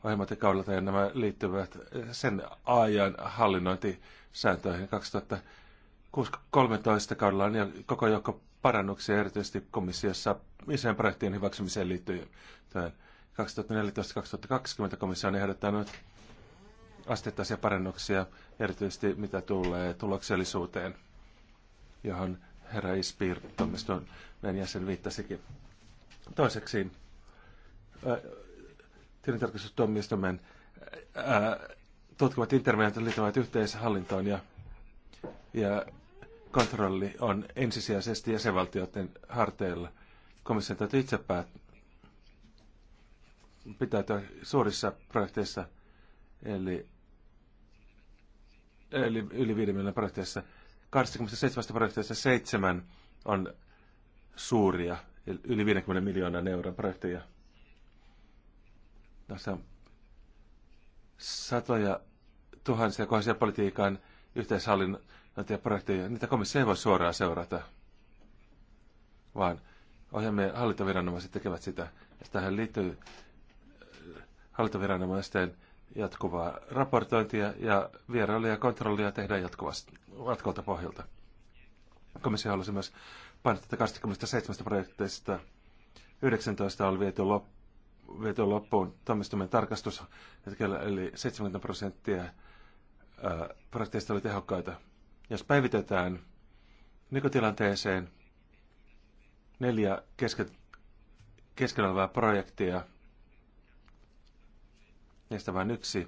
ohjelmointikaudelta, ja nämä liittyvät eh, sen ajan hallinnointisääntöihin 2013 kaudella on koko joukko parannuksia erityisesti komissiossa isojen projektien hyväksymiseen liittyen. 2014-2020 komissio on ehdottanut asteittaisia parannuksia, erityisesti mitä tulee tuloksellisuuteen, johon herra on meidän jäsen viittasikin. Toiseksi tilintarkastustuomioistuimen tutkivat intervention liittyvät yhteishallintoon ja, ja kontrolli on ensisijaisesti jäsenvaltioiden harteilla. Komission täytyy itse päättää pitäytyä suorissa projekteissa, eli, eli yli viiden miljoonan projekteissa – 27 projekteista seitsemän on suuria, yli 50 miljoonan euron projekteja. Tässä on satoja tuhansia kohdallisia politiikan yhteishallinnointia projekteja. Niitä komissio ei voi suoraan seurata, vaan ohjelmien hallintoviranomaiset tekevät sitä. Ja tähän liittyy äh, hallintoviranomaisten jatkuvaa raportointia ja vierailuja ja kontrollia tehdään jatkuvasti jatkolta pohjalta. Komissio halusi myös painottaa, että 27 projekteista 19 oli viety, lop, viety loppuun tammistumien tarkastushetkellä, eli 70 prosenttia projekteista oli tehokkaita. Jos päivitetään nykytilanteeseen neljä kesken, kesken olevaa projektia – Niistä vain yksi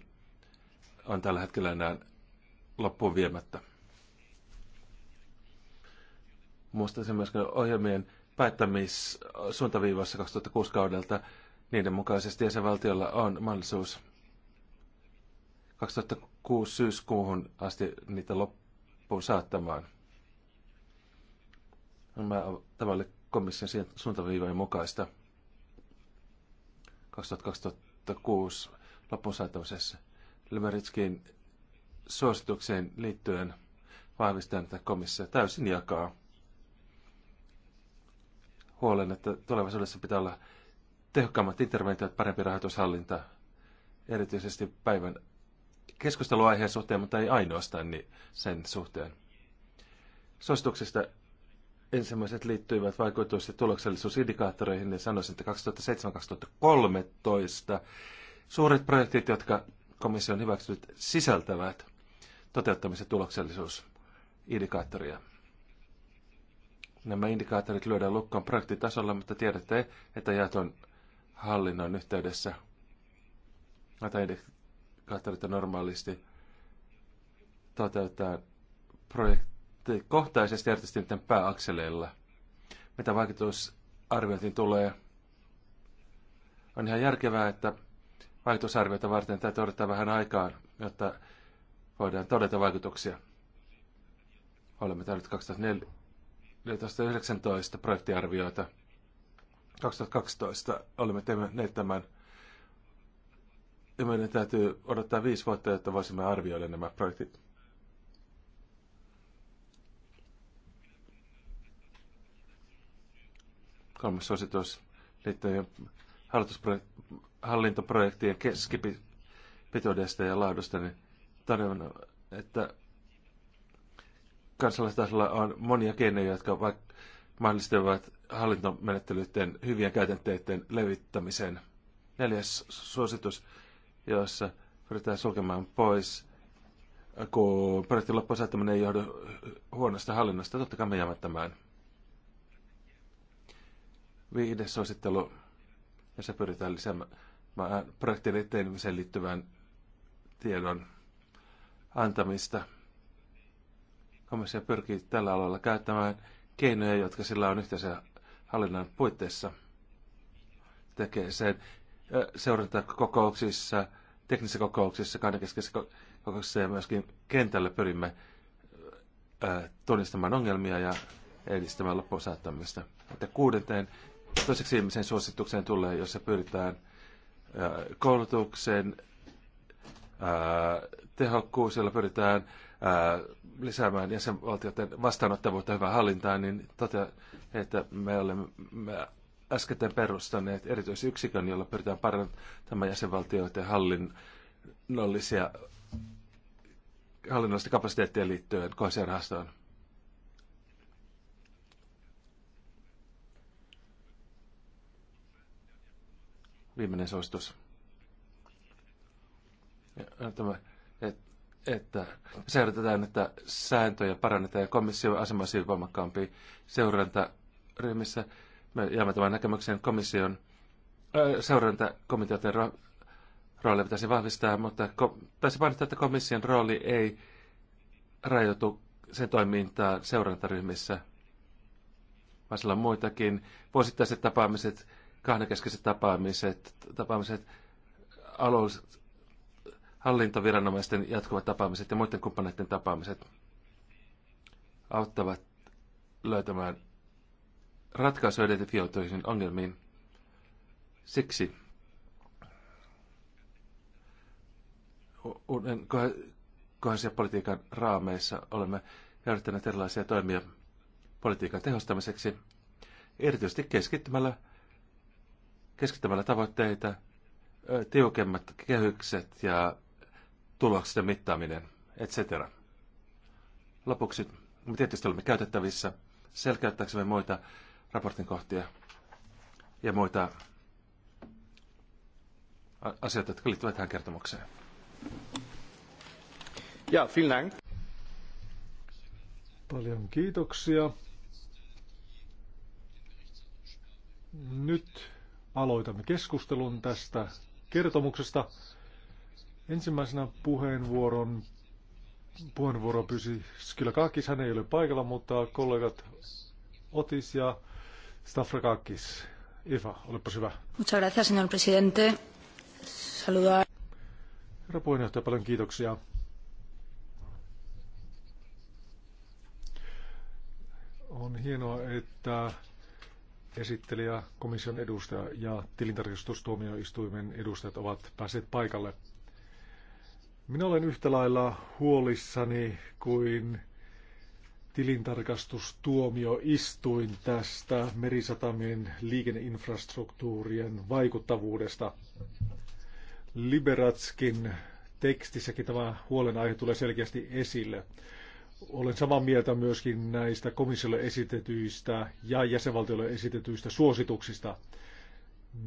on tällä hetkellä enää loppuun viemättä. Muistaisin myöskin ohjelmien päättämissuuntaviivassa 2006 kaudelta niiden mukaisesti jäsenvaltiolla on mahdollisuus 2006 syyskuuhun asti niitä loppuun saattamaan. Tämä tavallinen komission suuntaviivojen mukaista. 2006 loppusaatamisessa. Lemeritskin suositukseen liittyen vahvistan, että komissio täysin jakaa huolen, että tulevaisuudessa pitää olla tehokkaammat interventiot, parempi rahoitushallinta, erityisesti päivän keskusteluaiheen suhteen, mutta ei ainoastaan niin sen suhteen. Suosituksista ensimmäiset liittyivät vaikutus- ja tuloksellisuusindikaattoreihin, niin sanoisin, että 2007-2013 Suuret projektit, jotka komissio on hyväksynyt, sisältävät toteuttamisen tuloksellisuusindikaattoria. Nämä indikaattorit lyödään lukkoon projektitasolla, mutta tiedätte, että jaeton hallinnon yhteydessä näitä indikaattoreita normaalisti toteutetaan projektikohtaisesti erityisesti niiden pääakseleilla. Mitä vaikutusarviointiin tulee, on ihan järkevää, että vaikutusarviota varten täytyy odottaa vähän aikaa, jotta voidaan todeta vaikutuksia. Olemme täällä 2014-2019 projektiarvioita. 2012 olemme tehneet tämän. Ja meidän täytyy odottaa viisi vuotta, jotta voisimme arvioida nämä projektit. Kolmas suositus liittyy hallitusprojektiin hallintoprojektien keskipitoudesta ja laadusta, niin tarjoan, että kansalaistasolla on monia keinoja, jotka vaikka mahdollistavat hallintomenettelyiden hyvien käytänteiden levittämisen. Neljäs suositus, jossa pyritään sulkemaan pois, kun projektin loppuosaattaminen ei johdu huonosta hallinnosta, totta kai me jäämme tämän. Viides suosittelu, jossa pyritään lisäämään vaan projektin etenemiseen liittyvän tiedon antamista. Komissio pyrkii tällä alalla käyttämään keinoja, jotka sillä on yhteensä hallinnan puitteissa. Tekee sen seurantakokouksissa, teknisissä kokouksissa, kannakeskeisissä kokouksissa ja myöskin kentällä pyrimme tunnistamaan ongelmia ja edistämään loppuun saattamista. Että kuudenteen toiseksi ihmisen suositukseen tulee, jossa pyritään – koulutuksen tehokkuus, jolla pyritään lisäämään jäsenvaltioiden vastaanottavuutta hyvää hallintaan, niin totean, että me olemme äsken perustaneet erityisyksikön, jolla pyritään parantamaan jäsenvaltioiden hallinnollisia hallinnollista kapasiteettia liittyen kohdiseen rahastoon. viimeinen suositus. Tämä, et, että seurataan, että sääntöjä parannetaan ja komission asema on voimakkaampiin seurantaryhmissä. Me jäämme tämän näkemyksen komission ää, seurantakomiteoiden ro- roolia pitäisi vahvistaa, mutta ko- pitäisi painottaa, että komission rooli ei rajoitu sen toimintaan seurantaryhmissä, vaan sillä on muitakin. Vuosittaiset tapaamiset kahdenkeskiset tapaamiset, tapaamiset alous, hallintoviranomaisten jatkuvat tapaamiset ja muiden kumppaneiden tapaamiset auttavat löytämään ratkaisuja identifioituihin ongelmiin. Siksi uuden kohdallisen raameissa olemme järjestäneet erilaisia toimia politiikan tehostamiseksi, erityisesti keskittymällä keskittämällä tavoitteita, tiukemmat kehykset ja tuloksen mittaaminen, etc. Lopuksi me tietysti olemme käytettävissä selkeyttäksemme muita raportin kohtia ja muita asioita, jotka liittyvät tähän kertomukseen. Ja, vielen Dank. Paljon kiitoksia. Nyt aloitamme keskustelun tästä kertomuksesta. Ensimmäisenä puheenvuoron puheenvuoro pysi Skylakakis, hän ei ole paikalla, mutta kollegat Otis ja Stafrakakis. Eva, olepa hyvä. Muchas gracias, señor presidente. Saludar. Herra puheenjohtaja, paljon kiitoksia. On hienoa, että esittelijä, komission edustaja ja tilintarkastustuomioistuimen edustajat ovat päässeet paikalle. Minä olen yhtä lailla huolissani kuin tilintarkastustuomioistuin tästä merisatamien liikenneinfrastruktuurien vaikuttavuudesta. Liberatskin tekstissäkin tämä huolenaihe tulee selkeästi esille. Olen samaa mieltä myöskin näistä komissiolle esitetyistä ja jäsenvaltiolle esitetyistä suosituksista.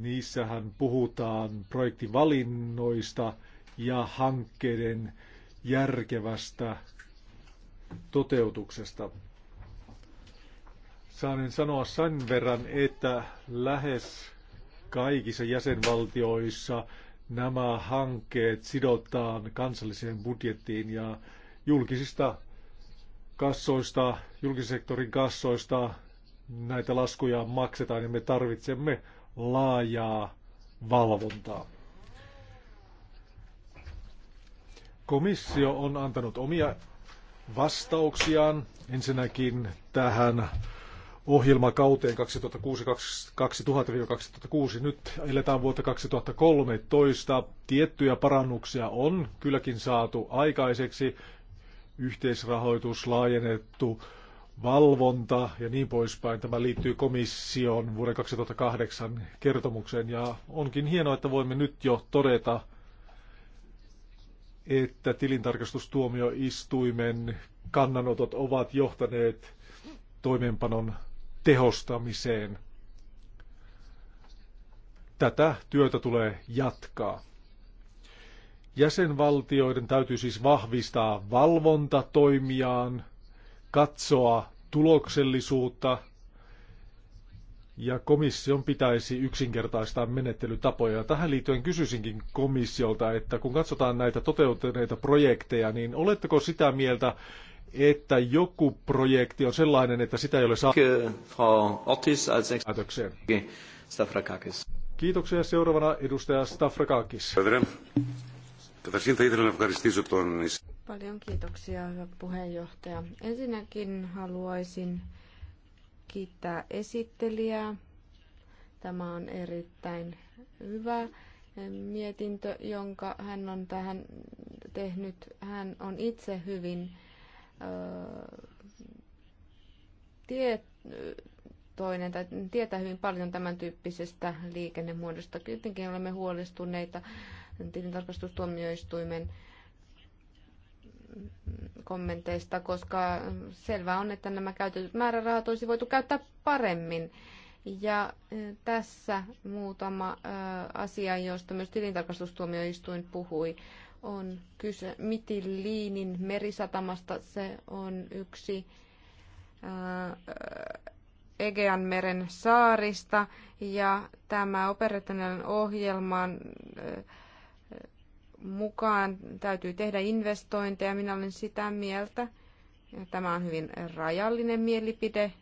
Niissähän puhutaan projektivalinnoista ja hankkeiden järkevästä toteutuksesta. Saan sanoa sen verran, että lähes kaikissa jäsenvaltioissa nämä hankkeet sidotaan kansalliseen budjettiin ja julkisista kassoista, julkisektorin kassoista näitä laskuja maksetaan ja me tarvitsemme laajaa valvontaa. Komissio on antanut omia vastauksiaan ensinnäkin tähän ohjelmakauteen 2006-2006. Nyt eletään vuotta 2013. Tiettyjä parannuksia on kylläkin saatu aikaiseksi yhteisrahoitus, laajennettu valvonta ja niin poispäin. Tämä liittyy komission vuoden 2008 kertomukseen ja onkin hienoa, että voimme nyt jo todeta, että tilintarkastustuomioistuimen kannanotot ovat johtaneet toimeenpanon tehostamiseen. Tätä työtä tulee jatkaa. Jäsenvaltioiden täytyy siis vahvistaa valvontatoimiaan, katsoa tuloksellisuutta ja komission pitäisi yksinkertaistaa menettelytapoja. Tähän liittyen kysyisinkin komissiolta, että kun katsotaan näitä toteutuneita projekteja, niin oletteko sitä mieltä, että joku projekti on sellainen, että sitä ei ole saatu päätökseen? Kiitoksia. Seuraavana edustaja Stafrakakis. Καταρχήν θα ευχαριστήσω τον... Paljon kiitoksia, hyvä puheenjohtaja. Ensinnäkin haluaisin kiittää esittelijää. Tämä on erittäin hyvä mietintö, jonka hän on tähän tehnyt. Hän on itse hyvin tietoinen tai tietää hyvin paljon tämän tyyppisestä liikennemuodosta. Kuitenkin olemme huolestuneita tilintarkastustuomioistuimen kommenteista, koska selvää on, että nämä käytetyt määrärahat olisi voitu käyttää paremmin. Ja e, tässä muutama e, asia, josta myös tilintarkastustuomioistuin puhui, on kyse Mitiliinin merisatamasta. Se on yksi e, Egeanmeren saarista ja tämä operationaalinen ohjelman äh, mukaan täytyy tehdä investointeja. Minä olen sitä mieltä, ja tämä on hyvin rajallinen mielipide,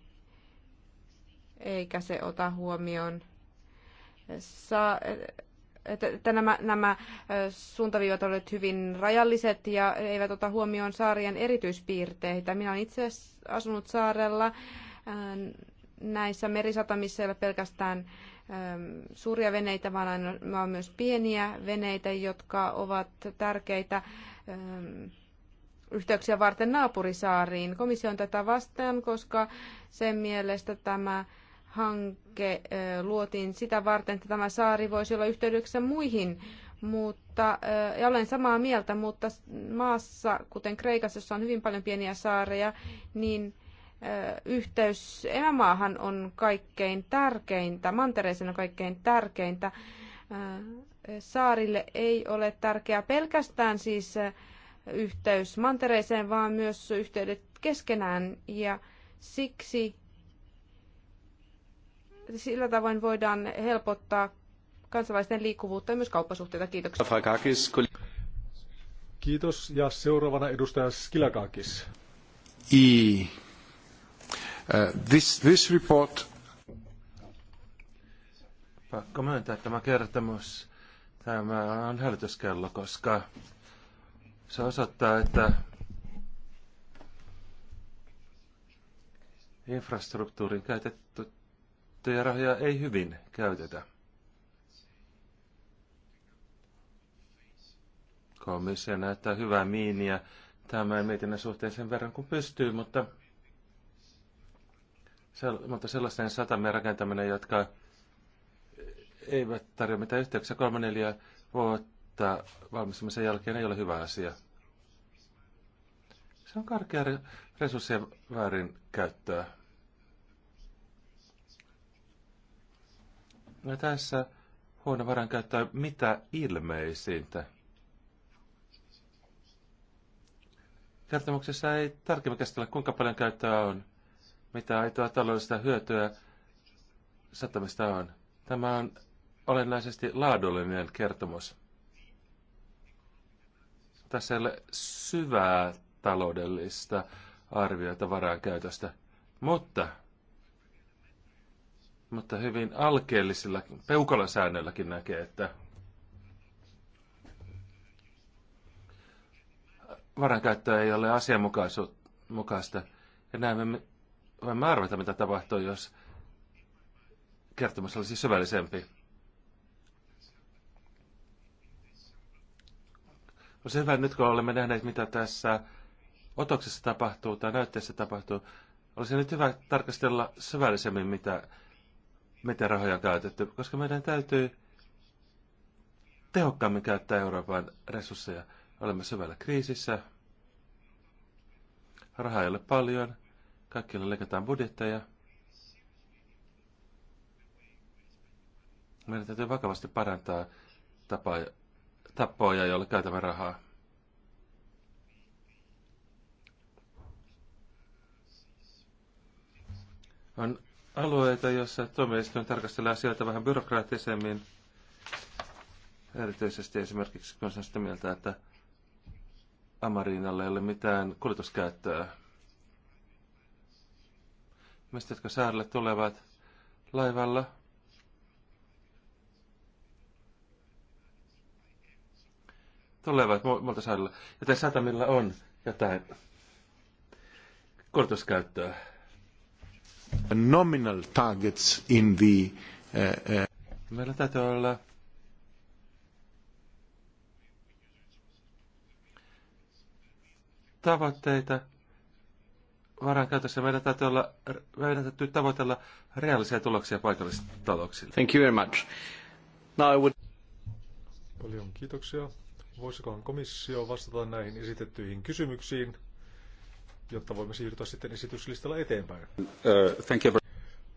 eikä se ota huomioon. Saa, että nämä, nämä suuntaviivat olivat hyvin rajalliset ja eivät ota huomioon saarien erityispiirteitä. Minä olen itse asunut saarella näissä merisatamissa ei ole pelkästään suuria veneitä, vaan myös pieniä veneitä, jotka ovat tärkeitä yhteyksiä varten naapurisaariin. Komissio on tätä vastaan, koska sen mielestä tämä hanke luotiin sitä varten, että tämä saari voisi olla yhteydessä muihin mutta, ja olen samaa mieltä, mutta maassa, kuten Kreikassa, jossa on hyvin paljon pieniä saareja, niin yhteys emämaahan on kaikkein tärkeintä, mantereeseen on kaikkein tärkeintä. Saarille ei ole tärkeää pelkästään siis yhteys mantereeseen, vaan myös yhteydet keskenään ja siksi sillä tavoin voidaan helpottaa kansalaisten liikkuvuutta ja myös kauppasuhteita. Kiitoksia. Kiitos ja seuraavana edustaja Skilakakis. I Uh, this, report... Pakko myöntää tämä kertomus. Tämä on hälytyskello, koska se osoittaa, että infrastruktuurin käytettyjä rahoja ei hyvin käytetä. Komissio näyttää hyvää miiniä tämän mietinnän suhteen sen verran kuin pystyy, mutta mutta sellaisten satamien rakentaminen, jotka eivät tarjoa mitään yhteyksiä kolme neljä vuotta valmistumisen jälkeen, ei ole hyvä asia. Se on karkea resurssien käyttöä. Ja no tässä huono käyttää mitä ilmeisintä. Kertomuksessa ei tarkemmin käsitellä, kuinka paljon käyttöä on mitä aitoa taloudellista hyötyä satamista on. Tämä on olennaisesti laadullinen kertomus. Tässä ei ole syvää taloudellista arviota käytöstä, mutta, mutta hyvin alkeellisilla peukalasäännöilläkin näkee, että varankäyttö ei ole asianmukaista. Ja näemme voimme arvata, mitä tapahtuu, jos kertomus olisi syvällisempi. On se hyvä, nyt kun olemme nähneet, mitä tässä otoksessa tapahtuu tai näytteessä tapahtuu, olisi nyt hyvä tarkastella syvällisemmin, mitä, miten rahoja on käytetty, koska meidän täytyy tehokkaammin käyttää Euroopan resursseja. Olemme syvällä kriisissä, rahaa ei ole paljon – Kaikkialla leikataan budjetteja. Meidän täytyy vakavasti parantaa tapoja tapoja, joilla käytämme rahaa. On alueita, joissa tuomioistuin tarkastelee asioita vähän byrokraattisemmin. Erityisesti esimerkiksi, kun on sitä mieltä, että Amarinalle ei ole mitään kulutuskäyttöä ihmiset, jotka saarelle tulevat laivalla. Tulevat muilta saarella, joten satamilla on jotain kortuskäyttöä. Nominal targets in the, uh, uh... Meillä täytyy olla tavoitteita, käytössä meidän täytyy, olla, meidän täytyy tavoitella reaalisia tuloksia paikallisista paikallistalouksille. Thank you very much. Now I would... Paljon kiitoksia. Voisikohan komissio vastata näihin esitettyihin kysymyksiin, jotta voimme siirtyä sitten esityslistalla eteenpäin? Uh, thank you.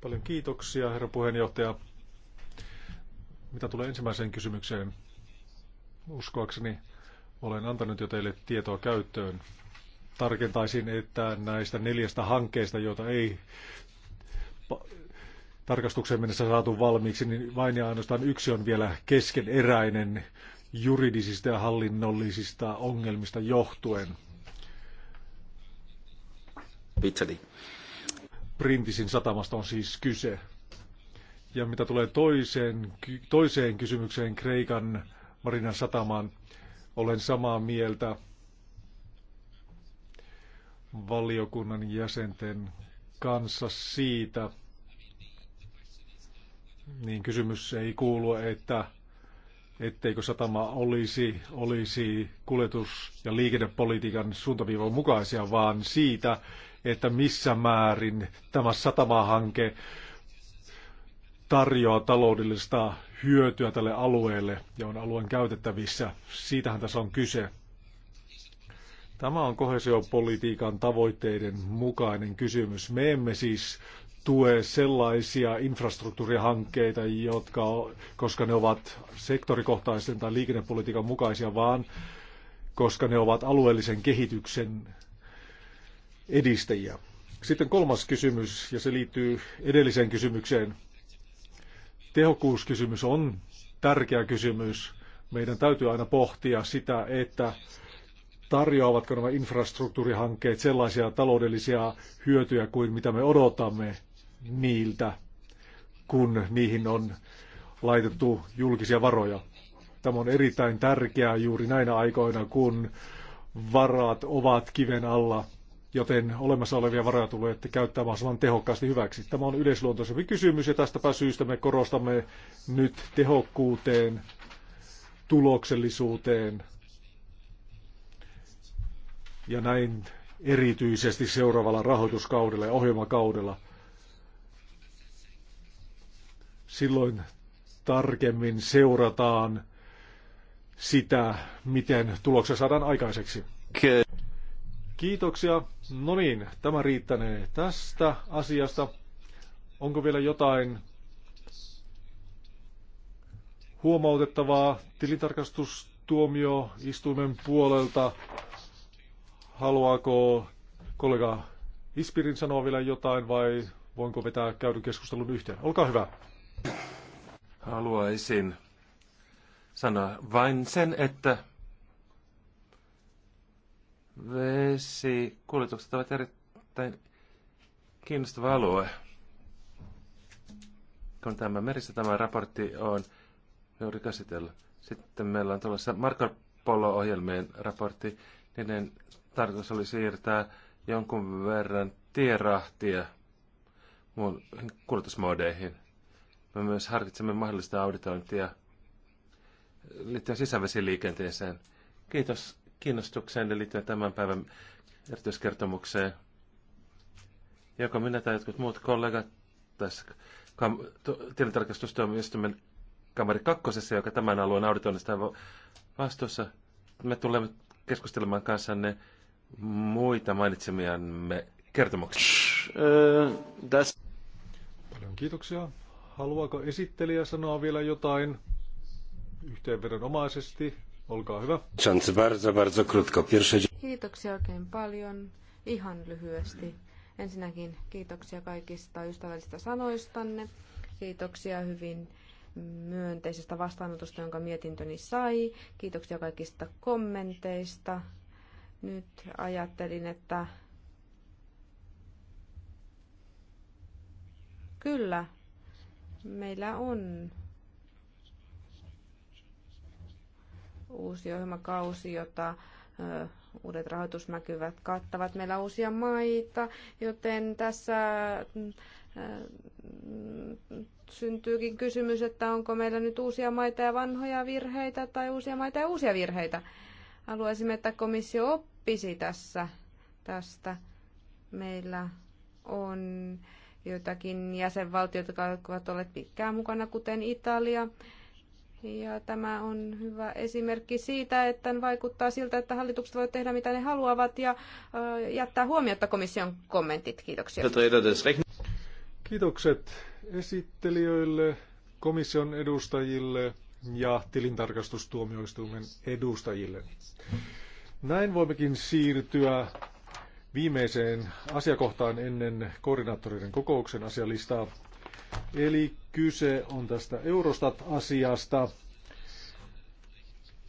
Paljon kiitoksia, herra puheenjohtaja. Mitä tulee ensimmäiseen kysymykseen, uskoakseni olen antanut jo teille tietoa käyttöön tarkentaisin, että näistä neljästä hankkeesta, joita ei tarkastukseen mennessä saatu valmiiksi, niin vain ja ainoastaan yksi on vielä keskeneräinen juridisista ja hallinnollisista ongelmista johtuen. Vitseli. Printisin satamasta on siis kyse. Ja mitä tulee toiseen, toiseen kysymykseen Kreikan Marinan satamaan, olen samaa mieltä valiokunnan jäsenten kanssa siitä, niin kysymys ei kuulu, että etteikö satama olisi, olisi kuljetus- ja liikennepolitiikan suuntaviivan mukaisia, vaan siitä, että missä määrin tämä satamahanke tarjoaa taloudellista hyötyä tälle alueelle ja on alueen käytettävissä. Siitähän tässä on kyse. Tämä on kohesiopolitiikan tavoitteiden mukainen kysymys. Me emme siis tue sellaisia infrastruktuurihankkeita, jotka, koska ne ovat sektorikohtaisen tai liikennepolitiikan mukaisia, vaan koska ne ovat alueellisen kehityksen edistäjiä. Sitten kolmas kysymys, ja se liittyy edelliseen kysymykseen. Tehokkuuskysymys on tärkeä kysymys. Meidän täytyy aina pohtia sitä, että tarjoavatko nämä infrastruktuurihankkeet sellaisia taloudellisia hyötyjä kuin mitä me odotamme niiltä, kun niihin on laitettu julkisia varoja. Tämä on erittäin tärkeää juuri näinä aikoina, kun varat ovat kiven alla, joten olemassa olevia varoja tulee käyttää mahdollisimman tehokkaasti hyväksi. Tämä on yleisluontoisempi kysymys ja tästä syystä me korostamme nyt tehokkuuteen, tuloksellisuuteen – ja näin erityisesti seuraavalla rahoituskaudella ja ohjelmakaudella. Silloin tarkemmin seurataan sitä, miten tuloksia saadaan aikaiseksi. Kiitoksia. No niin, tämä riittänee tästä asiasta. Onko vielä jotain huomautettavaa tilintarkastustuomioistuimen puolelta? Haluaako kollega Ispirin sanoa vielä jotain vai voinko vetää käydyn keskustelun yhteen? Olkaa hyvä. Haluaisin sanoa vain sen, että vesikuljetukset ovat erittäin kiinnostava alue. Kun tämä merissä tämä raportti on juuri käsitellä. Sitten meillä on tuollaisessa Marko Polo-ohjelmien raportti. Niiden tarkoitus oli siirtää jonkun verran tierahtia muun kulutusmodeihin. Me myös harkitsemme mahdollista auditointia liittyen sisävesiliikenteeseen. Kiitos kiinnostukseen liittyen tämän päivän erityiskertomukseen. Joko minä tai jotkut muut kollegat tässä kam- tilintarkastustuomioistuimen kamari kakkosessa, joka tämän alueen auditoinnista on vastuussa, me tulemme keskustelemaan kanssanne muita mainitsemiamme kertomuksia. Äh, paljon kiitoksia. Haluaako esittelijä sanoa vielä jotain yhteenvedonomaisesti? Olkaa hyvä. Bardzo, bardzo krótko. Pierwsze... Kiitoksia oikein paljon. Ihan lyhyesti. Ensinnäkin kiitoksia kaikista ystävällisistä sanoistanne. Kiitoksia hyvin myönteisestä vastaanotosta, jonka mietintöni sai. Kiitoksia kaikista kommenteista nyt ajattelin, että kyllä, meillä on uusi ohjelmakausi, jota uudet rahoitusmäkyvät kattavat. Meillä on uusia maita, joten tässä mm, syntyykin kysymys, että onko meillä nyt uusia maita ja vanhoja virheitä tai uusia maita ja uusia virheitä. Haluaisimme, että komissio oppii oppisi tässä tästä? Meillä on joitakin jäsenvaltioita, jotka ovat olleet pitkään mukana, kuten Italia. Ja tämä on hyvä esimerkki siitä, että vaikuttaa siltä, että hallitukset voivat tehdä mitä ne haluavat ja jättää huomiota komission kommentit. Kiitoksia. Kiitokset esittelijöille, komission edustajille ja tilintarkastustuomioistuimen edustajille. Näin voimmekin siirtyä viimeiseen asiakohtaan ennen koordinaattoreiden kokouksen asialistaa. Eli kyse on tästä Eurostat-asiasta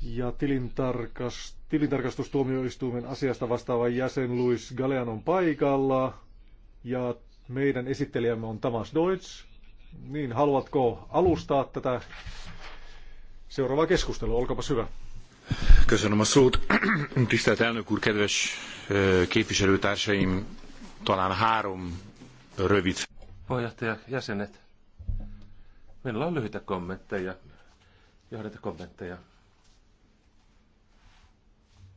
ja tilintarkas, tilintarkastustuomioistuimen asiasta vastaava jäsen Luis Galean on paikalla ja meidän esittelijämme on Tamas Deutsch. Niin, haluatko alustaa tätä seuraavaa keskustelua? Olkapas hyvä. Köszönöm a szót. [clears throat] Tisztelt elnök úr, kedves képviselőtársaim, talán három rövid. Puheenjohtaja, jäsenet. Meillä on lyhyitä kommentteja, johdeita kommentteja.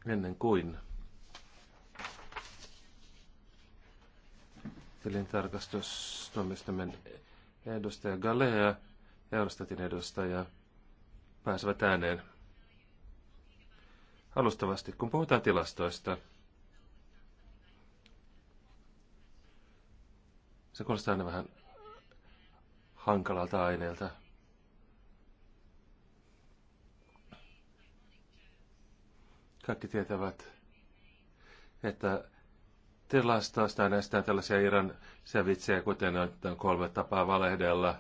Ennen kuin tilintarkastustoimistamen edustaja Galea ja Eurostatin edustaja pääsevät ääneen alustavasti, kun puhutaan tilastoista. Se kuulostaa aina vähän hankalalta aineelta. Kaikki tietävät, että tilastoista näistä tällaisia Iran sevitsejä, kuten on kolme tapaa valehdella.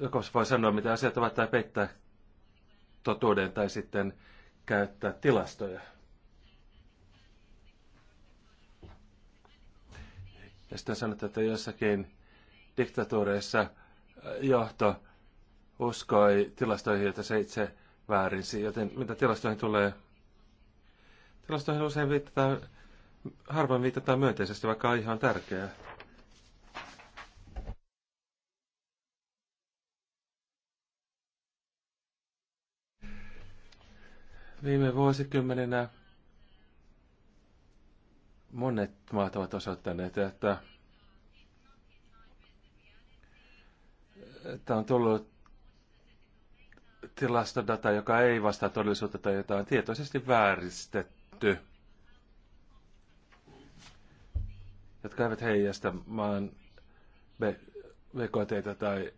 Joko voi sanoa, mitä asiat ovat, tai peittää totuuden tai sitten käyttää tilastoja. Ja sitten sanotaan, että jossakin diktatuureissa johto uskoi tilastoihin, joita se itse väärinsi. Joten mitä tilastoihin tulee? Tilastoihin usein viitataan, harvoin viitataan myönteisesti, vaikka aihe on tärkeää. Viime vuosikymmeninä monet maat ovat osoittaneet, että tämä on tullut tilastodata, joka ei vastaa todellisuutta tai jota on tietoisesti vääristetty, jotka eivät heijasta maan BKT tai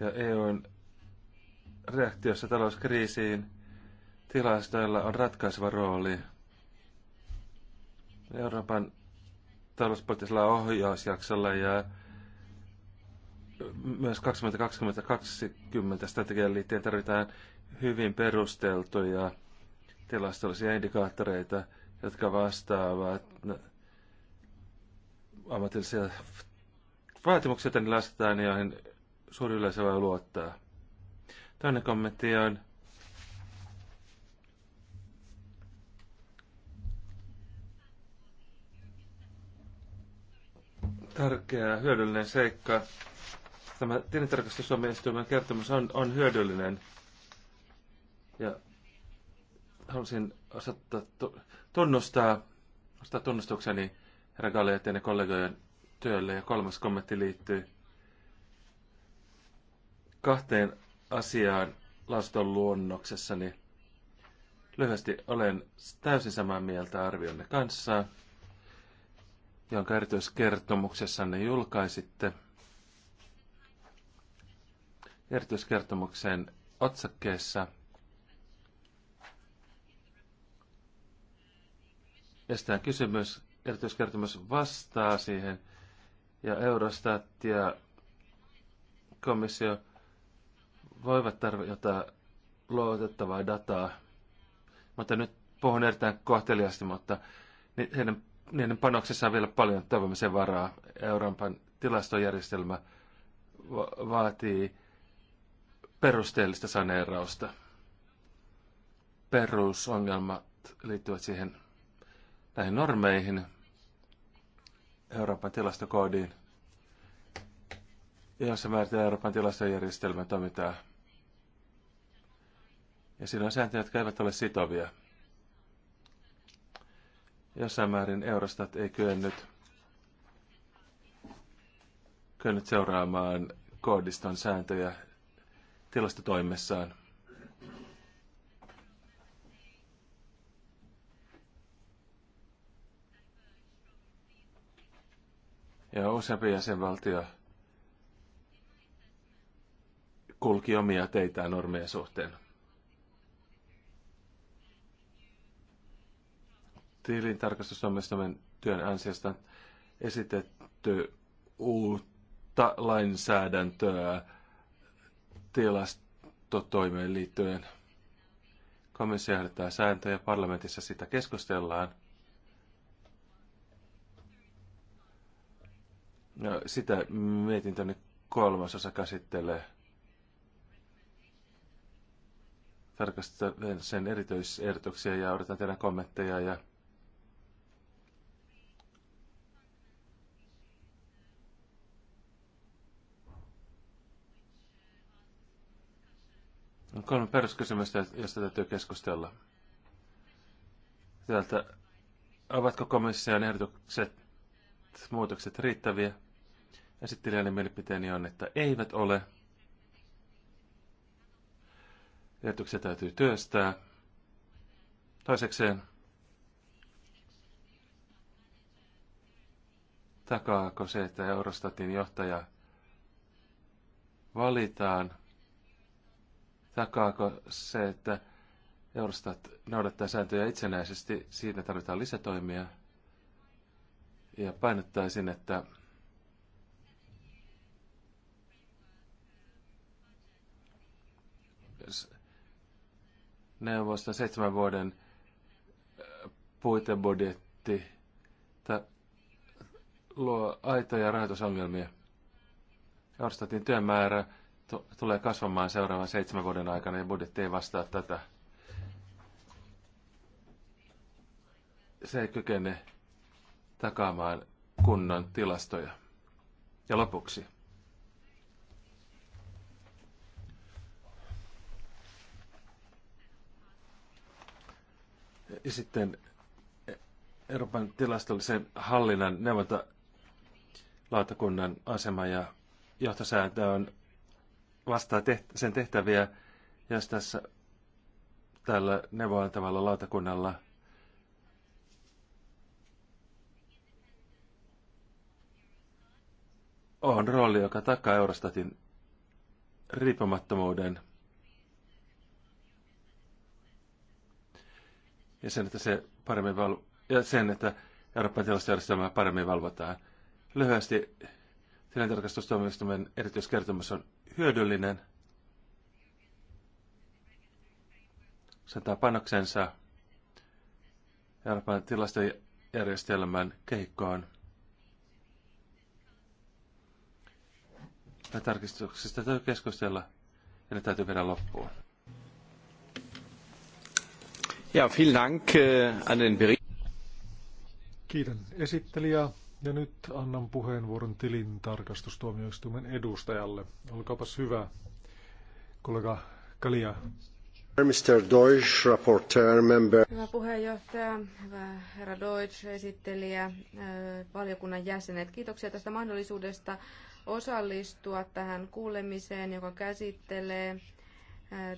ja EUn reaktiossa talouskriisiin tilastoilla on ratkaiseva rooli. Euroopan talouspoliittisella ohjausjaksolla ja myös 2020-2020 strategian liittyen tarvitaan hyvin perusteltuja tilastollisia indikaattoreita, jotka vastaavat ammatillisia vaatimuksia, joita niillä asetetaan, joihin suuri yleisö voi luottaa. Toinen kommentti on, tärkeä hyödyllinen seikka. Tämä Suomen kertomus on, on hyödyllinen. Ja halusin osoittaa, tunnustaa, ostaa tunnustukseni herra Galle ja kollegojen työlle. Ja kolmas kommentti liittyy kahteen asiaan laston luonnoksessani. Lyhyesti olen täysin samaa mieltä arvionne kanssa, jonka erityiskertomuksessanne julkaisitte. Erityiskertomuksen otsakkeessa Estään kysymys, erityiskertomus vastaa siihen, ja Eurostat ja komissio – voivat tarjota luotettavaa dataa, mutta nyt puhun erittäin kohteliasti, mutta heidän, niiden panoksessa on vielä paljon toivomisen varaa. Euroopan tilastojärjestelmä vaatii perusteellista saneerausta. Perusongelmat liittyvät siihen näihin normeihin, Euroopan tilastokoodiin, jossa määritellään Euroopan tilastojärjestelmän toimintaa – ja siinä on sääntöjä, jotka eivät ole sitovia. Jossain määrin Eurostat ei kyennyt, kyennyt seuraamaan koodiston sääntöjä tilastotoimessaan. Ja useampi jäsenvaltio kulki omia teitä normien suhteen. tilintarkastusomistamme työn ansiosta esitetty uutta lainsäädäntöä tilastotoimeen liittyen. Komissio ehdottaa sääntöjä, parlamentissa sitä keskustellaan. No, sitä mietintöni kolmasosa käsittelee. Tarkastelen sen erityisehdotuksia ja odotan teidän kommentteja ja On kolme peruskysymystä, joista täytyy keskustella. Täältä, ovatko komission ehdotukset, muutokset riittäviä? Esittelijäni mielipiteeni on, että eivät ole. Ehdotuksia täytyy työstää. Toisekseen, takaako se, että Eurostatin johtaja valitaan Takaako se, että Eurostat noudattaa sääntöjä itsenäisesti, siinä tarvitaan lisätoimia. Ja painottaisin, että neuvoston seitsemän vuoden äh, puitebudjetti luo aitoja rahoitusongelmia. Eurostatin työmäärä tulee kasvamaan seuraavan seitsemän vuoden aikana ja budjetti ei vastaa tätä. Se ei kykene takaamaan kunnan tilastoja. Ja lopuksi. Ja sitten Euroopan tilastollisen hallinnan neuvontalautakunnan asema ja johtosääntö on vastaa sen tehtäviä, ja tässä tällä neuvoantavalla lautakunnalla on rooli, joka takaa Eurostatin riippumattomuuden. Ja sen, että se paremmin val- ja sen, että Euroopan tilastojärjestelmää paremmin valvotaan. Lyhyesti tilintarkastustuomioistuimen erityiskertomus on hyödyllinen. Sentää panoksensa Euroopan tilastojärjestelmän kehikkoon. Nämä tarkistuksesta täytyy keskustella ja ne täytyy viedä loppuun. Ja, vielen Dank äh, an den Kiitän esittelijää. Ja nyt annan puheenvuoron tilintarkastustuomioistuimen edustajalle. Olkaapas hyvä, kollega Kalia. Mr. Deutsch, rapporteur, member. Hyvä puheenjohtaja, hyvä herra Deutsch, esittelijä, valiokunnan jäsenet. Kiitoksia tästä mahdollisuudesta osallistua tähän kuulemiseen, joka käsittelee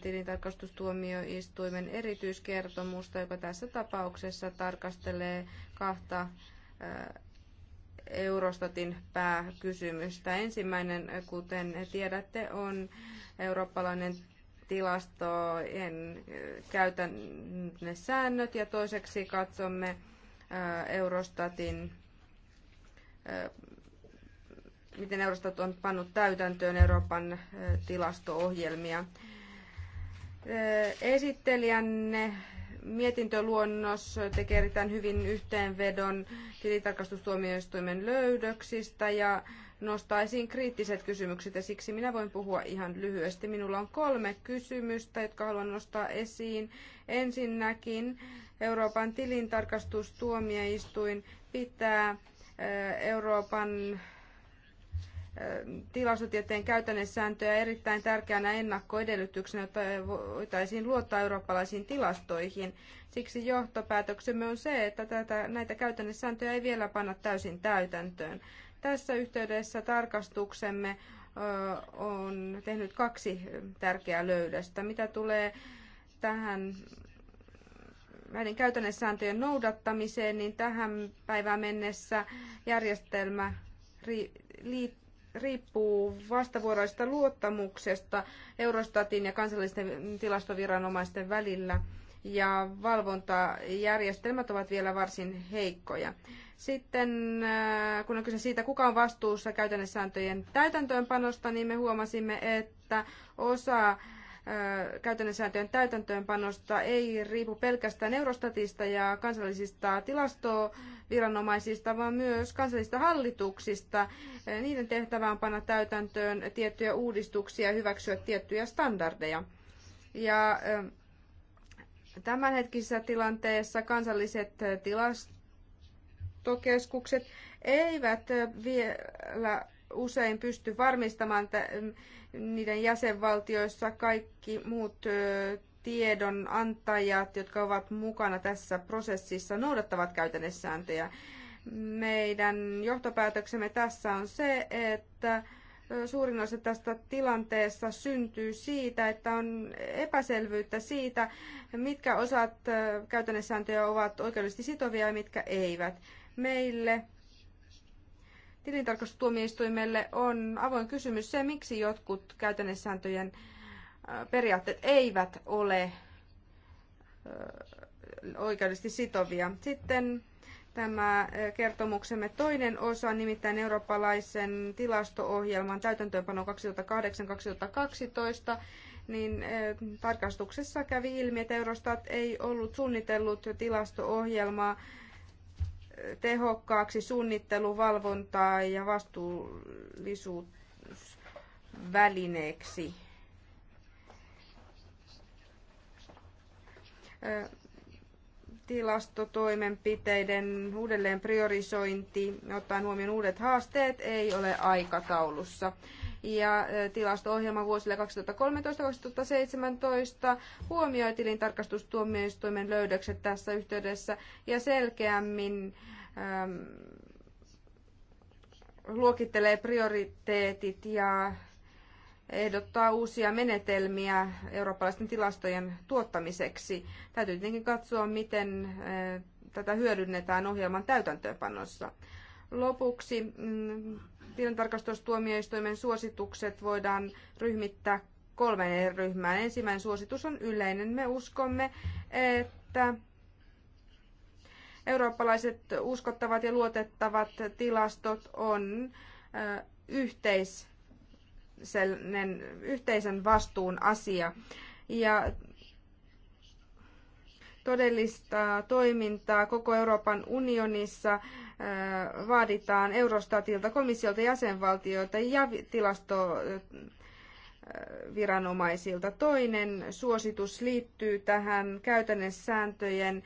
tilintarkastustuomioistuimen erityiskertomusta, joka tässä tapauksessa tarkastelee kahta Eurostatin pääkysymystä. Ensimmäinen, kuten tiedätte, on eurooppalainen tilastojen käytän säännöt ja toiseksi katsomme Eurostatin miten Eurostat on pannut täytäntöön Euroopan tilasto-ohjelmia. Esittelijänne mietintöluonnos tekee erittäin hyvin yhteenvedon tilintarkastustuomioistuimen löydöksistä ja nostaisin kriittiset kysymykset ja siksi minä voin puhua ihan lyhyesti. Minulla on kolme kysymystä, jotka haluan nostaa esiin. Ensinnäkin Euroopan tilintarkastustuomioistuin pitää Euroopan tilastotieteen käytännön sääntöjä erittäin tärkeänä ennakkoedellytyksenä, jotta voitaisiin luottaa eurooppalaisiin tilastoihin. Siksi johtopäätöksemme on se, että tätä, näitä käytännön sääntöjä ei vielä panna täysin täytäntöön. Tässä yhteydessä tarkastuksemme on tehnyt kaksi tärkeää löydöstä. Mitä tulee tähän näiden käytännön sääntöjen noudattamiseen, niin tähän päivään mennessä järjestelmä liittyy riippuu vastavuoroisesta luottamuksesta Eurostatin ja kansallisten tilastoviranomaisten välillä ja valvontajärjestelmät ovat vielä varsin heikkoja. Sitten äh, kun on kyse siitä, kuka on vastuussa käytännössääntöjen täytäntöönpanosta, niin me huomasimme, että osa käytännön sääntöjen täytäntöönpanosta ei riipu pelkästään Eurostatista ja kansallisista tilastoviranomaisista, vaan myös kansallisista hallituksista. Niiden tehtävä on panna täytäntöön tiettyjä uudistuksia ja hyväksyä tiettyjä standardeja. Ja tämänhetkisessä tilanteessa kansalliset tilastokeskukset eivät vielä usein pysty varmistamaan mm, niiden jäsenvaltioissa kaikki muut tiedonantajat, jotka ovat mukana tässä prosessissa, noudattavat käytännössääntöjä. Meidän johtopäätöksemme tässä on se, että suurin osa tästä tilanteesta syntyy siitä, että on epäselvyyttä siitä, mitkä osat käytännössääntöjä ovat oikeudellisesti sitovia ja mitkä eivät. Meille Tilintarkastustuomioistuimelle on avoin kysymys se, miksi jotkut käytännössääntöjen periaatteet eivät ole oikeudellisesti sitovia. Sitten tämä kertomuksemme toinen osa, nimittäin eurooppalaisen tilasto-ohjelman täytäntöönpano 2008-2012, niin tarkastuksessa kävi ilmi, että Eurostat ei ollut suunnitellut tilasto-ohjelmaa tehokkaaksi suunnittelu, valvontaa ja vastuullisuusvälineeksi. Tilastotoimenpiteiden uudelleen priorisointi, ottaen huomioon uudet haasteet, ei ole aikataulussa ja tilasto-ohjelma vuosille 2013-2017 huomioi tilintarkastustuomioistuimen löydökset tässä yhteydessä ja selkeämmin äm, luokittelee prioriteetit ja ehdottaa uusia menetelmiä eurooppalaisten tilastojen tuottamiseksi. Täytyy tietenkin katsoa, miten tätä hyödynnetään ohjelman täytäntöönpanossa. Lopuksi mm, tilintarkastustuomioistuimen suositukset voidaan ryhmittää kolmeen ryhmään. Ensimmäinen suositus on yleinen. Me uskomme, että eurooppalaiset uskottavat ja luotettavat tilastot on yhteisen vastuun asia. Ja todellista toimintaa koko Euroopan unionissa vaaditaan Eurostatilta, komissiolta, jäsenvaltioilta ja tilastoviranomaisilta. Toinen suositus liittyy tähän käytännön sääntöjen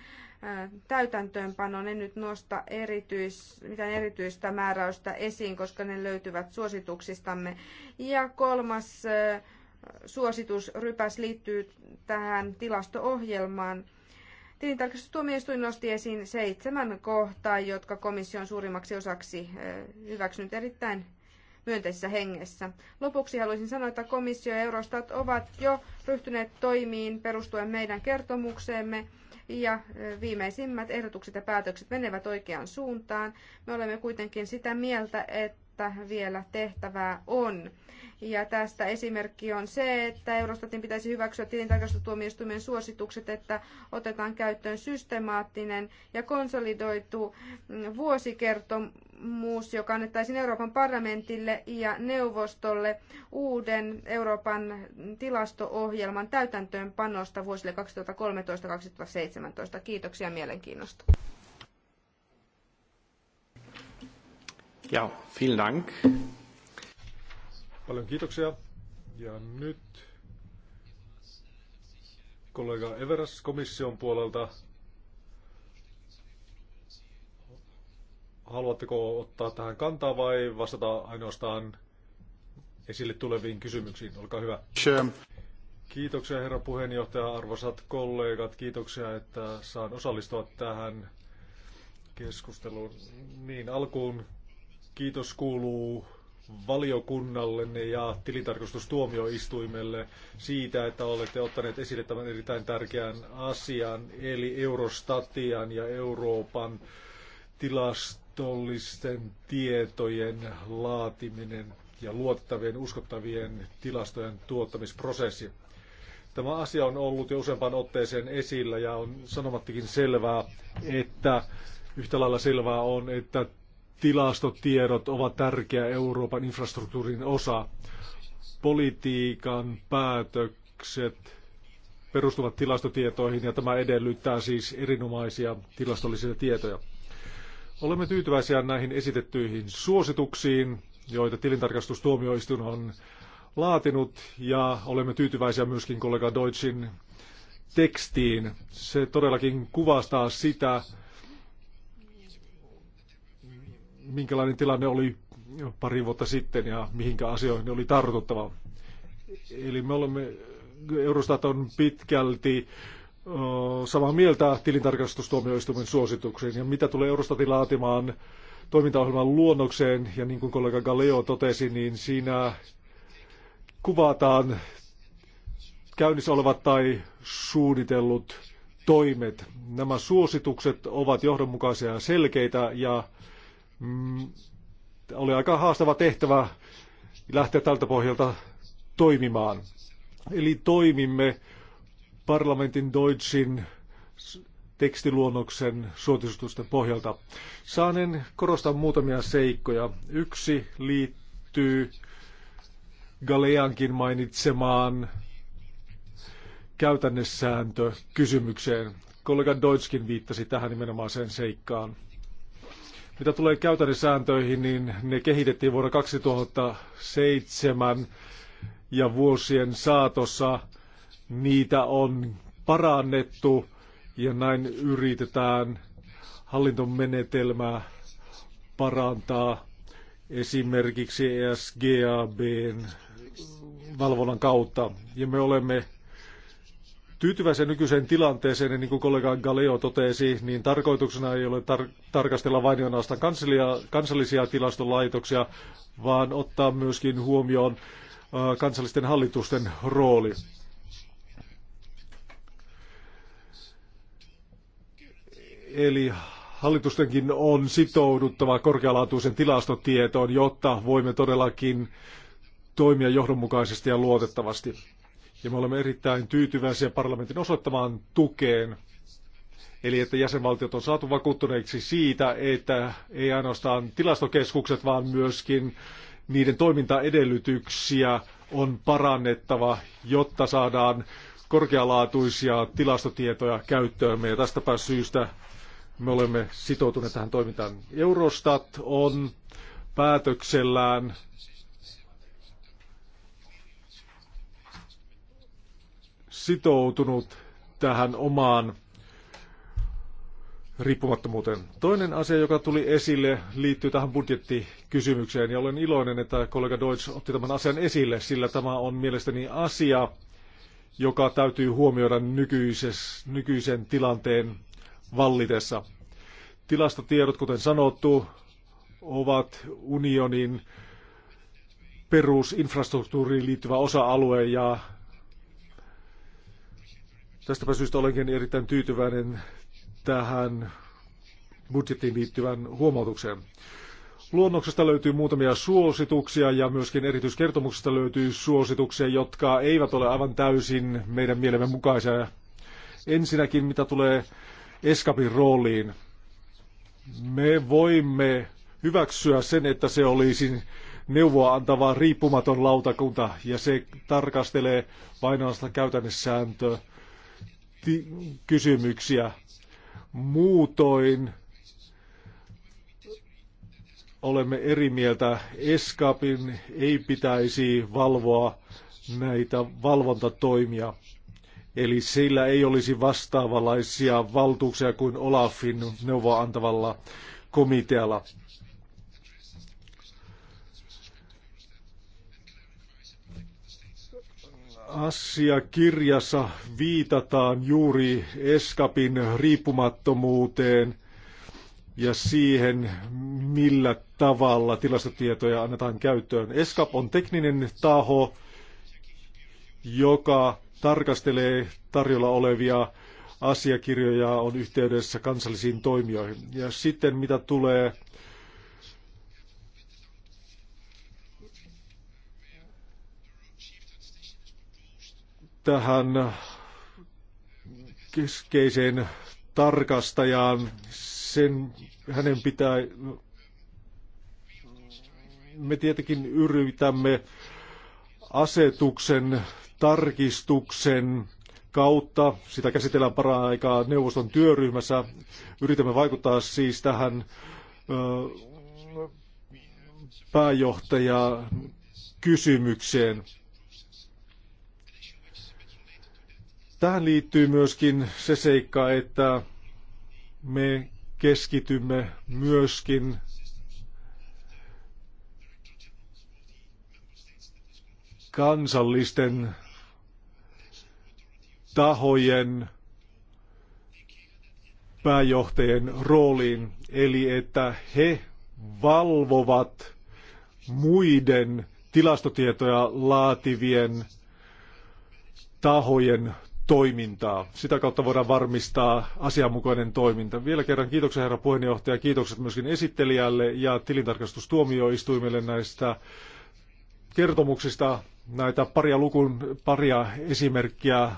täytäntöönpanoon. En nyt nosta erityis, mitään erityistä määräystä esiin, koska ne löytyvät suosituksistamme. Ja kolmas suositusrypäs liittyy tähän tilastoohjelmaan Tilintarkastustuomioistuin nosti esiin seitsemän kohtaa, jotka komissio on suurimmaksi osaksi hyväksynyt erittäin myönteisessä hengessä. Lopuksi haluaisin sanoa, että komissio ja Eurostat ovat jo ryhtyneet toimiin perustuen meidän kertomukseemme ja viimeisimmät ehdotukset ja päätökset menevät oikeaan suuntaan. Me olemme kuitenkin sitä mieltä, että että vielä tehtävää on. Ja tästä esimerkki on se, että Eurostatin pitäisi hyväksyä tilintarkastustuomioistuimen suositukset, että otetaan käyttöön systemaattinen ja konsolidoitu vuosikertomuus, joka annettaisiin Euroopan parlamentille ja neuvostolle uuden Euroopan tilasto-ohjelman täytäntöönpanosta vuosille 2013-2017. Kiitoksia mielenkiinnosta. Ja, vielen Dank. Paljon kiitoksia. Ja nyt kollega Everas komission puolelta. Haluatteko ottaa tähän kantaa vai vastata ainoastaan esille tuleviin kysymyksiin? Olkaa hyvä. Kiitoksia herra puheenjohtaja, arvoisat kollegat. Kiitoksia, että saan osallistua tähän keskusteluun. Niin, alkuun Kiitos kuuluu valiokunnallenne ja tilintarkastustuomioistuimelle siitä, että olette ottaneet esille tämän erittäin tärkeän asian, eli Eurostatian ja Euroopan tilastollisten tietojen laatiminen ja luotettavien, uskottavien tilastojen tuottamisprosessi. Tämä asia on ollut jo useampaan otteeseen esillä ja on sanomattakin selvää, että yhtä lailla selvää on, että tilastotiedot ovat tärkeä Euroopan infrastruktuurin osa. Politiikan päätökset perustuvat tilastotietoihin ja tämä edellyttää siis erinomaisia tilastollisia tietoja. Olemme tyytyväisiä näihin esitettyihin suosituksiin, joita tilintarkastustuomioistuin on laatinut ja olemme tyytyväisiä myöskin kollega Deutschin tekstiin. Se todellakin kuvastaa sitä, minkälainen tilanne oli pari vuotta sitten ja mihinkä asioihin oli tartuttava. Eli me olemme, Eurostat on pitkälti samaa mieltä tilintarkastustuomioistuimen suosituksiin. Ja mitä tulee Eurostatin laatimaan toimintaohjelman luonnokseen, ja niin kuin kollega Galeo totesi, niin siinä kuvataan käynnissä olevat tai suunnitellut toimet. Nämä suositukset ovat johdonmukaisia ja selkeitä ja mm, oli aika haastava tehtävä lähteä tältä pohjalta toimimaan. Eli toimimme parlamentin Deutschin tekstiluonnoksen suositusten pohjalta. Saanen korostaa muutamia seikkoja. Yksi liittyy Galeankin mainitsemaan käytännössääntökysymykseen. Kollega Deutschkin viittasi tähän nimenomaan sen seikkaan. Mitä tulee käytännössääntöihin, niin ne kehitettiin vuonna 2007 ja vuosien saatossa niitä on parannettu ja näin yritetään hallintomenetelmää parantaa esimerkiksi ESGABn valvonnan kautta. Ja me olemme tyytyväisiä nykyiseen tilanteeseen, ja niin kuin kollega Galeo totesi, niin tarkoituksena ei ole tar- tarkastella vain ja kansallisia kansallisia tilastolaitoksia, vaan ottaa myöskin huomioon kansallisten hallitusten rooli. Eli hallitustenkin on sitouduttava korkealaatuisen tilastotietoon, jotta voimme todellakin toimia johdonmukaisesti ja luotettavasti. Ja me olemme erittäin tyytyväisiä parlamentin osoittamaan tukeen. Eli että jäsenvaltiot on saatu vakuuttuneiksi siitä, että ei ainoastaan tilastokeskukset, vaan myöskin niiden toimintaedellytyksiä on parannettava, jotta saadaan korkealaatuisia tilastotietoja käyttöömme. Ja tästäpä syystä me olemme sitoutuneet tähän toimintaan. Eurostat on päätöksellään sitoutunut tähän omaan riippumattomuuteen. Toinen asia, joka tuli esille, liittyy tähän budjettikysymykseen, ja olen iloinen, että kollega Deutsch otti tämän asian esille, sillä tämä on mielestäni asia, joka täytyy huomioida nykyises, nykyisen tilanteen vallitessa. Tilastotiedot, kuten sanottu, ovat unionin perusinfrastruktuuriin liittyvä osa-alue ja Tästäpä syystä olenkin erittäin tyytyväinen tähän budjettiin liittyvän huomautukseen. Luonnoksesta löytyy muutamia suosituksia ja myöskin erityiskertomuksesta löytyy suosituksia, jotka eivät ole aivan täysin meidän mielemme mukaisia. Ensinnäkin mitä tulee Eskapin rooliin. Me voimme hyväksyä sen, että se olisi neuvoa antava riippumaton lautakunta ja se tarkastelee vain sääntöä kysymyksiä. Muutoin olemme eri mieltä. Eskapin ei pitäisi valvoa näitä valvontatoimia. Eli sillä ei olisi vastaavanlaisia valtuuksia kuin Olafin neuvoa antavalla komitealla. asiakirjassa viitataan juuri Eskapin riippumattomuuteen ja siihen, millä tavalla tilastotietoja annetaan käyttöön. Eskap on tekninen taho, joka tarkastelee tarjolla olevia asiakirjoja, on yhteydessä kansallisiin toimijoihin. Ja sitten mitä tulee tähän keskeiseen tarkastajaan. Sen, hänen pitää, me tietenkin yritämme asetuksen tarkistuksen kautta, sitä käsitellään para-aikaa neuvoston työryhmässä, yritämme vaikuttaa siis tähän ö, pääjohtajakysymykseen. kysymykseen. Tähän liittyy myöskin se seikka, että me keskitymme myöskin kansallisten tahojen pääjohtajien rooliin, eli että he valvovat muiden tilastotietoja laativien tahojen toimintaa. Sitä kautta voidaan varmistaa asianmukainen toiminta. Vielä kerran kiitoksia herra puheenjohtaja, kiitokset myöskin esittelijälle ja tilintarkastustuomioistuimelle näistä kertomuksista. Näitä paria, lukun, paria esimerkkiä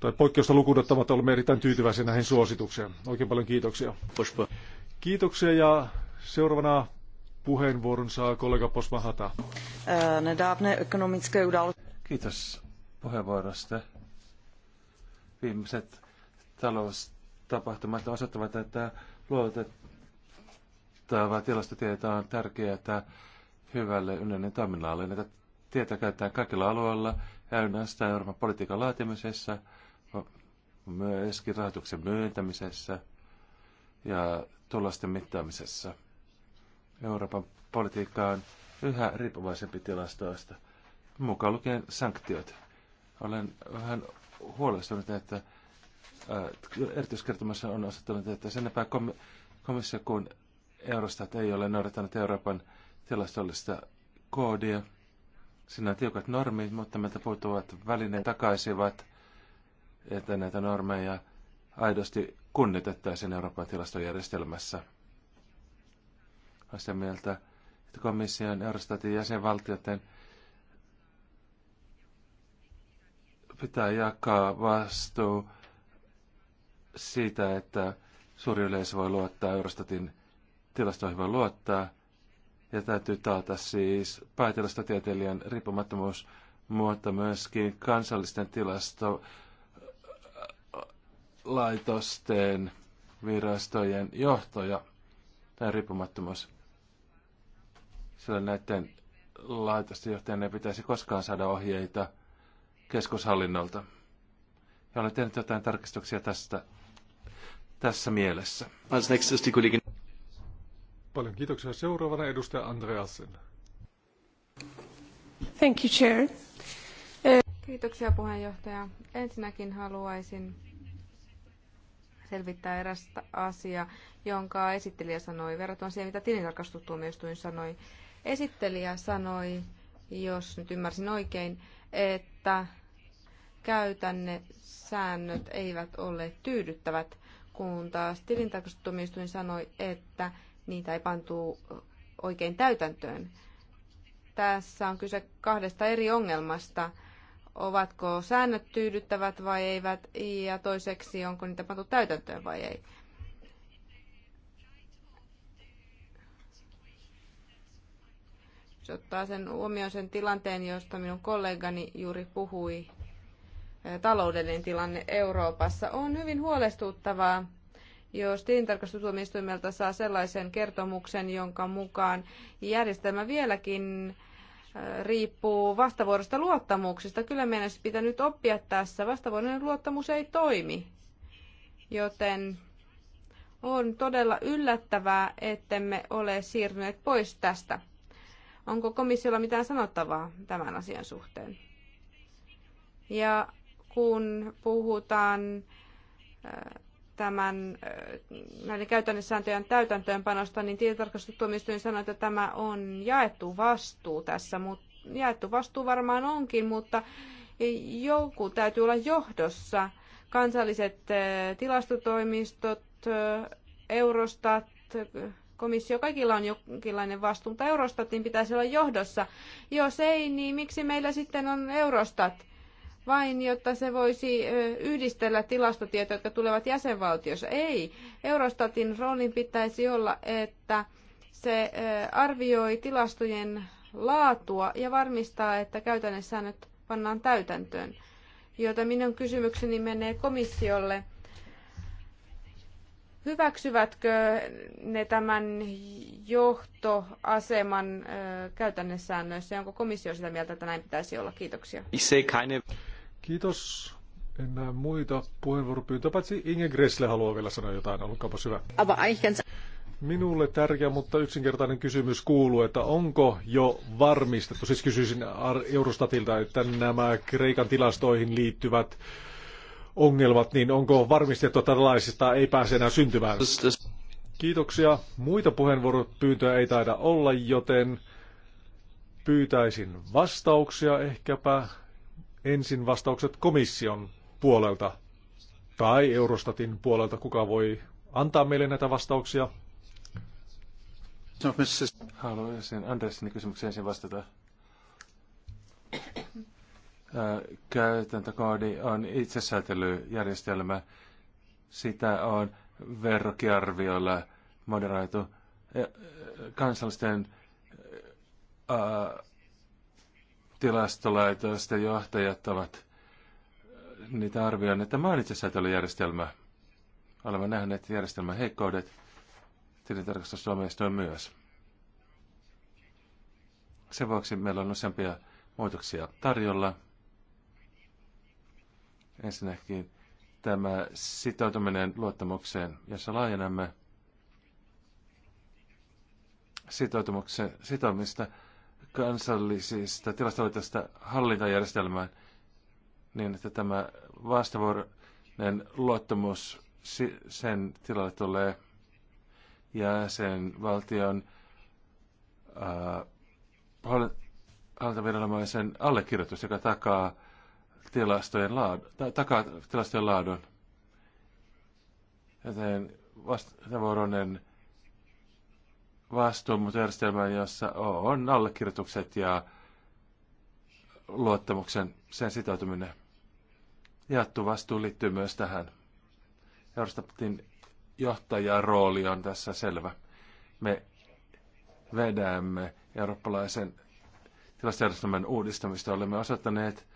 tai poikkeusta lukuun ottamatta olemme erittäin tyytyväisiä näihin suosituksiin. Oikein paljon kiitoksia. Pospa. Kiitoksia ja seuraavana puheenvuoron saa kollega Posma Hata. Kiitos puheenvuorosta viimeiset taloustapahtumat osoittavat, että luotettava tilastotieto on tärkeää hyvälle unionin toiminnalle. Näitä tietoja käytetään kaikilla alueilla, äynästään Euroopan politiikan laatimisessa, myöskin rahoituksen myöntämisessä ja tulosten mittaamisessa. Euroopan politiikka on yhä riippuvaisempi tilastoista, mukaan lukien sanktiot. Olen vähän huolestunut, että äh, erityiskertomassa on osoittanut, että sen enempää komissio kuin Eurostat ei ole noudattanut Euroopan tilastollista koodia. Siinä on tiukat normit, mutta meiltä puuttuvat välineet takaisivat, että näitä normeja aidosti kunnitettaisiin Euroopan tilastojärjestelmässä. Olen sitä mieltä, että komission, Eurostatin jäsenvaltioiden pitää jakaa vastuu siitä, että suuri yleisö voi luottaa, Eurostatin tilastoihin voi luottaa, ja täytyy taata siis päätilastotieteilijän riippumattomuus, mutta myöskin kansallisten tilastolaitosten virastojen johtoja tai riippumattomuus. Sillä näiden laitosten johtajien ei pitäisi koskaan saada ohjeita – keskushallinnolta. Ja olen tehnyt jotain tarkistuksia tästä, tässä mielessä. Als nächstes die Kollegin. Paljon kiitoksia. Seuraavana edustaja Andreasen. Thank you, Chair. Eh, kiitoksia puheenjohtaja. Ensinnäkin haluaisin selvittää erästä asiaa, jonka esittelijä sanoi, verrattuna siihen, mitä tilintarkastustuomioistuin sanoi. Esittelijä sanoi, jos nyt ymmärsin oikein, että käytänne säännöt eivät ole tyydyttävät, kun taas tilintarkastustuomioistuin sanoi, että niitä ei pantu oikein täytäntöön. Tässä on kyse kahdesta eri ongelmasta. Ovatko säännöt tyydyttävät vai eivät, ja toiseksi onko niitä pantu täytäntöön vai ei. se ottaa sen huomioon sen tilanteen, josta minun kollegani juuri puhui, taloudellinen tilanne Euroopassa. On hyvin huolestuttavaa, jos tilintarkastustuomioistuimelta saa sellaisen kertomuksen, jonka mukaan järjestelmä vieläkin riippuu vastavuorosta luottamuksesta. Kyllä meidän olisi pitänyt oppia tässä. Vastavuoroinen luottamus ei toimi. Joten on todella yllättävää, ettemme ole siirtyneet pois tästä. Onko komissiolla mitään sanottavaa tämän asian suhteen? Ja kun puhutaan tämän, näiden käytännön sääntöjen täytäntöönpanosta, niin tilintarkastustuomioistuin sanoi, että tämä on jaettu vastuu tässä, mutta jaettu vastuu varmaan onkin, mutta joku täytyy olla johdossa. Kansalliset tilastotoimistot, Eurostat, komissio, kaikilla on jonkinlainen vastuu, mutta Eurostatin pitäisi olla johdossa. Jos ei, niin miksi meillä sitten on Eurostat? vain, jotta se voisi yhdistellä tilastotietoja, jotka tulevat jäsenvaltiossa. Ei. Eurostatin roolin pitäisi olla, että se arvioi tilastojen laatua ja varmistaa, että käytännössä nyt pannaan täytäntöön. Jota minun kysymykseni menee komissiolle. Hyväksyvätkö ne tämän johtoaseman käytännössäännöissä? Onko komissio sitä mieltä, että näin pitäisi olla? Kiitoksia. Kiitos. En näe muita puheenvuoropyyntöjä, paitsi Inge Gressle haluaa vielä sanoa jotain. Olkaapa hyvä. Minulle tärkeä, mutta yksinkertainen kysymys kuuluu, että onko jo varmistettu, siis kysyisin Eurostatilta, että nämä Kreikan tilastoihin liittyvät äh, ongelmat, niin onko varmistettu, että tällaisista ei pääse enää syntymään? Kiitoksia. Muita puheenvuoropyyntöjä ei taida olla, joten pyytäisin vastauksia ehkäpä ensin vastaukset komission puolelta tai Eurostatin puolelta. Kuka voi antaa meille näitä vastauksia? Haluaisin Andersinin kysymykseen ensin vastata käytäntökoodi on itsesäätelyjärjestelmä. Sitä on verrokiarvioilla moderoitu kansallisten tilastolaitosten johtajat ovat niitä arvioineet. että on itsesäätelyjärjestelmä. Olemme nähneet järjestelmän heikkoudet. Tilintarkastustuomioistuin myös. Sen vuoksi meillä on useampia muutoksia tarjolla. Ensinnäkin tämä sitoutuminen luottamukseen, jossa laajennamme sitoutumuksen, sitomista kansallisista tilastollisesta hallintajärjestelmään niin, että tämä vastavuoroinen luottamus sen tilalle tulee ja sen valtion äh, hallintaviranomaisen allekirjoitus, joka takaa tilastojen laadun, takaa tilastojen laadun. Joten vastavuoroinen vastuunmutojärjestelmä, jossa on allekirjoitukset ja luottamuksen sen sitoutuminen. Jaettu vastuu liittyy myös tähän. Eurostatin johtajan rooli on tässä selvä. Me vedämme eurooppalaisen tilastojärjestelmän uudistamista. Olemme osoittaneet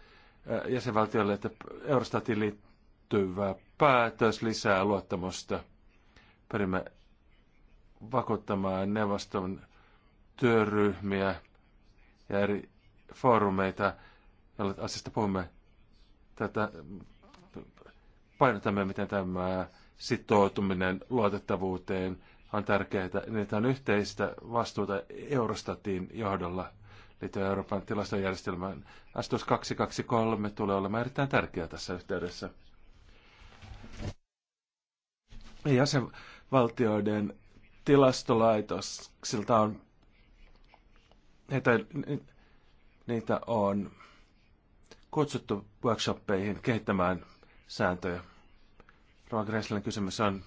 jäsenvaltiolle, että Eurostatiin liittyvä päätös lisää luottamusta. Pyrimme vakuuttamaan neuvoston työryhmiä ja eri foorumeita, joilla asiasta puhumme. Tätä painotamme, miten tämä sitoutuminen luotettavuuteen on tärkeää. Niitä on yhteistä vastuuta Eurostatin johdolla – liittyen Euroopan tilastojärjestelmään. Astus 223 tulee olemaan erittäin tärkeä tässä yhteydessä. Jäsenvaltioiden tilastolaitoksilta on, heitä, niitä on kutsuttu workshoppeihin kehittämään sääntöjä. Rova Gresslin kysymys on,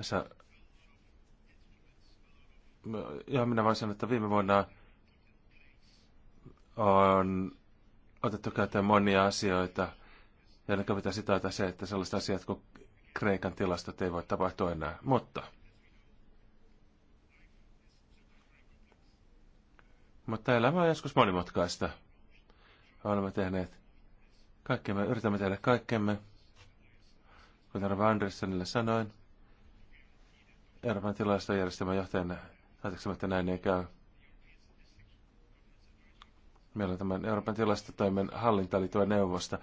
sä ja minä vain sanon, että viime vuonna on otettu käyttöön monia asioita, ja ne pitäisi taata se, että sellaiset asiat kuin Kreikan tilastot ei voi tapahtua enää. Mutta, mutta elämä on joskus monimutkaista. Olemme tehneet kaikkemme, yritämme tehdä kaikkemme. Kuten Rava Anderssonille sanoin, Euroopan tilastojärjestelmän johtajana että näin ei käy. Meillä on tämän Euroopan tilastotoimen hallintaan neuvosta.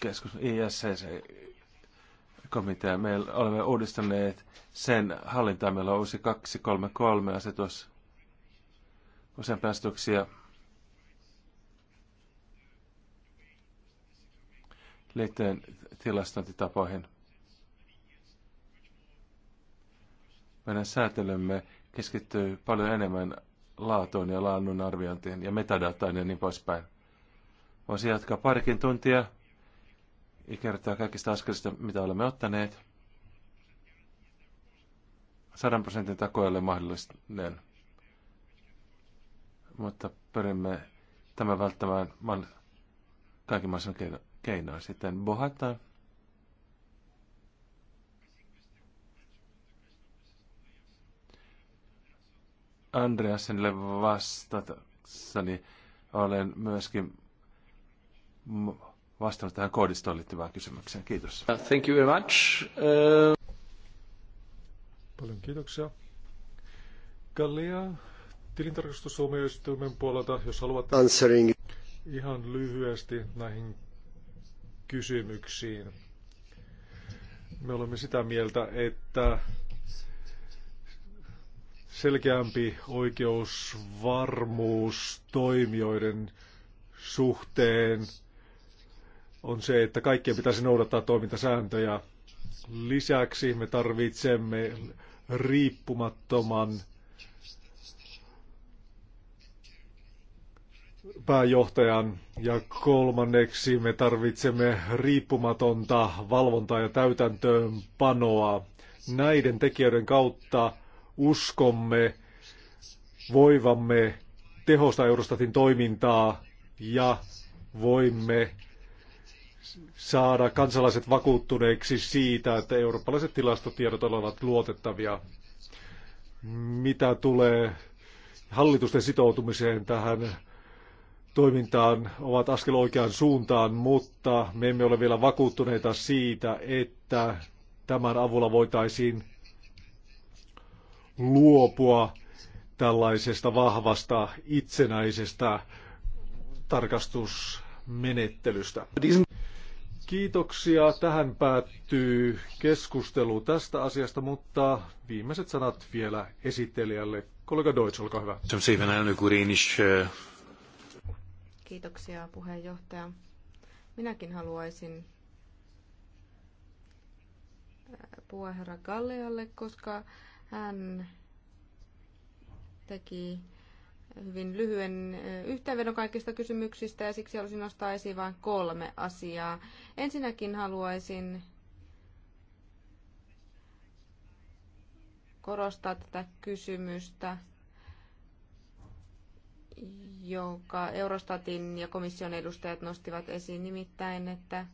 Keskus ISCC komitea. Me olemme uudistaneet sen hallintaa. Meillä on uusi 233 asetus Usein päästöksiä liittyen tilastointitapoihin. Meidän säätelymme keskittyy paljon enemmän laatuun ja laadun arviointiin ja metadataan ja niin poispäin. Voisi jatkaa parikin tuntia ja kertoa kaikista askelista, mitä olemme ottaneet. 100 prosentin takoille mahdollinen. Mutta pyrimme tämän välttämään kaikenlaisen keinoin. Sitten Bohata Andreasenille vastatakseni olen myöskin vastannut tähän koodistoon liittyvään kysymykseen. Kiitos. Uh, thank you very much. Uh... Paljon kiitoksia. Kallia, tilintarkastustuomioistuimen puolelta, jos haluat Answering. ihan lyhyesti näihin kysymyksiin. Me olemme sitä mieltä, että selkeämpi oikeusvarmuus toimijoiden suhteen on se, että kaikkien pitäisi noudattaa toimintasääntöjä. Lisäksi me tarvitsemme riippumattoman pääjohtajan ja kolmanneksi me tarvitsemme riippumatonta valvontaa ja täytäntöönpanoa. Näiden tekijöiden kautta uskomme voivamme tehostaa Eurostatin toimintaa ja voimme saada kansalaiset vakuuttuneiksi siitä, että eurooppalaiset tilastotiedot ovat luotettavia. Mitä tulee hallitusten sitoutumiseen tähän toimintaan, ovat askel oikeaan suuntaan, mutta me emme ole vielä vakuuttuneita siitä, että tämän avulla voitaisiin luopua tällaisesta vahvasta itsenäisestä tarkastusmenettelystä. Kiitoksia. Tähän päättyy keskustelu tästä asiasta, mutta viimeiset sanat vielä esittelijälle. Kollega Deutsch, olkaa hyvä. Kiitoksia puheenjohtaja. Minäkin haluaisin puhua herra koska hän teki hyvin lyhyen yhteenvedon kaikista kysymyksistä ja siksi halusin nostaa esiin vain kolme asiaa. Ensinnäkin haluaisin korostaa tätä kysymystä, jonka Eurostatin ja komission edustajat nostivat esiin, nimittäin, että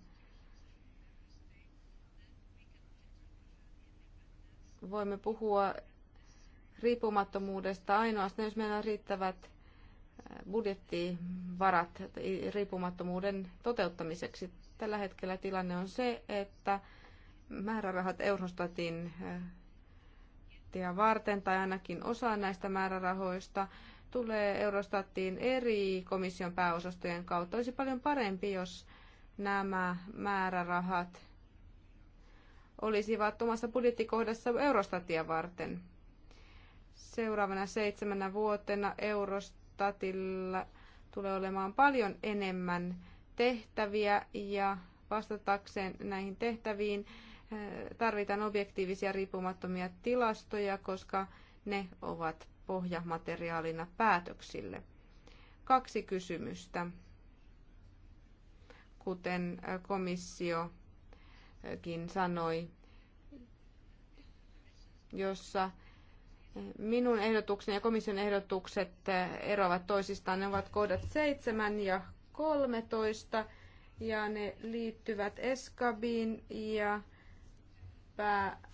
voimme puhua riippumattomuudesta ainoastaan, jos meillä on riittävät budjettivarat riippumattomuuden toteuttamiseksi. Tällä hetkellä tilanne on se, että määrärahat Eurostatin varten tai ainakin osa näistä määrärahoista tulee Eurostatiin eri komission pääosastojen kautta. Olisi paljon parempi, jos nämä määrärahat olisivat omassa budjettikohdassa Eurostatia varten. Seuraavana seitsemänä vuotena Eurostatilla tulee olemaan paljon enemmän tehtäviä ja vastatakseen näihin tehtäviin eh, tarvitaan objektiivisia riippumattomia tilastoja, koska ne ovat pohjamateriaalina päätöksille. Kaksi kysymystä, kuten eh, komissio sanoi, jossa minun ehdotukseni ja komission ehdotukset eroavat toisistaan. Ne ovat kohdat 7 ja 13 ja ne liittyvät Eskabiin ja pää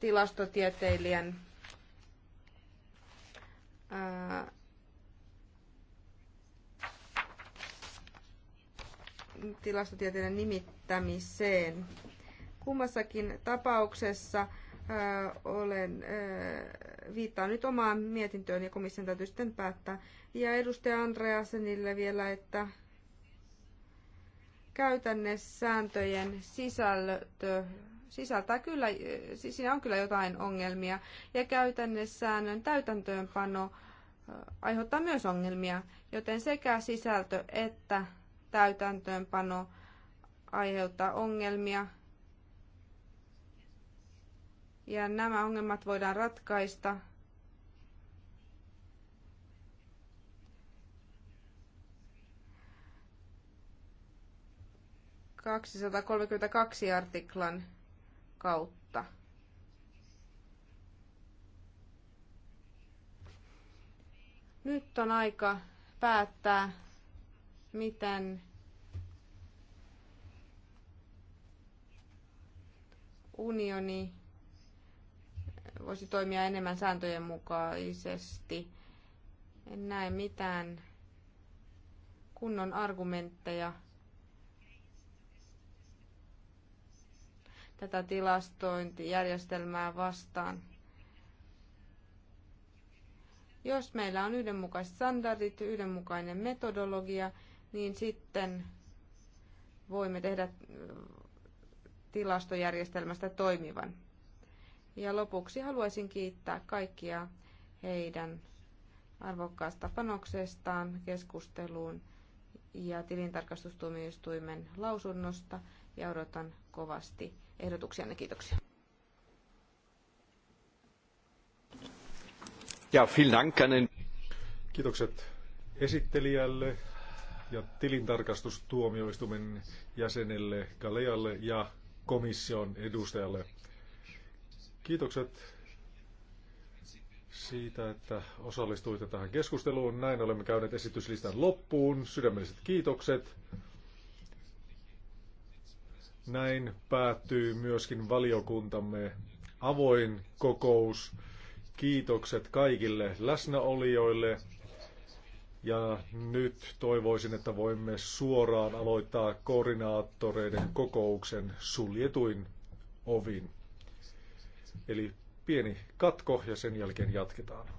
tilastotieteilijän ää, tilastotieteiden nimittämiseen. Kummassakin tapauksessa olen, viittaan nyt omaan mietintöön ja komission täytyy sitten päättää. Ja edustaja Andreasenille vielä, että käytännessääntöjen sisältö sisältää kyllä, siinä on kyllä jotain ongelmia. Ja käytännessäännön täytäntöönpano aiheuttaa myös ongelmia, joten sekä sisältö että täytäntöönpano aiheuttaa ongelmia. Ja nämä ongelmat voidaan ratkaista ...232 artiklan kautta. Nyt on aika päättää, miten unioni voisi toimia enemmän sääntöjen mukaisesti. En näe mitään kunnon argumentteja tätä tilastointijärjestelmää vastaan. Jos meillä on yhdenmukaiset standardit, yhdenmukainen metodologia, niin sitten voimme tehdä tilastojärjestelmästä toimivan. Ja lopuksi haluaisin kiittää kaikkia heidän arvokkaasta panoksestaan keskusteluun ja tilintarkastustuomioistuimen lausunnosta ja odotan kovasti ja Kiitoksia. Ja, Dank. Kiitokset esittelijälle ja tilintarkastustuomioistuimen jäsenelle Galealle ja komission edustajalle. Kiitokset siitä, että osallistuitte tähän keskusteluun. Näin olemme käyneet esityslistan loppuun. Sydämelliset kiitokset. Näin päättyy myöskin valiokuntamme avoin kokous. Kiitokset kaikille läsnäolijoille. Ja nyt toivoisin, että voimme suoraan aloittaa koordinaattoreiden kokouksen suljetuin ovin. Eli pieni katko ja sen jälkeen jatketaan.